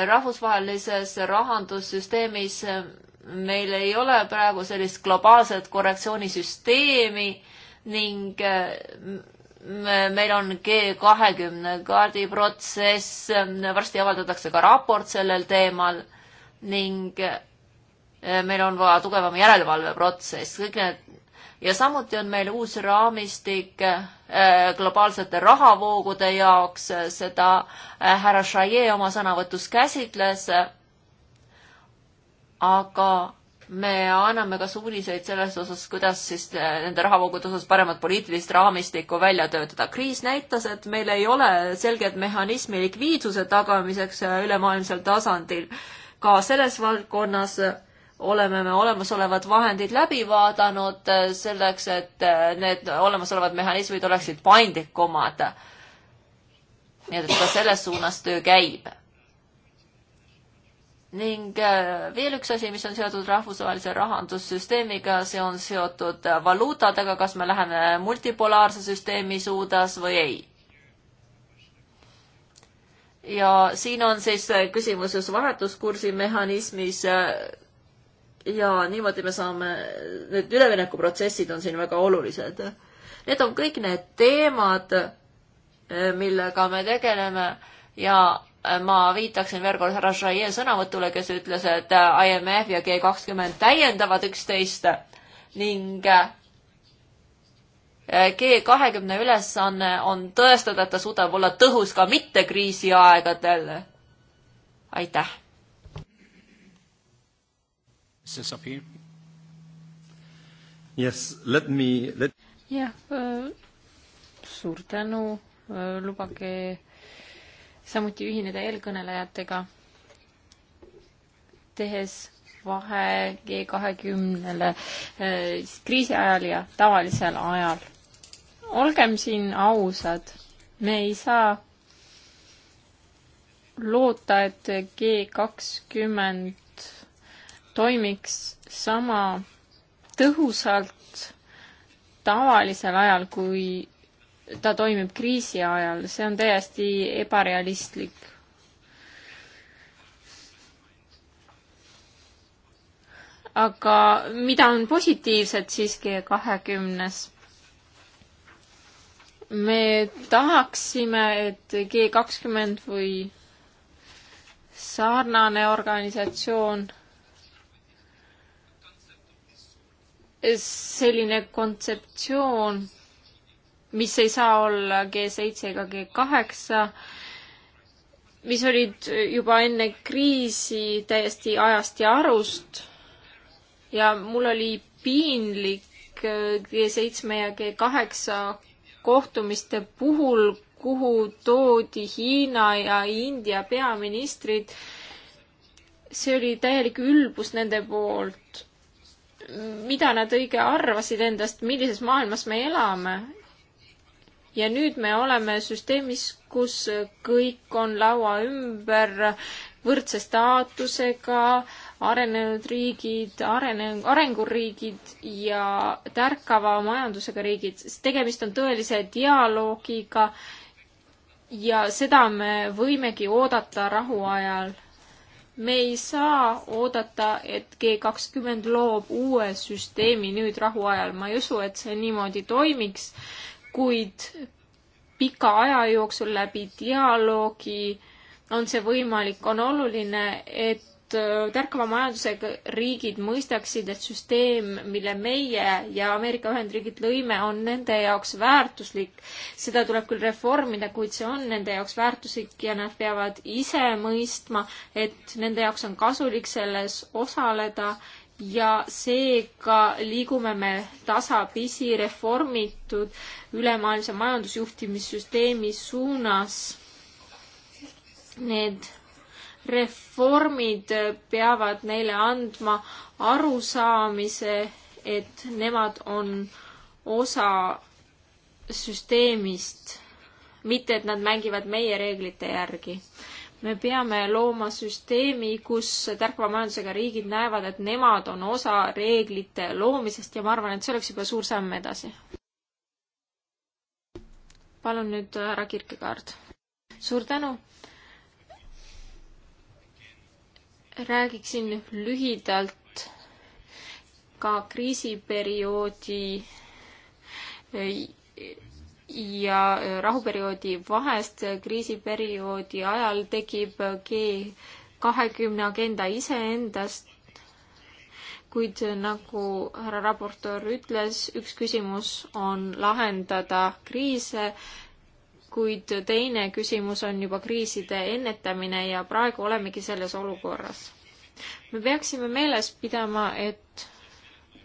rahvusvahelises rahandussüsteemis meil ei ole praegu sellist globaalset korrektsioonisüsteemi ning äh, meil on G kahekümne kaardi protsess, varsti avaldatakse ka raport sellel teemal ning äh, meil on vaja tugevam järelevalveprotsess, kõik need ja samuti on meil uus raamistik äh, globaalsete rahavoogude jaoks, seda härra Chaillet oma sõnavõtus käsitles. aga me anname ka suuniseid selles osas, kuidas siis eh, nende rahavoogude osas paremat poliitilist raamistikku välja töötada. kriis näitas, et meil ei ole selget mehhanismi likviidsuse tagamiseks eh, ülemaailmsel tasandil. ka selles valdkonnas eh, oleme me olemasolevad vahendid läbi vaadanud selleks, et need olemasolevad mehhanismid oleksid paindlikumad. nii et ka selles suunas töö käib ning äh, veel üks asi, mis on seotud rahvusvahelise rahandussüsteemiga, see on seotud äh, valuutadega, kas me läheme multipolaarse süsteemi suudas või ei. ja siin on siis äh, küsimus just vahetuskursi mehhanismis. ja niimoodi me saame, need üleminekuprotsessid on siin väga olulised. Need on kõik need teemad, millega me tegeleme ja ma viitaksin veel kord härra Jaie sõnavõtule, kes ütles, et äh, IMF ja G kakskümmend täiendavad üksteist ning äh, G kahekümne ülesanne on tõestada, et ta suudab olla tõhus ka mitte kriisiaegadel. aitäh. Yes, let me let... jah, äh, suur tänu, lubage samuti ühineda eelkõnelejatega, tehes vahe G kahekümnele äh, kriisi ajal ja tavalisel ajal. olgem siin ausad, me ei saa loota, et G kakskümmend toimiks sama tõhusalt tavalisel ajal, kui ta toimib kriisi ajal, see on täiesti ebarealistlik. aga mida on positiivset siiski kahekümnes? me tahaksime, et G kakskümmend või sarnane organisatsioon selline kontseptsioon mis ei saa olla G7 ega G8, mis olid juba enne kriisi täiesti ajast ja arust. ja mul oli piinlik G7 ja G8 kohtumiste puhul, kuhu toodi Hiina ja India peaministrid. see oli täielik ülbus nende poolt. mida nad õige arvasid endast, millises maailmas me elame ja nüüd me oleme süsteemis, kus kõik on laua ümber võrdse staatusega, arenenud riigid, arenenud, arenguriigid ja tärkava majandusega riigid, sest tegemist on tõelise dialoogiga ja seda me võimegi oodata rahuajal. me ei saa oodata, et G kakskümmend loob uue süsteemi nüüd rahuajal, ma ei usu, et see niimoodi toimiks kuid pika aja jooksul läbi dialoogi on see võimalik, on oluline, et äh, tärkava majandusega riigid mõistaksid, et süsteem, mille meie ja Ameerika Ühendriigid lõime, on nende jaoks väärtuslik. seda tuleb küll reformida, kuid see on nende jaoks väärtuslik ja nad peavad ise mõistma, et nende jaoks on kasulik selles osaleda ja seega liigume me tasapisi reformitud ülemaailmse majandusjuhtimissüsteemi suunas. Need reformid peavad neile andma arusaamise, et nemad on osa süsteemist, mitte et nad mängivad meie reeglite järgi me peame looma süsteemi, kus tarkva majandusega riigid näevad, et nemad on osa reeglite loomisest ja ma arvan, et see oleks juba suur samm edasi. palun nüüd äh, härra Kirkekaart. suur tänu. räägiksin lühidalt ka kriisiperioodi äh, ja äh, rahuperioodi vahest kriisiperioodi ajal tekib G kahekümne agenda iseendast, kuid nagu härra raportöör ütles, üks küsimus on lahendada kriise, kuid teine küsimus on juba kriiside ennetamine ja praegu olemegi selles olukorras. me peaksime meeles pidama, et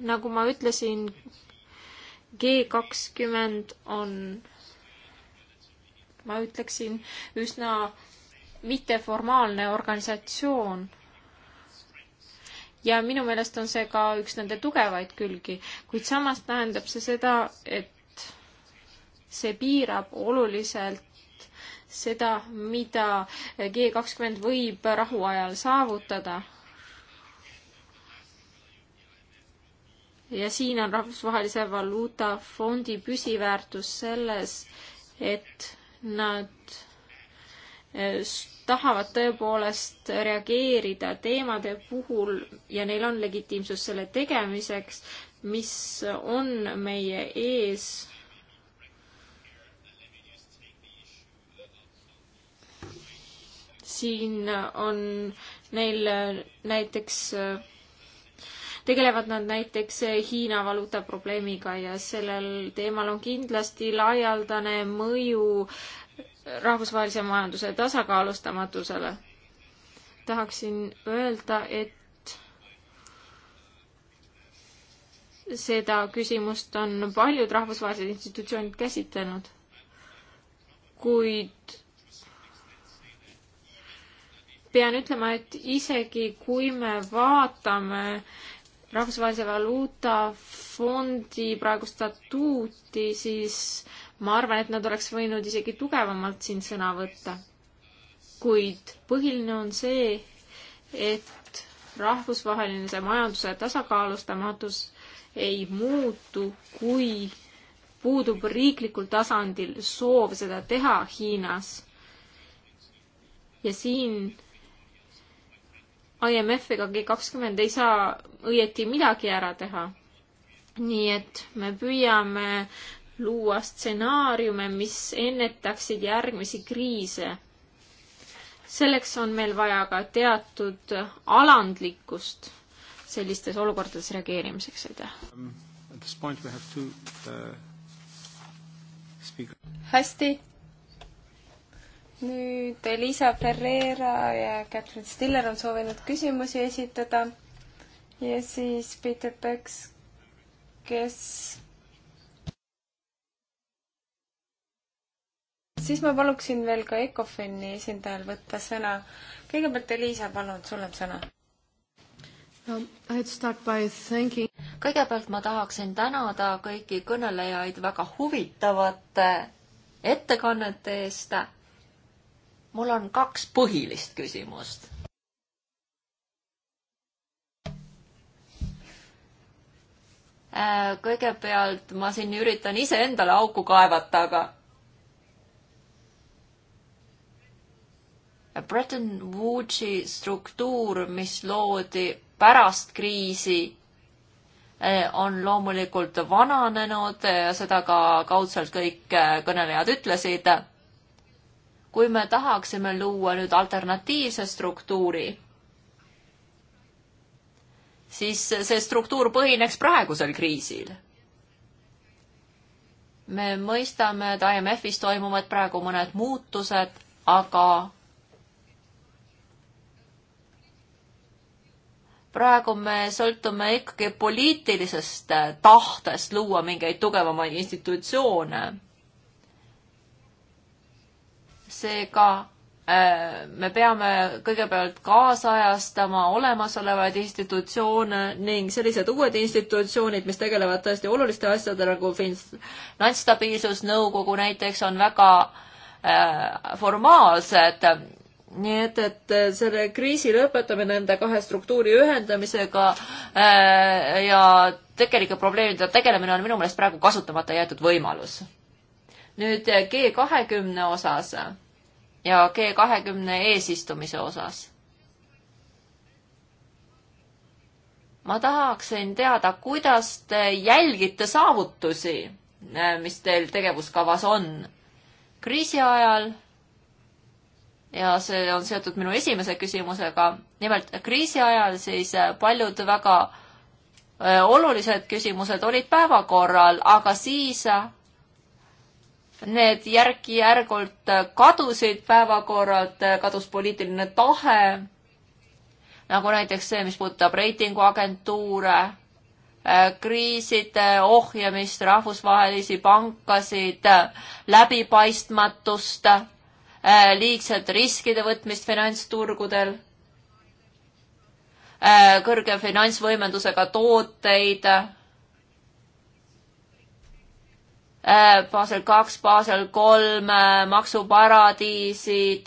nagu ma ütlesin G kakskümmend on, ma ütleksin, üsna mitteformaalne organisatsioon. ja minu meelest on see ka üks nende tugevaid külgi, kuid samas tähendab see seda, et see piirab oluliselt seda, mida G kakskümmend võib rahuajal saavutada ja siin on Rahvusvahelise Valuutafondi püsiväärtus selles, et nad eh, tahavad tõepoolest reageerida teemade puhul ja neil on legitiimsus selle tegemiseks, mis on meie ees. siin on neil eh, näiteks eh, tegelevad nad näiteks Hiina valuuta probleemiga ja sellel teemal on kindlasti laialdane mõju rahvusvahelise majanduse tasakaalustamatusele. tahaksin öelda, et seda küsimust on paljud rahvusvahelised institutsioonid käsitlenud, kuid pean ütlema, et isegi kui me vaatame Rahvusvahelise Valuutafondi praegust statuuti, siis ma arvan, et nad oleks võinud isegi tugevamalt siin sõna võtta. kuid põhiline on see, et rahvusvahelise majanduse tasakaalustamatus ei muutu, kui puudub riiklikul tasandil soov seda teha Hiinas. ja siin IMF ega G kakskümmend ei saa õieti midagi ära teha. nii et me püüame luua stsenaariume, mis ennetaksid järgmisi kriise. selleks on meil vaja ka teatud alandlikkust sellistes olukordades reageerimiseks, aitäh. Um, uh, hästi nüüd Elisa Ferreira ja Catherine Stiller on soovinud küsimusi esitada ja siis Peter Peks, kes siis ma paluksin veel ka Ecofini esindajal võtta sõna. kõigepealt Elisa, palun, sul on sõna um,. kõigepealt ma tahaksin tänada kõiki kõnelejaid väga huvitavate ettekannete eest mul on kaks põhilist küsimust. Äh, kõigepealt ma siin üritan iseendale auku kaevata, aga Bretton Woodsi struktuur, mis loodi pärast kriisi, äh, on loomulikult vananenud, seda ka kaudselt kõik äh, kõnelejad ütlesid kui me tahaksime luua nüüd alternatiivse struktuuri, siis see struktuur põhineks praegusel kriisil. me mõistame, et IMF-is toimuvad praegu mõned muutused, aga praegu me sõltume ikkagi poliitilisest tahtest luua mingeid tugevamaid institutsioone seega äh, me peame kõigepealt kaasajastama olemasolevaid institutsioone ning sellised uued institutsioonid, mis tegelevad tõesti oluliste asjadega, nagu finantsstabiilsusnõukogu näiteks, on väga äh, formaalsed. nii et, et äh, selle kriisi lõpetamine nende kahe struktuuri ühendamisega ja tegelike probleemidega tegelemine on minu meelest praegu kasutamata jäetud võimalus. nüüd G kahekümne osas ja G kahekümne eesistumise osas. ma tahaksin teada, kuidas te jälgite saavutusi, mis teil tegevuskavas on kriisi ajal ja see on seotud minu esimese küsimusega. nimelt kriisi ajal siis paljud väga olulised küsimused olid päevakorral, aga siis Need järk-järgult kadusid päevakorrad, kadus poliitiline tahe, nagu näiteks see, mis puudutab reitinguagentuure, äh, kriiside ohjamist, rahvusvahelisi pankasid, läbipaistmatust, äh, liigset riskide võtmist finantsturgudel, äh, kõrge finantsvõimendusega tooteid Äh, Basel kaks, Basel kolm, äh, maksuparadiisid.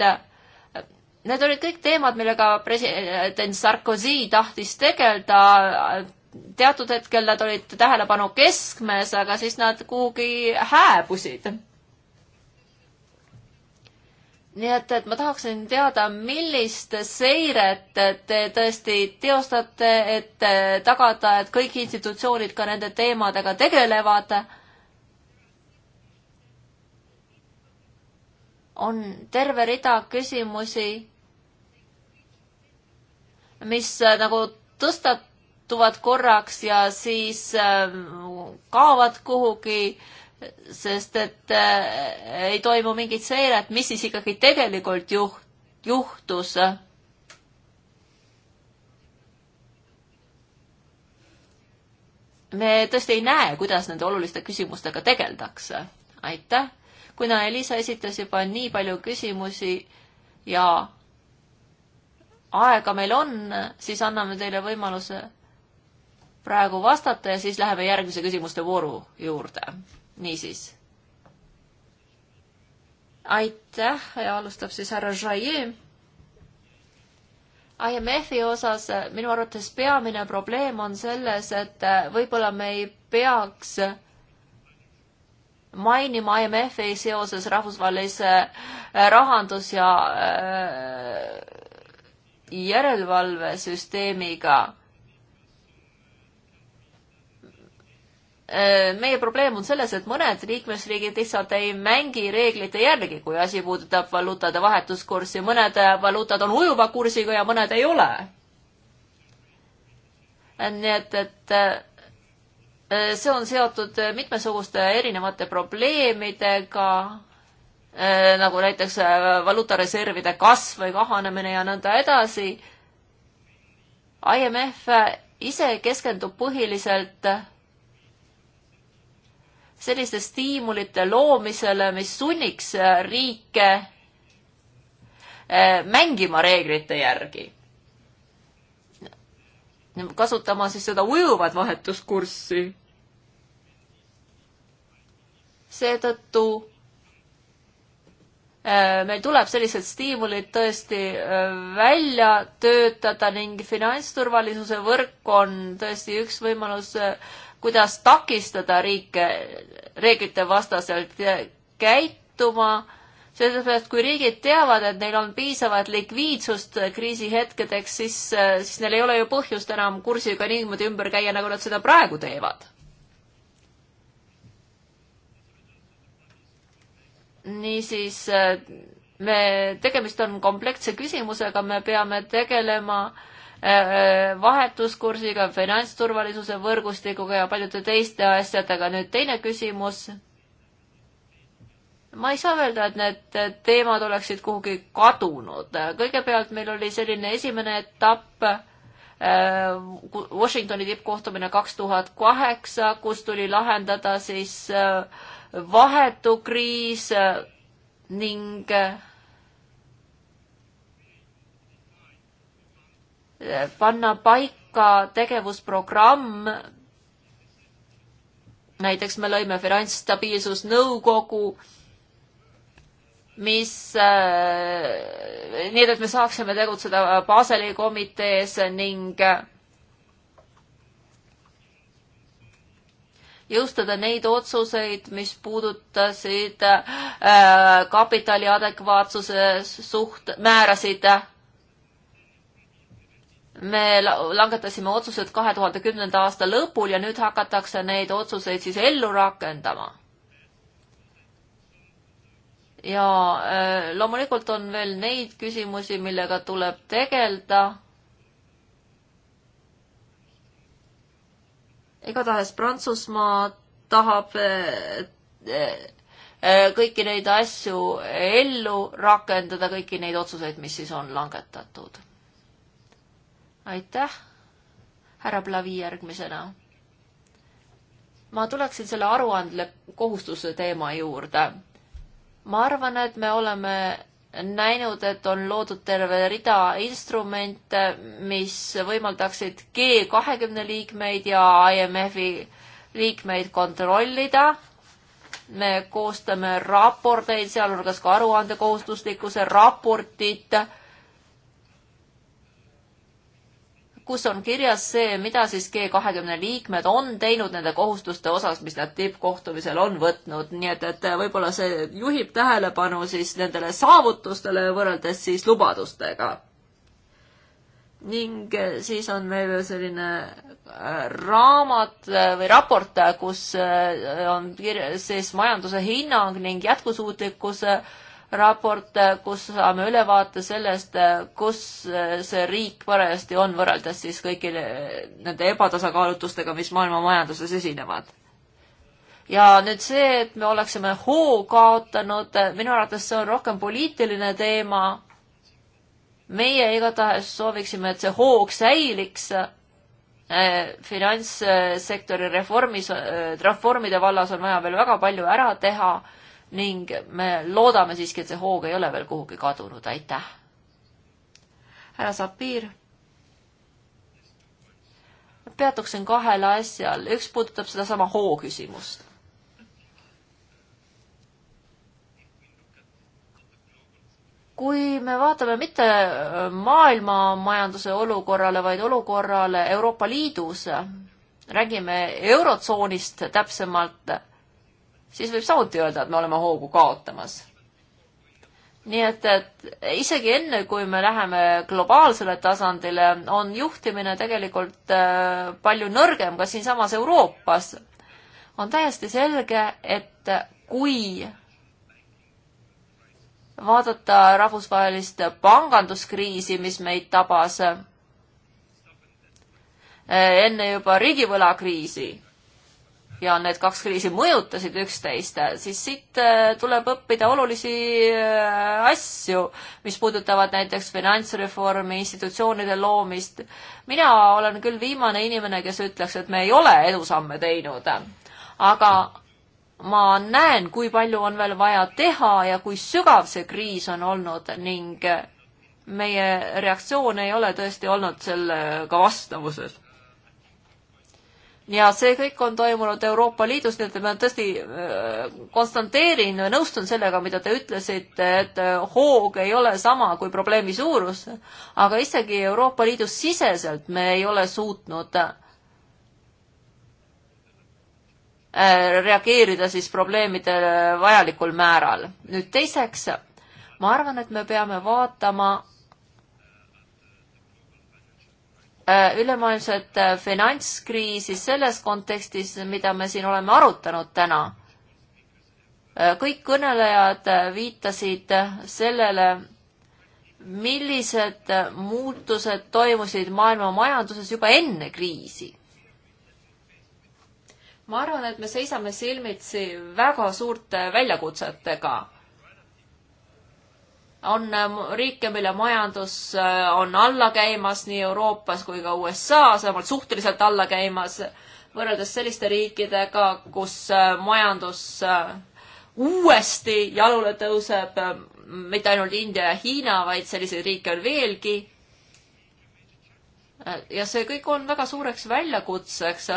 Need olid kõik teemad, millega president Sarkozy tahtis tegeleda. teatud hetkel nad olid tähelepanu keskmes, aga siis nad kuhugi hääbusid nii et, et ma tahaksin teada, millist seiret te tõesti teostate, et tagada, et kõik institutsioonid ka nende teemadega tegelevad on terve rida küsimusi, mis äh, nagu tõstatuvad korraks ja siis äh, kaovad kuhugi, sest et äh, ei toimu mingit seiret, mis siis ikkagi tegelikult juht-, juhtus me tõesti ei näe, kuidas nende oluliste küsimustega tegeldakse. aitäh! kuna Elisa esitas juba nii palju küsimusi ja aega meil on, siis anname teile võimaluse praegu vastata ja siis läheme järgmise küsimuste vooru juurde. niisiis. aitäh ja alustab siis härra Jaie. IMF-i osas eh, minu arvates peamine probleem on selles, et eh, võib-olla me ei peaks äh, mainima IMF-i seoses rahvusvahelise äh, rahandus- ja äh, järelevalvesüsteemiga. Äh, meie probleem on selles, et mõned liikmesriigid lihtsalt ei mängi reeglite järgi, kui asi puudutab valuutade vahetuskurssi, mõned valuutad on ujuva kursiga ja mõned ei ole. nii et, et Äh, see on seotud äh, mitmesuguste erinevate probleemidega, äh, nagu näiteks valuutareservide kasv või kahanemine ja nõnda edasi. IMF ise keskendub põhiliselt selliste stiimulite loomisele, mis sunniks riike mängima reeglite järgi kasutama siis seda ujuvat vahetuskurssi. seetõttu äh, meil tuleb sellised stiimulid tõesti äh, välja töötada ning finantsturvalisuse võrk on tõesti üks võimalus, äh, kuidas takistada riike reeglite vastaselt käituma sellepärast, kui riigid teavad, et neil on piisavat likviidsust kriisihetkedeks, siis, siis neil ei ole ju põhjust enam kursiga niimoodi ümber käia, nagu nad seda praegu teevad. niisiis, me, tegemist on kompleksse küsimusega, me peame tegelema äh, äh, vahetuskursiga, finantsturvalisuse võrgustikuga ja paljude teiste asjadega. nüüd teine küsimus ma ei saa öelda, et need teemad oleksid kuhugi kadunud. kõigepealt meil oli selline esimene etapp, äh, Washingtoni tippkohtumine kaks tuhat kaheksa, kus tuli lahendada siis äh, vahetu kriis äh, ning panna paika tegevusprogramm. näiteks me lõime finantsstabiilsusnõukogu mis, äh, nii et me saaksime tegutseda Baseli komitees ning äh, jõustada neid otsuseid, mis puudutasid äh, kapitali adekvaatsuse suht-, määrasid. me langetasime otsused kahe tuhande kümnenda aasta lõpul ja nüüd hakatakse neid otsuseid siis ellu rakendama ja äh, loomulikult on veel neid küsimusi, millega tuleb tegeleda. igatahes Prantsusmaa tahab äh, äh, kõiki neid asju ellu rakendada, kõiki neid otsuseid, mis siis on langetatud. aitäh, härra Plavi järgmisena. ma tuleksin selle aruandle kohustuse teema juurde ma arvan, et me oleme näinud, et on loodud terve rida instrumente, mis võimaldaksid G kahekümne liikmeid ja IMF-i liikmeid kontrollida. me koostame raporteid, sealhulgas ka aruandekohustuslikkuse raportit kus on kirjas see, mida siis G kahekümne liikmed on teinud nende kohustuste osas, mis nad tippkohtumisel on võtnud, nii et, et võib-olla see juhib tähelepanu siis nendele saavutustele võrreldes siis lubadustega. ning eh, siis on meil selline äh, raamat äh, või raport, kus äh, on kirjas siis majanduse hinnang ning jätkusuutlikkuse äh, raport, kus saame ülevaate sellest, kus see riik parajasti on, võrreldes siis kõikide nende ebatasakaalutustega, mis maailma majanduses esinevad. ja nüüd see, et me oleksime hoo kaotanud, minu arvates see on rohkem poliitiline teema. meie igatahes sooviksime, et see hoog säiliks eh, finantssektori reformis, eh, reformide vallas on vaja veel väga palju ära teha ning me loodame siiski, et see hoog ei ole veel kuhugi kadunud, aitäh. härra Sapir. peatuksin kahel asjal, üks puudutab sedasama hoo küsimust. kui me vaatame mitte maailma majanduse olukorrale, vaid olukorrale Euroopa Liidus, räägime Eurotsoonist täpsemalt siis võib samuti öelda, et me oleme hoogu kaotamas. nii et, et isegi enne, kui me läheme globaalsele tasandile, on juhtimine tegelikult äh, palju nõrgem ka siinsamas Euroopas. on täiesti selge, et kui vaadata rahvusvahelist panganduskriisi, mis meid tabas äh, enne juba riigivõlakriisi ja need kaks kriisi mõjutasid üksteist, siis siit äh, tuleb õppida olulisi äh, asju, mis puudutavad näiteks finantsreformi, institutsioonide loomist. mina olen küll viimane inimene, kes ütleks, et me ei ole edusamme teinud, aga ma näen, kui palju on veel vaja teha ja kui sügav see kriis on olnud ning meie reaktsioon ei ole tõesti olnud sellega vastavuses ja see kõik on toimunud Euroopa Liidus, nii et ma tõesti äh, konstanteerin, nõustun sellega, mida te ütlesite, et äh, hoog ei ole sama kui probleemi suurus, aga isegi Euroopa Liidu siseselt me ei ole suutnud äh, reageerida siis probleemidele vajalikul määral. nüüd teiseks, ma arvan, et me peame vaatama Äh, ülemaailmset äh, finantskriisi selles kontekstis, mida me siin oleme arutanud täna. Äh, kõik kõnelejad viitasid sellele, millised muutused toimusid maailma majanduses juba enne kriisi. ma arvan, et me seisame silmitsi väga suurte väljakutsetega on ähm, riike, mille majandus äh, on alla käimas nii Euroopas kui ka USA-s, vähemalt suhteliselt alla käimas, võrreldes selliste riikidega, kus äh, majandus äh, uuesti jalule tõuseb, mitte ainult India ja Hiina, vaid selliseid riike on veelgi. ja see kõik on väga suureks väljakutseks.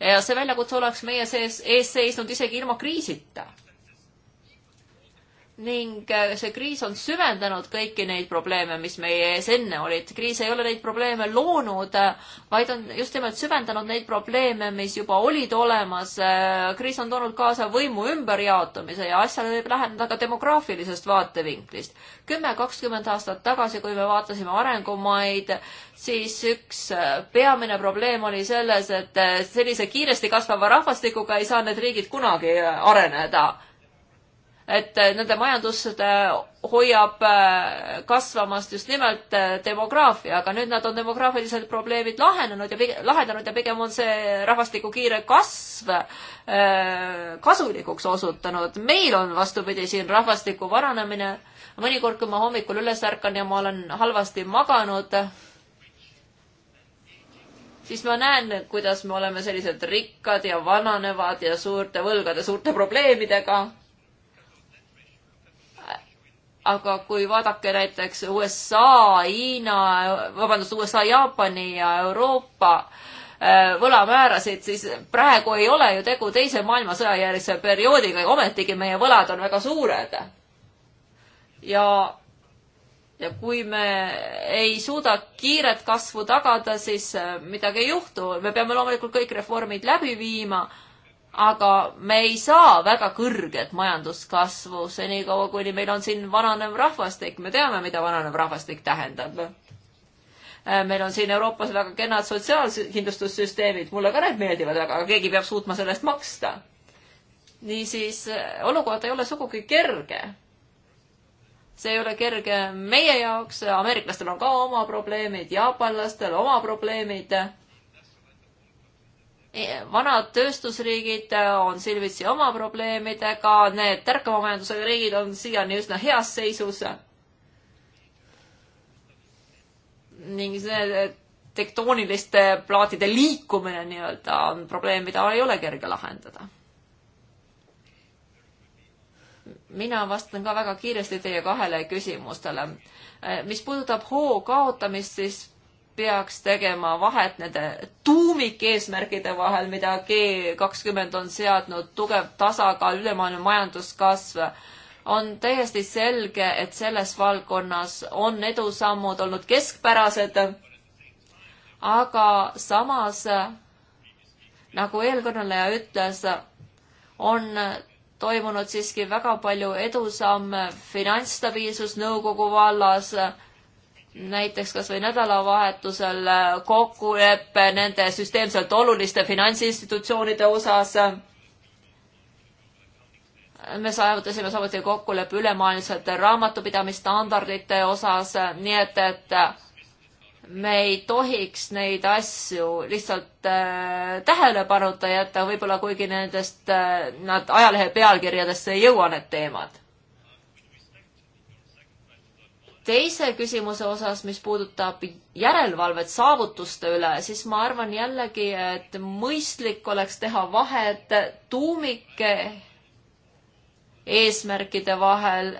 ja see väljakutse oleks meie sees, ees seisnud isegi ilma kriisita ning äh, see kriis on süvendanud kõiki neid probleeme, mis meie ees enne olid. kriis ei ole neid probleeme loonud, äh, vaid on just nimelt süvendanud neid probleeme, mis juba olid olemas. Äh, kriis on toonud kaasa võimu ümberjaotumise ja asjale võib läheneda ka demograafilisest vaatevinklist. kümme, kakskümmend aastat tagasi, kui me vaatasime arengumaid, siis üks peamine probleem oli selles, et sellise kiiresti kasvava rahvastikuga ei saa need riigid kunagi areneda et eh, nende majandus eh, hoiab eh, kasvamast just nimelt demograafia, aga nüüd nad on demograafilised probleemid lahenenud ja lahendanud ja pigem on see rahvastiku kiire kasv kasulikuks osutunud. meil on vastupidi siin rahvastiku vananemine. mõnikord, kui ma hommikul üles ärkan ja ma olen halvasti maganud, siis ma näen, kuidas me oleme sellised rikkad ja vananevad ja suurte võlgade, suurte probleemidega aga kui vaadake näiteks USA, Hiina, vabandust, USA, Jaapani ja Euroopa äh, võlamäärasid, siis praegu ei ole ju tegu teise maailmasõja järgse perioodiga ja ometigi meie võlad on väga suured. ja, ja kui me ei suuda kiiret kasvu tagada, siis äh, midagi ei juhtu. me peame loomulikult kõik reformid läbi viima aga me ei saa väga kõrget majanduskasvu senikaua, kuni meil on siin vananev rahvastik, me teame, mida vananev rahvastik tähendab. Äh, meil on siin Euroopas väga kenad sotsiaalkindlustussüsteemid, mulle ka need meeldivad väga, aga keegi peab suutma selle eest maksta. niisiis äh, olukord ei ole sugugi kerge. see ei ole kerge meie jaoks, ameeriklastel on ka oma probleemid, jaapanlastel oma probleemid vanad tööstusriigid on silmitsi oma probleemidega, need tarkama majandusega riigid on siiani üsna heas seisus. ning see tektooniliste plaatide liikumine nii-öelda on probleem, mida ei ole kerge lahendada mina vastan ka väga kiiresti teie kahele küsimustele. mis puudutab hoo kaotamist, siis peaks tegema vahet nende tuumikeesmärkide vahel, mida G kakskümmend on seadnud, tugev tasakaal, ülemaailmne majanduskasv, on täiesti selge, et selles valdkonnas on edusammud olnud keskpärased, aga samas, nagu eelkõneleja ütles, on toimunud siiski väga palju edusamme finantsstabiilsusnõukogu vallas, näiteks kas või nädalavahetusel kokkulepe nende süsteemselt oluliste finantsinstitutsioonide osas. me saavutasime samuti kokkuleppe ülemaailmsete raamatupidamisstandardite osas, nii et, et me ei tohiks neid asju lihtsalt äh, tähelepanuta jätta, võib-olla kuigi nendest äh,, nad ajalehe pealkirjadesse ei jõua, need teemad teise küsimuse osas, mis puudutab järelevalvet saavutuste üle, siis ma arvan jällegi, et mõistlik oleks teha vahet tuumike eesmärkide vahel.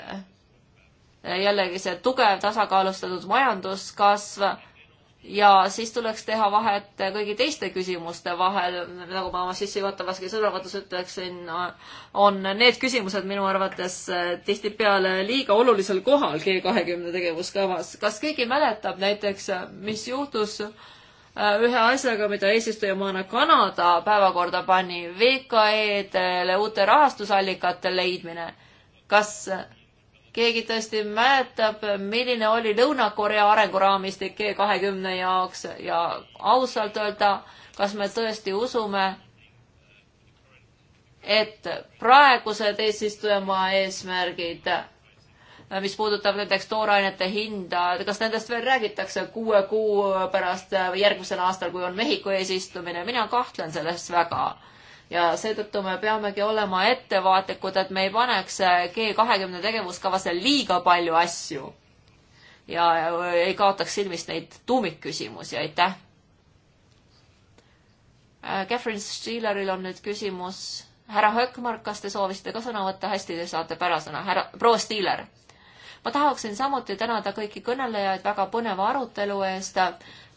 jällegi see tugev tasakaalustatud majanduskasv ja siis tuleks teha vahet kõigi teiste küsimuste vahel, nagu ma oma sissejuhatavaski sõnavõtus ütleksin, on need küsimused minu arvates äh, tihtipeale liiga olulisel kohal G kahekümne tegevuskavas. kas keegi mäletab näiteks, mis juhtus äh, ühe asjaga, mida eesistujamaana Kanada päevakorda pani, VKE-dele uute rahastusallikate leidmine. kas keegi tõesti mäletab, milline oli Lõuna-Korea arenguraamistik G kahekümne jaoks ja ausalt öelda, kas me tõesti usume, et praegused eesistujamaa eesmärgid, mis puudutab näiteks toorainete hinda, kas nendest veel räägitakse kuue kuu pärast järgmisel aastal, kui on Mehhiko eesistumine, mina kahtlen selles väga ja seetõttu me peamegi olema ettevaatlikud, et me ei paneks G kahekümne tegevuskavasse liiga palju asju ja äh, ei kaotaks silmist neid tuumikküsimusi, aitäh. Äh, Catherine Steeleril on nüüd küsimus. härra Höökmark, kas te soovisite ka sõna võtta? hästi, te saate pärasõna. härra, proua Steeler. ma tahaksin samuti tänada kõiki kõnelejaid väga põneva arutelu eest.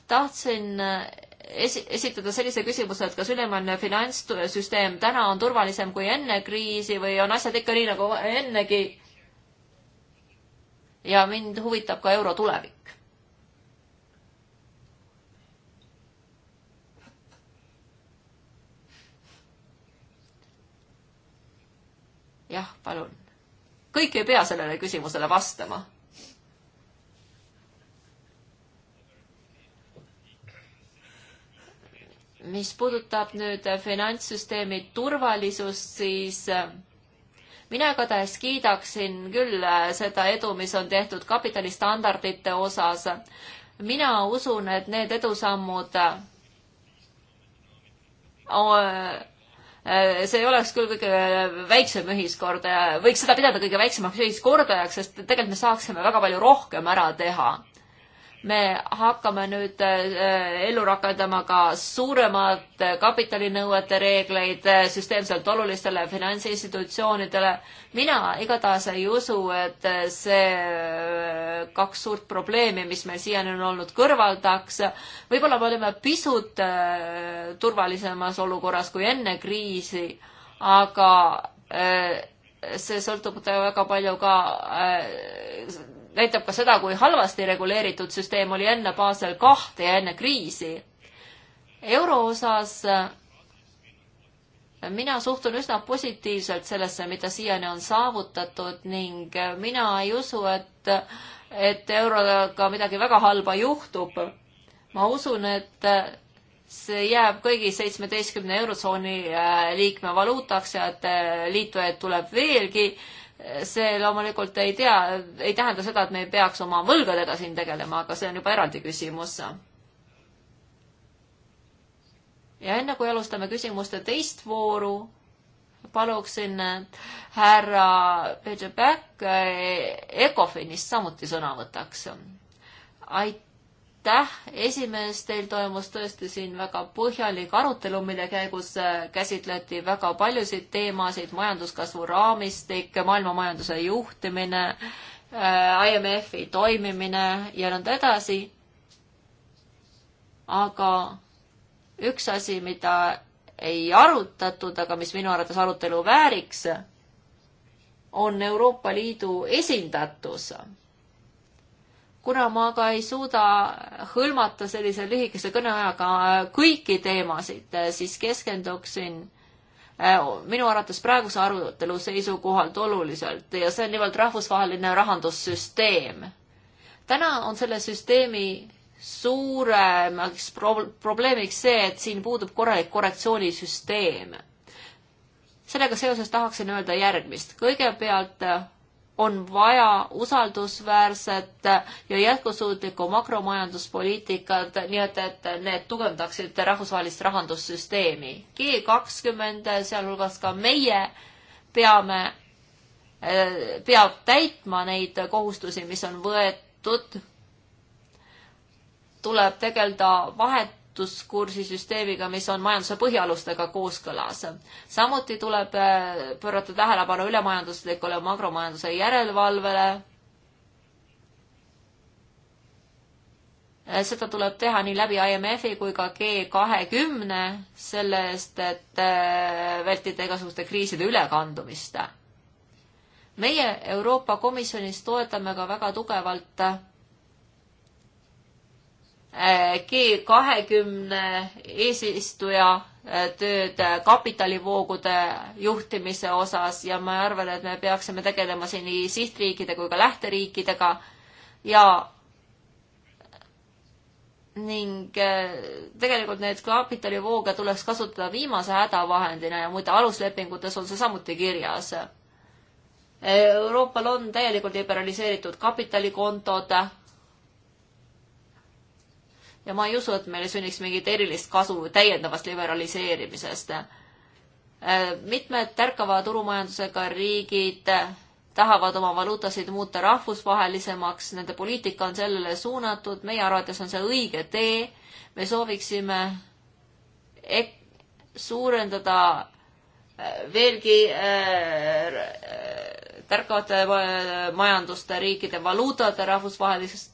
tahtsin äh, esi-, esitada sellise küsimuse, et kas ülemaailmne finantssüsteem täna on turvalisem kui enne kriisi või on asjad ikka nii nagu ennegi. ja mind huvitab ka euro tulevik. jah, palun. kõik ei pea sellele küsimusele vastama mis puudutab nüüd äh, finantssüsteemi turvalisust, siis äh, mina igatahes kiidaksin küll äh, seda edu, mis on tehtud kapitalistandardite osas. mina usun, et need edusammud see ei oleks küll kõige väiksem ühiskordaja, võiks seda pidada kõige väiksemaks ühiskordajaks, sest tegelikult me saaksime väga palju rohkem ära teha me hakkame nüüd äh, ellu rakendama ka suuremat kapitalinõuete reegleid äh, süsteemselt olulistele finantsinstitutsioonidele. mina igatahes ei usu, et äh, see kaks suurt probleemi, mis meil siiani on olnud, kõrvaldaks. võib-olla me olime pisut turvalisemas olukorras kui enne kriisi, aga see sõltub väga palju ka näitab ka seda, kui halvasti reguleeritud süsteem oli enne Basel kahte ja enne kriisi. euro osas äh, mina suhtun üsna positiivselt sellesse, mida siiani on saavutatud ning äh, mina ei usu, et, et euroga midagi väga halba juhtub. ma usun, et äh, see jääb kõigi seitsmeteistkümne eurotsooni liikme valuutaks ja et liitujaid tuleb veelgi see loomulikult ei tea, ei tähenda seda, et me ei peaks oma võlgadega siin tegelema, aga see on juba eraldi küsimus. ja enne kui alustame küsimuste teist vooru, paluksin härra Peter Back ECOFINist samuti sõna võtaks. aitäh aitäh, esimees, teil toimus tõesti siin väga põhjalik arutelu, mille käigus äh, käsitleti väga paljusid teemasid, majanduskasvu raamistik, maailmamajanduse juhtimine, äh, IMF-i toimimine ja nõnda edasi. aga üks asi, mida ei arutatud, aga mis minu arvates arutelu vääriks, on Euroopa Liidu esindatus kuna ma aga ei suuda hõlmata sellise lühikese kõneajaga kõiki teemasid, äh, siis keskenduksin äh, minu arvates praeguse arutelu seisukohalt oluliselt ja see on nimelt rahvusvaheline rahandussüsteem. täna on selle süsteemi suuremaks pro probleemiks see, et siin puudub korralik korrektsioonisüsteem. sellega seoses tahaksin öelda järgmist. kõigepealt äh, on vaja usaldusväärset ja jätkusuutlikku makromajanduspoliitikat, nii et, et need tugevdaksid rahvusvahelist rahandussüsteemi. G kakskümmend, sealhulgas ka meie, peame, eh, peab täitma neid kohustusi, mis on võetud, tuleb tegeleda vahet muutuskursi süsteemiga, mis on majanduse põhialustega kooskõlas. samuti tuleb äh, pöörata tähelepanu ülemajanduslikule makromajanduse järelevalvele. Äh, seda tuleb teha nii läbi IMF-i kui ka G kahekümne, selle eest, et äh, vältida igasuguste kriiside ülekandumist. meie Euroopa Komisjonis toetame ka väga tugevalt G kahekümne eesistuja äh, tööd äh, kapitalivoogude juhtimise osas ja ma arvan, et me peaksime tegelema siin nii sihtriikide kui ka lähteriikidega ja ning äh, tegelikult need kapitalivooge tuleks kasutada viimase hädavahendina ja muide aluslepingutes on see samuti kirjas. Euroopal on täielikult liberaliseeritud kapitalikontod ja ma ei usu, et meil sünniks mingit erilist kasu täiendavast liberaliseerimisest. Äh, mitmed tärkava turumajandusega riigid tahavad oma valuutasid muuta rahvusvahelisemaks, nende poliitika on sellele suunatud, meie arvates on see õige tee. me sooviksime ek-, suurendada äh, veelgi äh, tärkavate äh, majanduste riikide valuutade rahvusvahelist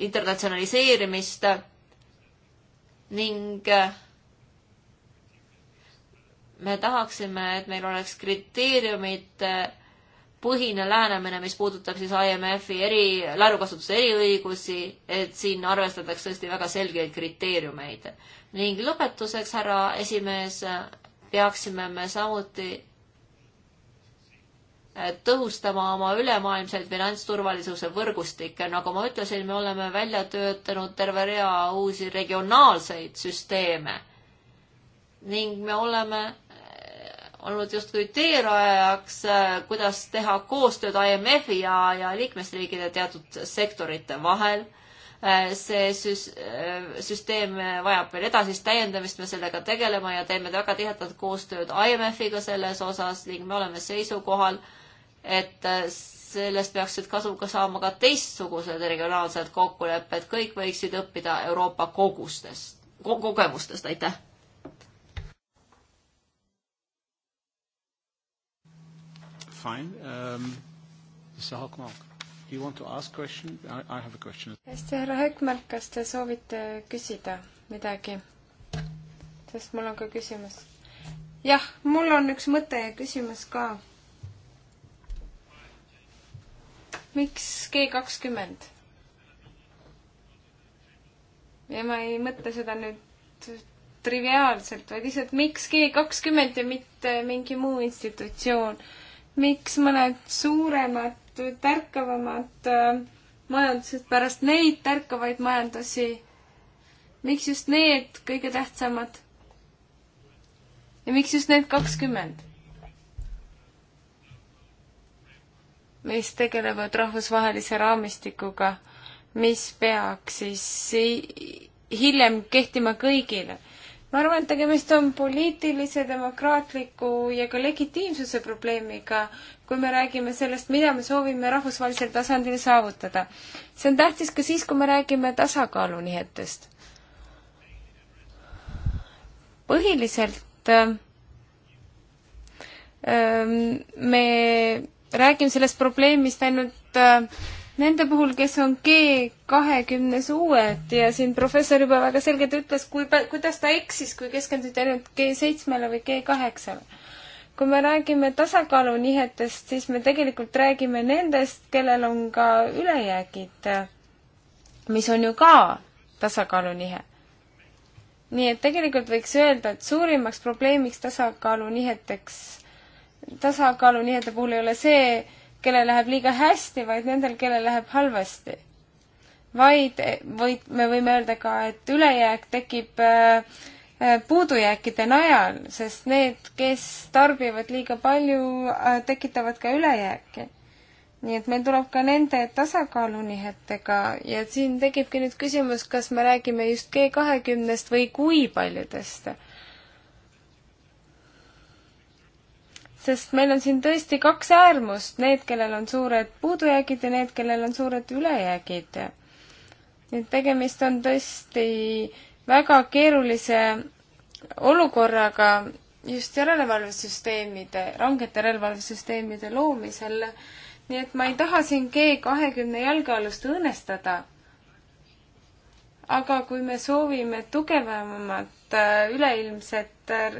internatsionaliseerimist ning äh, me tahaksime, et meil oleks kriteeriumid äh, põhine lähenemine, mis puudutab siis IMF-i eri, laenukasutuse eriõigusi, et siin arvestatakse tõesti väga selgeid kriteeriumeid. ning lõpetuseks, härra esimees, peaksime me samuti tõhustama oma ülemaailmseid finantsturvalisuse võrgustikke. nagu ma ütlesin, me oleme välja töötanud terve rea uusi regionaalseid süsteeme ning me oleme eh, olnud justkui teerajajaks, eh, kuidas teha koostööd IMF-i ja, ja liikmesriikide teatud sektorite vahel. Eh, see süs-, süsteem vajab veel edasist täiendamist, me sellega tegeleme ja teeme väga tihedat koostööd IMF-iga selles osas ning me oleme seisukohal, et äh, sellest peaksid kasu ka saama ka teistsugused regionaalsed kokkulepped, kõik võiksid õppida Euroopa kogustest ko, kogemustest, aitäh. Fine um,, Mr Haakmark. Do you want to ask question? I, I have a question. hästi, härra Hökmark, kas te soovite küsida midagi? sest mul on ka küsimus. jah, mul on üks mõte ja küsimus ka miks G kakskümmend? ja ma ei mõtle seda nüüd triviaalselt, vaid lihtsalt miks G kakskümmend ja mitte mingi muu institutsioon. miks mõned suuremad, tärkavamad äh, majandused pärast neid tärkavaid majandusi? miks just need kõige tähtsamad? ja miks just need kakskümmend? mis tegelevad rahvusvahelise raamistikuga, mis peaks siis hiljem kehtima kõigile. ma arvan, et tegemist on poliitilise, demokraatliku ja ka legitiimsuse probleemiga, kui me räägime sellest, mida me soovime rahvusvahelisel tasandil saavutada. see on tähtis ka siis, kui me räägime tasakaalunihetest. põhiliselt öö, ähm, ähm, me räägin sellest probleemist ainult äh, nende puhul, kes on G kahekümnes uued ja siin professor juba väga selgelt ütles, kui, kuidas ta eksis, kui keskenduti ainult G seitsmele või G kaheksale. kui me räägime tasakaalunihetest, siis me tegelikult räägime nendest, kellel on ka ülejäägid, äh, mis on ju ka tasakaalunihe nii et tegelikult võiks öelda, et suurimaks probleemiks tasakaaluniheteks tasakaalu nii-öelda puhul ei ole see, kellel läheb liiga hästi, vaid nendel, kellel läheb halvasti. vaid, eh, vaid me võime öelda ka, et ülejääk tekib äh, puudujääkide najal, sest need, kes tarbivad liiga palju äh,, tekitavad ka ülejääki. nii et meil tuleb ka nende tasakaalunihetega ja siin tekibki nüüd küsimus, kas me räägime just G kahekümnest või kui paljudest äh, sest meil on siin tõesti kaks äärmust, need, kellel on suured puudujäägid ja need, kellel on suured ülejäägid. nii et tegemist on tõesti väga keerulise olukorraga just järelevalvesüsteemide, rangete järelevalvesüsteemide loomisel. nii et ma ei taha siin G kahekümne jalgealust õõnestada. aga kui me soovime tugevamat äh, üleilmset äh,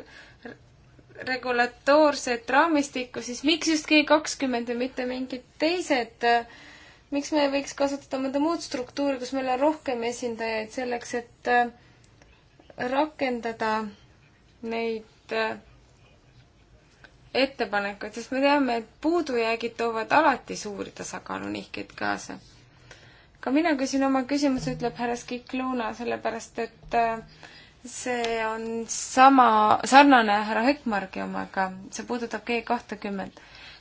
regulatoorset raamistikku, siis miks just G kakskümmend ja mitte mingid teised miks me ei võiks kasutada mõnda muud struktuuri, kus meil on rohkem esindajaid selleks, et äh, rakendada neid äh, ettepanekuid, sest me teame, et puudujäägid toovad alati suuri tasakaalunihkeid kaasa. ka mina küsin oma küsimuse, ütleb härra Skikluna, sellepärast et äh, see on sama, sarnane härra Hekmargi omaga, see puudutab G kahtekümmend.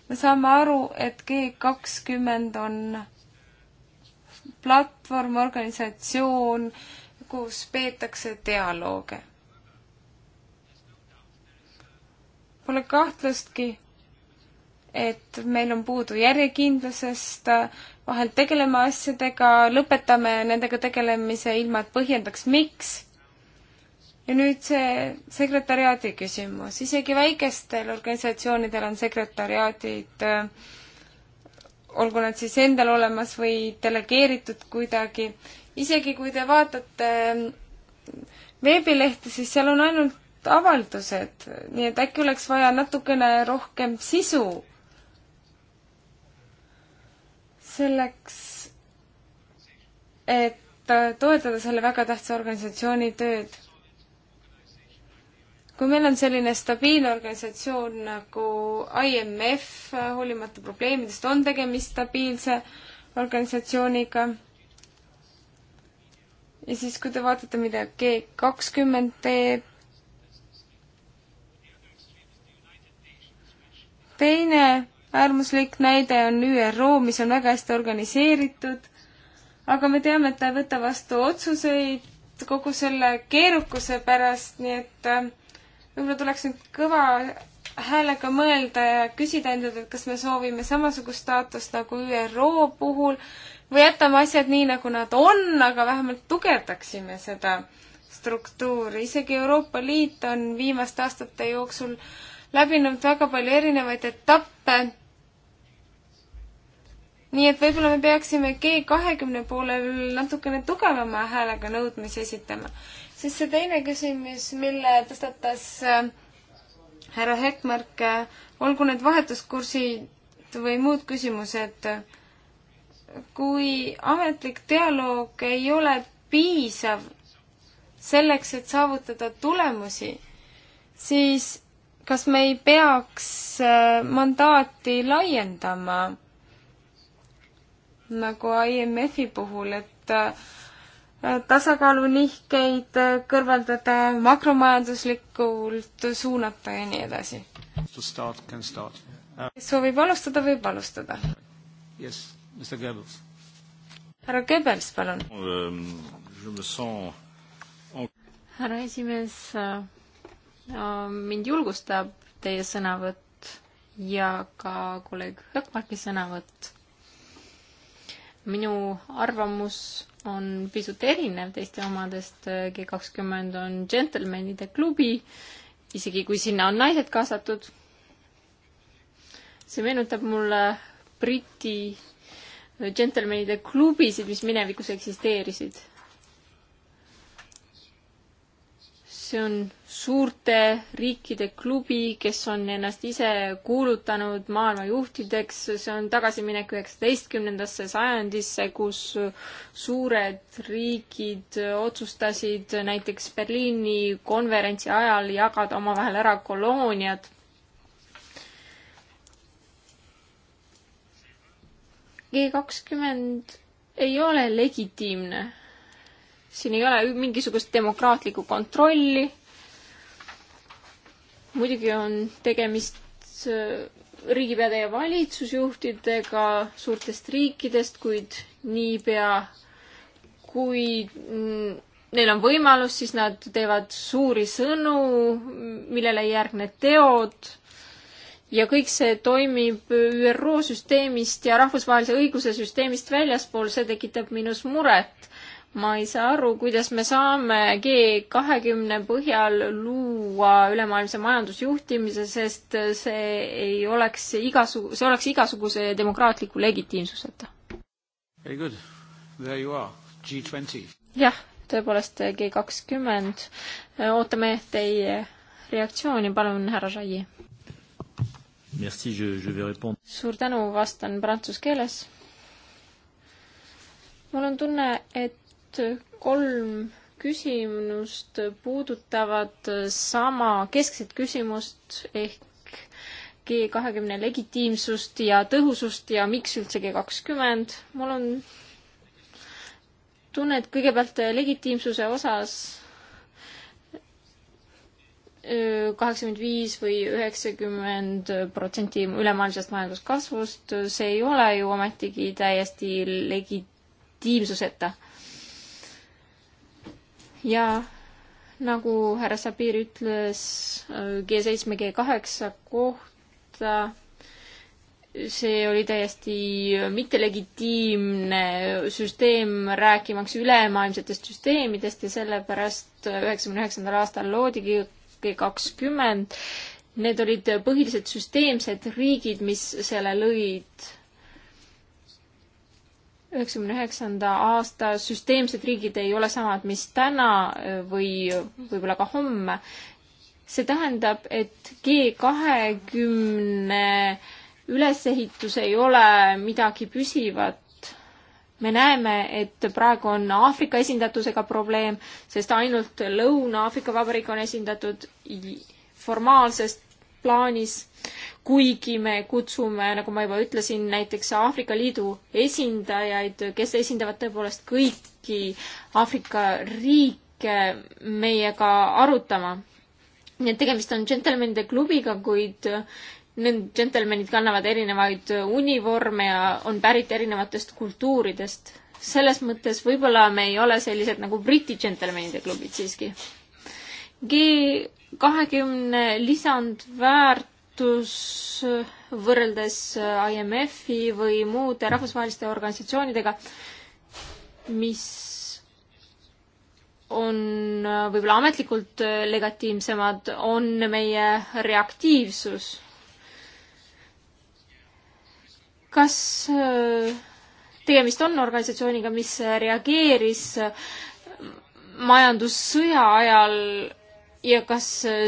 me saame aru, et G kakskümmend on platvorm, organisatsioon, kus peetakse dialoog. Pole kahtlustki, et meil on puudu järjekindlusest, vahel tegeleme asjadega, lõpetame nendega tegelemise ilma, et põhjendaks, miks ja nüüd see sekretäriaadi küsimus, isegi väikestel organisatsioonidel on sekretäriaadid, äh, olgu nad siis endal olemas või delegeeritud kuidagi, isegi kui te vaatate äh, veebilehte, siis seal on ainult avaldused, nii et äkki oleks vaja natukene rohkem sisu selleks, et äh, toetada selle väga tähtsa organisatsiooni tööd kui meil on selline stabiilne organisatsioon nagu IMF, hoolimata probleemidest, on tegemist stabiilse organisatsiooniga. ja siis, kui te vaatate, mida G kakskümmend teeb, teine äärmuslik näide on ÜRO, mis on väga hästi organiseeritud, aga me teame, et ta ei võta vastu otsuseid kogu selle keerukuse pärast, nii et äh, võib-olla tuleks nüüd kõva häälega mõelda ja küsida endalt, et kas me soovime samasugust staatust nagu ÜRO puhul või jätame asjad nii, nagu nad on, aga vähemalt tugevdaksime seda struktuuri. isegi Euroopa Liit on viimaste aastate jooksul läbinud väga palju erinevaid etappe. nii et võib-olla me peaksime G kahekümne poolel natukene tugevama häälega nõudmisi esitama siis see teine küsimus, mille tõstatas äh, härra Heckmark, äh, olgu need vahetuskursid või muud küsimused, kui ametlik dialoog ei ole piisav selleks, et saavutada tulemusi, siis kas me ei peaks äh, mandaati laiendama nagu IMF-i puhul, et tasakaalunihkeid kõrvaldada, makromajanduslikult suunata ja nii edasi. Uh, kes soovib alustada, võib alustada. Yes, Mr Goebbels. härra Goebbels, palun um,. härra esimees äh,, mind julgustab teie sõnavõtt ja ka kolleeg Hökmarki sõnavõtt. minu arvamus on pisut erinev teiste omadest, G kakskümmend on džentelmenide klubi, isegi kui sinna on naised kaasatud. see meenutab mulle Briti džentelmenide klubisid, mis minevikus eksisteerisid. see on suurte riikide klubi, kes on ennast ise kuulutanud maailma juhtideks, see on tagasiminek üheksateistkümnendasse sajandisse, kus suured riigid otsustasid näiteks Berliini konverentsi ajal jagada omavahel ära kolooniad G kakskümmend ei ole legitiimne siin ei ole mingisugust demokraatlikku kontrolli. muidugi on tegemist äh, riigipeade ja valitsusjuhtidega suurtest riikidest, kuid niipea kui mm, neil on võimalus, siis nad teevad suuri sõnu, millele ei järgne teod ja kõik see toimib ÜRO süsteemist ja rahvusvahelise õiguse süsteemist väljaspool, see tekitab minus muret ma ei saa aru, kuidas me saame G kahekümne põhjal luua ülemaailmse majandusjuhtimise, sest see ei oleks igasugu, see oleks igasuguse demokraatliku legitiimsuseta. Very good, there you are, G twenty. jah, tõepoolest G kakskümmend, ootame teie reaktsiooni, palun, härra Jai. Merci, je, je vais répondre. suur tänu, vastan prantsuse keeles. mul on tunne, et Need kolm küsimust puudutavad sama keskset küsimust ehk G kahekümne legitiimsust ja tõhusust ja miks üldse G kakskümmend. mul on tunne, et kõigepealt legitiimsuse osas kaheksakümmend viis või üheksakümmend protsenti ülemaailmsest majanduskasvust, see ei ole ju ometigi täiesti legitiimsuseta ja nagu härra Sabir ütles G7, äh, G8 kohta, see oli täiesti äh, mittelegitiimne süsteem, rääkimaks ülemaailmsetest süsteemidest ja sellepärast äh, üheksakümne üheksandal aastal loodigi G kakskümmend. Need olid põhilised süsteemsed riigid, mis selle lõid üheksakümne üheksanda aasta süsteemsed riigid ei ole samad, mis täna eh, või võib-olla ka homme. see tähendab, et G kahekümne ülesehitus ei ole midagi püsivat. me näeme, et praegu on Aafrika esindatusega probleem, sest ainult Lõuna-Aafrika Vabariik on esindatud formaalsest plaanis, kuigi me kutsume, nagu ma juba ütlesin, näiteks Aafrika Liidu esindajaid, kes esindavad tõepoolest kõiki Aafrika riike meiega arutama. nii et tegemist on džentelmenide klubiga, kuid need džentelmenid kannavad erinevaid univorme ja on pärit erinevatest kultuuridest. selles mõttes võib-olla me ei ole sellised nagu Briti džentelmenide klubid siiski. G kahekümne lisandväärtus võrreldes IMF-i või muude rahvusvaheliste organisatsioonidega, mis on võib-olla ametlikult legatiivsemad, on meie reaktiivsus. kas äh, tegemist on organisatsiooniga, mis reageeris majandussõja ajal ja kas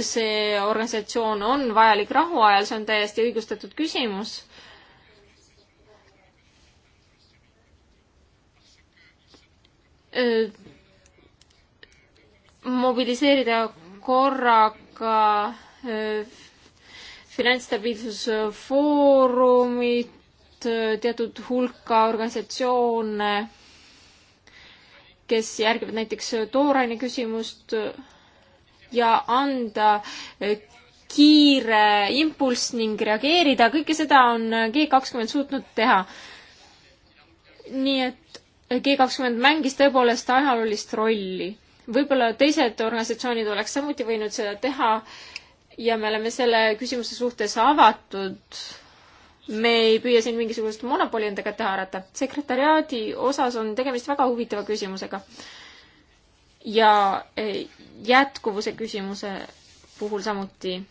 see organisatsioon on vajalik rahuajal, see on täiesti õigustatud küsimus. Äh, mobiliseerida korraga äh, finantsstabiilsusfoorumit, äh, teatud hulka organisatsioone, kes järgivad näiteks tooraine küsimust ja anda eh, kiire impulss ning reageerida, kõike seda on eh, G kakskümmend suutnud teha. nii et eh, G kakskümmend mängis tõepoolest ajaloolist rolli. võib-olla teised organisatsioonid oleks samuti võinud seda teha ja me oleme selle küsimuse suhtes avatud. me ei püüa siin mingisugust monopoli enda kätte haarata. sekretäriaadi osas on tegemist väga huvitava küsimusega ja eh, jätkuvuse küsimuse puhul samuti.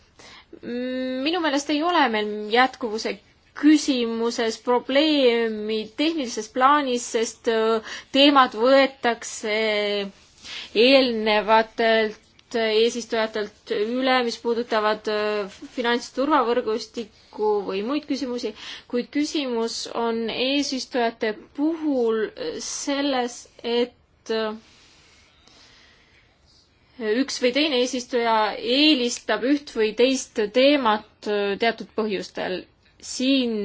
minu meelest ei ole meil jätkuvuse küsimuses probleemi tehnilises plaanis, sest eh, teemad võetakse eelnevatelt eesistujatelt üle, mis puudutavad eh, finantsturvavõrgustikku või muid küsimusi, kuid küsimus on eesistujate puhul selles, et üks või teine eesistuja eelistab üht või teist teemat äh, teatud põhjustel. siin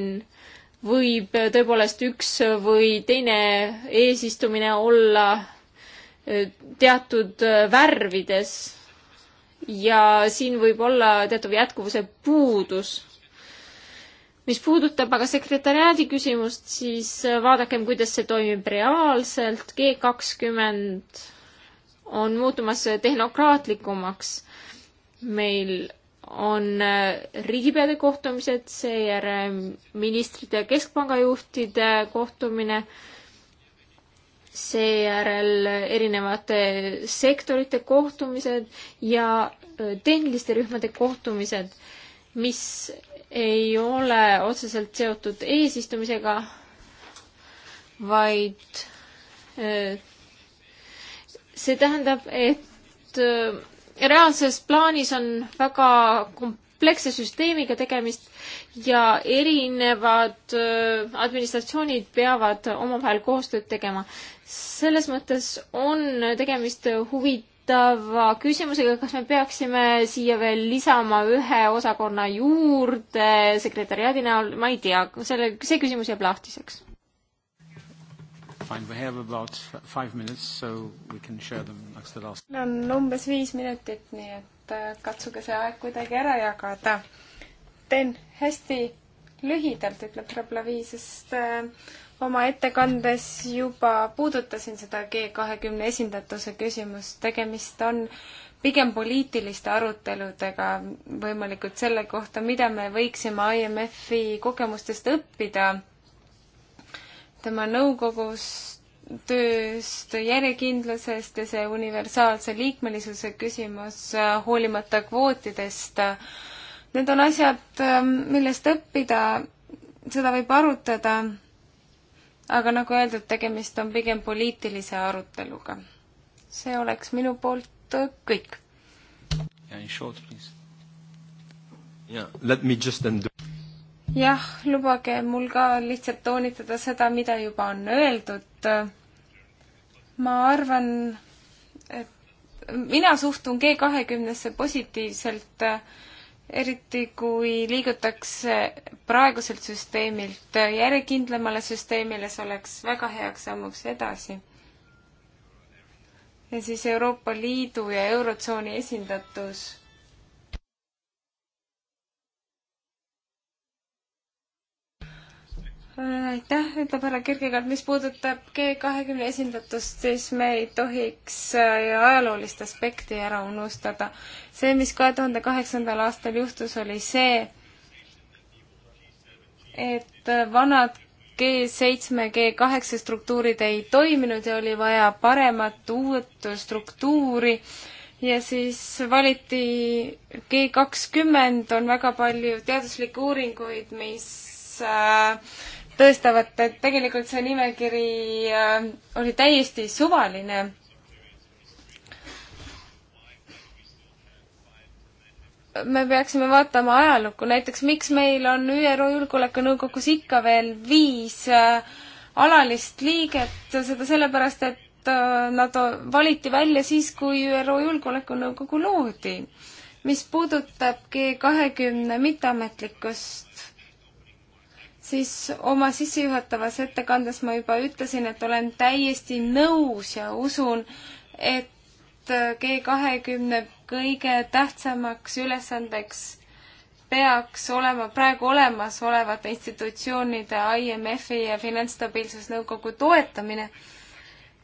võib tõepoolest üks või teine eesistumine olla äh, teatud äh, värvides ja siin võib olla teatav jätkuvuse puudus mis puudutab aga sekretäriaadi küsimust, siis vaadakem, kuidas see toimib reaalselt. G kakskümmend on muutumas tehnokraatlikumaks. meil on äh, riigipeade kohtumised, seejärel ministrite ja keskpanga juhtide kohtumine, seejärel erinevate sektorite kohtumised ja äh, tehniliste rühmade kohtumised, mis ei ole otseselt seotud eesistumisega, vaid äh, see tähendab, et äh, reaalses plaanis on väga kompleksse süsteemiga tegemist ja erinevad äh, administratsioonid peavad omavahel koostööd tegema. selles mõttes on tegemist huvitava küsimusega, kas me peaksime siia veel lisama ühe osakonna juurde sekretäriaadi näol, ma ei tea, selle, see küsimus jääb lahtiseks Fine, we have about five minutes, so we can share them next to last. no on umbes viis minutit, nii et äh, katsuge see aeg kuidagi ära jagada. teen hästi lühidalt, ütleb Rablavi, sest äh, oma ettekandes juba puudutasin seda G kahekümne esindatuse küsimust, tegemist on pigem poliitiliste aruteludega võimalikult selle kohta, mida me võiksime IMF-i kogemustest õppida tema nõukogus tööst, järjekindlusest ja see universaalse liikmelisuse küsimus äh, hoolimata kvootidest. Need on asjad, äh, millest õppida, seda võib arutada, aga nagu öeldud, tegemist on pigem poliitilise aruteluga. see oleks minu poolt äh, kõik. Yeah, in short, please. Yeah, let me just end jah, lubage mul ka lihtsalt toonitada seda, mida juba on öeldud. ma arvan, et mina suhtun G kahekümnesse positiivselt, eriti kui liigutakse praeguselt süsteemilt järjekindlamale süsteemile, see oleks väga heaks sammuks edasi. ja siis Euroopa Liidu ja Eurotsooni esindatus aitäh, ütleb härra Kirkega, et mis puudutab G kahekümne esindatust, siis me ei tohiks äh, ajaloolist aspekti ära unustada. see, mis kahe tuhande kaheksandal aastal juhtus, oli see, et äh, vanad G7, G8 struktuurid ei toiminud ja oli vaja paremat uut struktuuri ja siis valiti G kakskümmend, on väga palju teaduslikke uuringuid, mis äh, tõestavad, et tegelikult see nimekiri äh, oli täiesti suvaline. me peaksime vaatama ajalukku, näiteks miks meil on ÜRO Julgeolekunõukogus ikka veel viis äh, alalist liiget, seda sellepärast, et äh, nad valiti välja siis, kui ÜRO Julgeolekunõukogu loodi. mis puudutab G kahekümne mitteametlikkust siis oma sissejuhatavas ettekandes ma juba ütlesin, et olen täiesti nõus ja usun, et G kahekümne kõige tähtsamaks ülesandeks peaks olema praegu olemasolevate institutsioonide IMF-i ja Finantsstabiilsusnõukogu toetamine.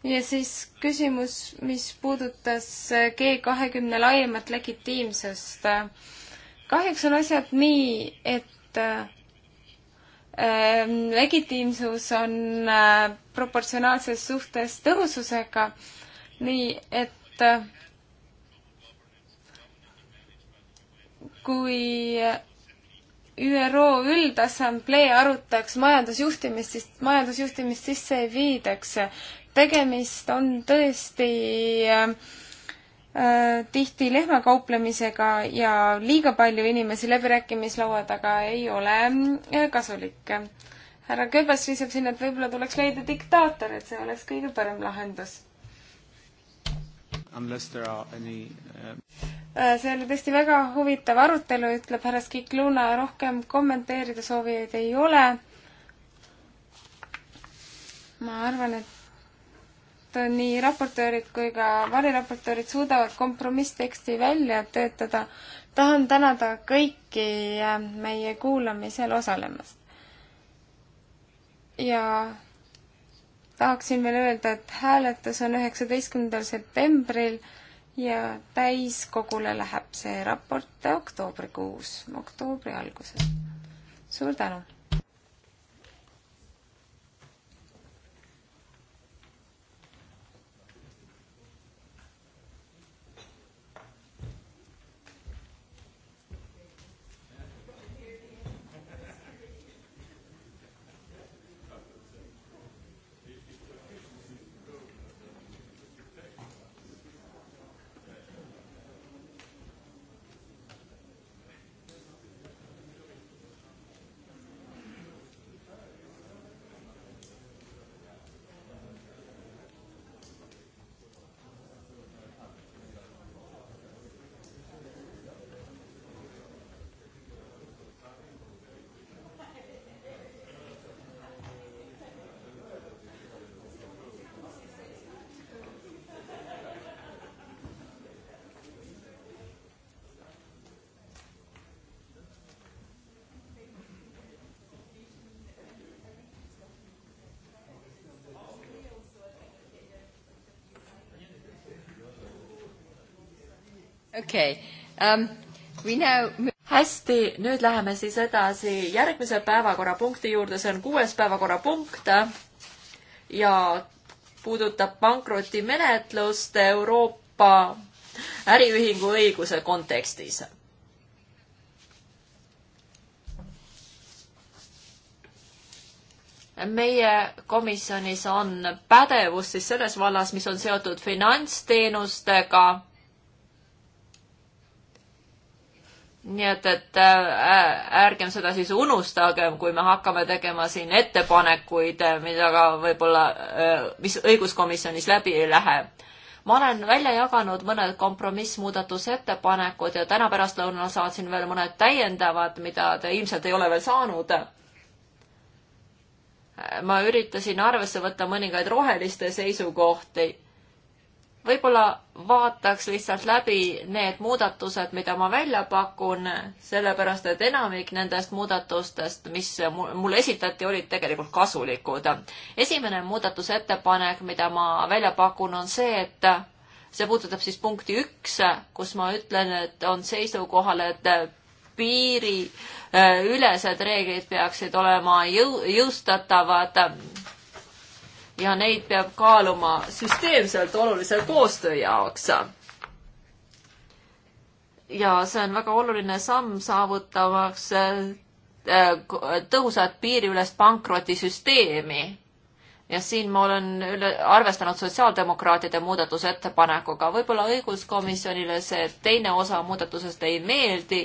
ja siis küsimus, mis puudutas G kahekümne laiemat legitiimsust. kahjuks on asjad nii, et Ehm, legitiimsus on äh, proportsionaalses suhtes tõhususega, nii et äh, kui ÜRO Üldassamblee arutaks majandusjuhtimist, siis majandusjuhtimist sisse ei viidaks. tegemist on tõesti äh, Äh, tihti lehmakauplemisega ja liiga palju inimesi läbirääkimislaua taga ei ole äh, kasulik. härra Kööbas lisab sinna, et võib-olla tuleks leida diktaator, et see oleks kõige parem lahendus. Any... Äh, see oli tõesti väga huvitav arutelu, ütleb härra Skikluna, rohkem kommenteerida soovijaid ei ole. ma arvan, et et nii raportöörid kui ka variraportöörid suudavad kompromissteksti välja töötada. tahan tänada kõiki äh, meie kuulamisel osalemast. ja tahaksin veel öelda, et hääletus on üheksateistkümnendal septembril ja täiskogule läheb see raport oktoobrikuus, oktoobri alguses. suur tänu! okei okay. um,. Now... hästi, nüüd läheme siis edasi järgmise päevakorrapunkti juurde, see on kuues päevakorrapunkt ja puudutab pankrotimenetlust Euroopa äriühingu õiguse kontekstis meie komisjonis on pädevus siis selles vallas, mis on seotud finantsteenustega nii et, et äh, ärgem seda siis unustagem, kui me hakkame tegema siin ettepanekuid, äh, mida ka võib-olla, äh, mis õiguskomisjonis läbi ei lähe. ma olen välja jaganud mõned kompromissmuudatusettepanekud ja täna pärastlõunal saatsin veel mõned täiendavad, mida te ilmselt ei ole veel saanud. ma üritasin arvesse võtta mõningaid roheliste seisukohti võib-olla vaataks lihtsalt läbi need muudatused, mida ma välja pakun, sellepärast et enamik nendest muudatustest, mis mulle esitati, olid tegelikult kasulikud. esimene muudatusettepanek, mida ma välja pakun, on see, et see puudutab siis punkti üks, kus ma ütlen, et on seisukohal, et piiriülesed reeglid peaksid olema jõu-, jõustatavad ja neid peab kaaluma süsteemselt olulise koostöö jaoks. ja see on väga oluline samm saavutamaks äh, tõhusat piiriülest pankrotisüsteemi ja siin ma olen üle, arvestanud sotsiaaldemokraatide muudatusettepanekuga, võib-olla õiguskomisjonile see teine osa muudatusest ei meeldi,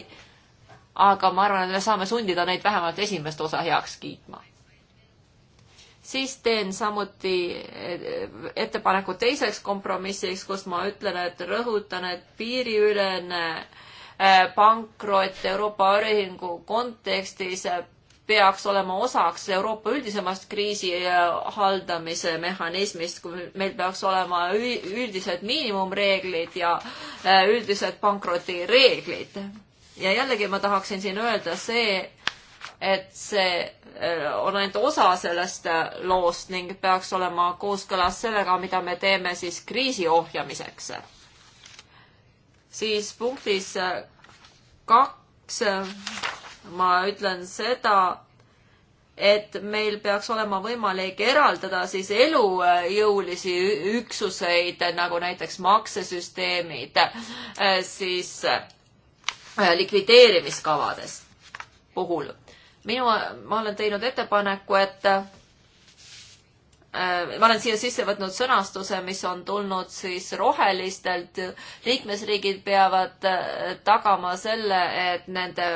aga ma arvan, et me saame sundida neid vähemalt esimest osa heaks kiitma siis teen samuti eh, ettepaneku teiseks kompromissiks, kus ma ütlen, et rõhutan, et piiriülene eh, pankrot Euroopa Ühingu kontekstis eh, peaks olema osaks Euroopa üldisemast kriisi haldamise mehhanismist, kui meil peaks olema üldised miinimumreeglid ja üldised pankrotireeglid. ja jällegi ma tahaksin siin öelda see, et see äh, on ainult osa sellest äh, loost ning peaks olema kooskõlas sellega, mida me teeme siis kriisi ohjamiseks. siis punktis äh, kaks ma ütlen seda, et meil peaks olema võimalik eraldada siis elujõulisi üksuseid nagu näiteks maksesüsteemid siis likvideerimiskavadest puhul minu, ma olen teinud ettepaneku, et äh, ma olen siia sisse võtnud sõnastuse, mis on tulnud siis rohelistelt. liikmesriigid peavad äh, tagama selle, et nende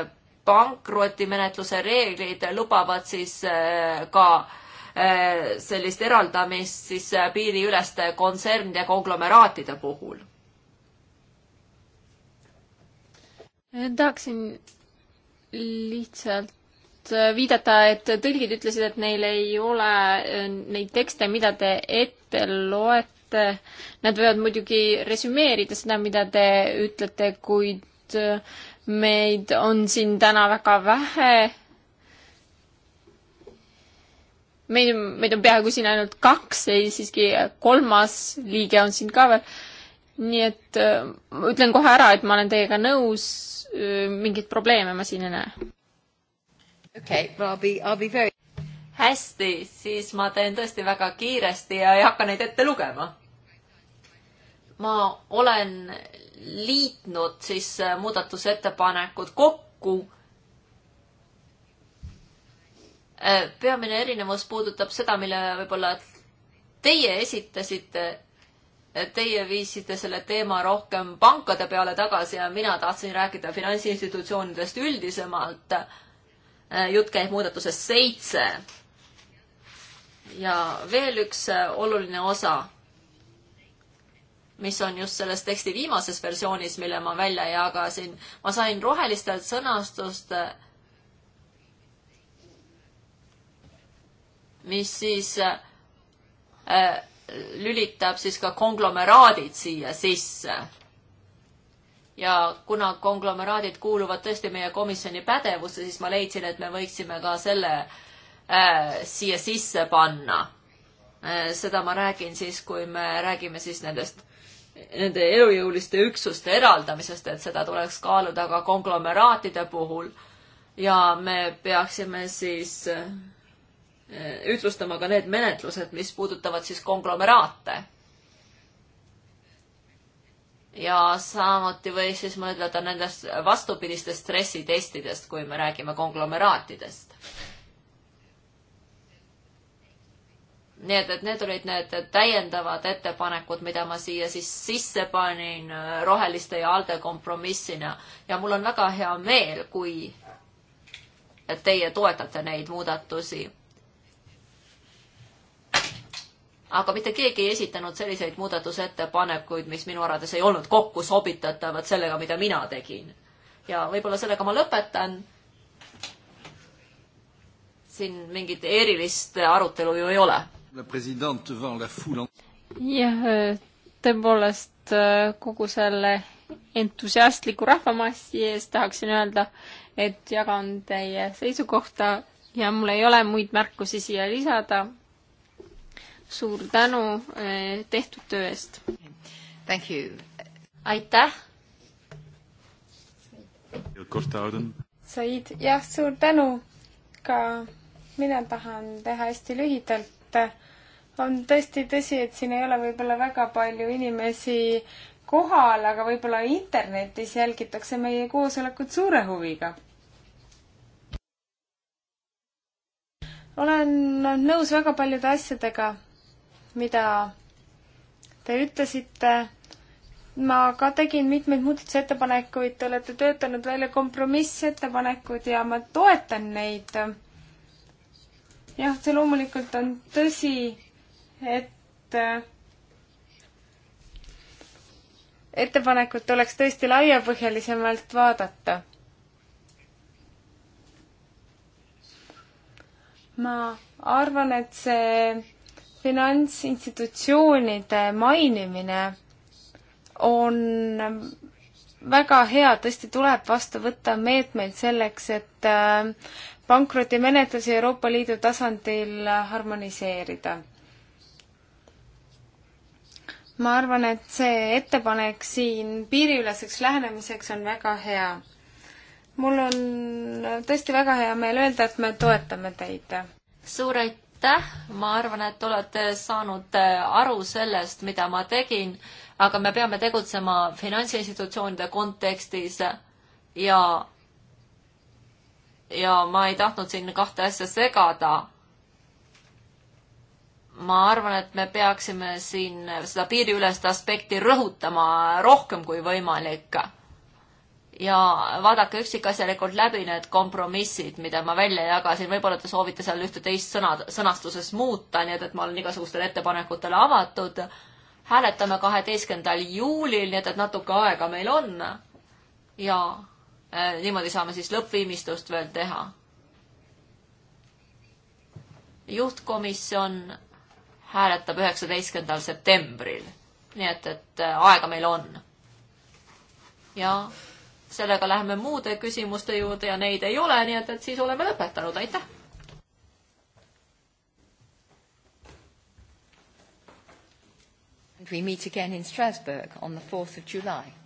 pankrotimenetluse reeglid lubavad siis äh, ka sellist eraldamist siis piiriüleste kontsernide konglomeraatide puhul. tahaksin lihtsalt Äh, viidata, et tõlgid ütlesid, et neil ei ole äh, neid tekste, mida te ette loete. Nad võivad muidugi resümeerida seda, mida te ütlete, kuid äh, meid on siin täna väga vähe. meid, meid on peaaegu siin ainult kaks, ei siiski kolmas liige on siin ka veel. nii et ütlen kohe ära, et ma olen teiega nõus, mingeid probleeme ma siin ei näe okay,. Well, I'll be, I'll be very... hästi, siis ma teen tõesti väga kiiresti ja ei hakka neid ette lugema. ma olen liitnud siis äh, muudatusettepanekud kokku äh, peamine erinevus puudutab seda, mille võib-olla teie esitasite. Äh, teie viisite selle teema rohkem pankade peale tagasi ja mina tahtsin rääkida finantsinstitutsioonidest üldisemalt. Äh, jutt käib muudatusest seitse. ja veel üks äh, oluline osa, mis on just selles teksti viimases versioonis, mille ma välja jagasin. ma sain rohelistelt sõnastust, äh, mis siis äh, lülitab siis ka konglomeraadid siia sisse ja kuna konglomeraadid kuuluvad tõesti meie komisjoni pädevusse, siis ma leidsin, et me võiksime ka selle äh, siia sisse panna äh,. seda ma räägin siis, kui me räägime siis nendest, nende elujõuliste üksuste eraldamisest, et seda tuleks kaaluda ka konglomeraatide puhul. ja me peaksime siis äh, ühtlustama ka need menetlused, mis puudutavad siis konglomeraate ja samuti võiks siis mõelda nendest vastupidistest stressitestidest, kui me räägime konglomeraatidest. nii et, et need olid need täiendavad ettepanekud, mida ma siia siis sisse panin roheliste ja ALDE kompromissina ja mul on väga hea meel, kui teie toetate neid muudatusi aga mitte keegi ei esitanud selliseid muudatusettepanekuid, mis minu arvates ei olnud kokku sobitatavad sellega, mida mina tegin. ja võib-olla sellega ma lõpetan. siin mingit erilist arutelu ju ei ole. jah, eh, tõepoolest eh, kogu selle entusiastliku rahvamassi ees tahaksin öelda, et jagan teie seisukohta ja mul ei ole muid märkusi siia lisada suur tänu eh, tehtud töö eest! aitäh! Said, jah, suur tänu ka mina tahan teha hästi lühidalt. on tõesti tõsi, et siin ei ole võib-olla väga palju inimesi kohal, aga võib-olla internetis jälgitakse meie koosolekut suure huviga. olen nõus väga paljude asjadega mida te ütlesite. ma ka tegin mitmeid muudatusettepanekuid, te olete töötanud välja kompromissettepanekud ja ma toetan neid. jah, see loomulikult on tõsi, et äh, ettepanekut tuleks tõesti laiapõhjalisemalt vaadata. ma arvan, et see finantsinstitutsioonide mainimine on väga hea, tõesti tuleb vastu võtta meetmeid selleks, et äh, pankrotimenetlusi Euroopa Liidu tasandil harmoniseerida. ma arvan, et see ettepanek siin piiriüleseks lähenemiseks on väga hea. mul on tõesti väga hea meel öelda, et me toetame teid. suur aitäh! aitäh, ma arvan, et olete saanud äh, aru sellest, mida ma tegin, aga me peame tegutsema finantsinstitutsioonide kontekstis ja, ja ma ei tahtnud siin kahte asja segada. ma arvan, et me peaksime siin seda piiriülest aspekti rõhutama rohkem kui võimalik ja vaadake üksikasjalikult läbi need kompromissid, mida ma välja jagasin, võib-olla te soovite seal ühte-teist sõna, sõnastuses muuta, nii et, et ma olen igasugustele ettepanekutele avatud. hääletame kaheteistkümnendal juulil, nii et, et natuke aega meil on. ja eh, niimoodi saame siis lõppviimistlust veel teha. juhtkomisjon hääletab üheksateistkümnendal septembril, nii et, et äh, aega meil on. ja sellega läheme muude küsimuste juurde ja neid ei ole, nii et, et siis oleme lõpetanud, aitäh! We meet again in Strasbourg on the 4th of July.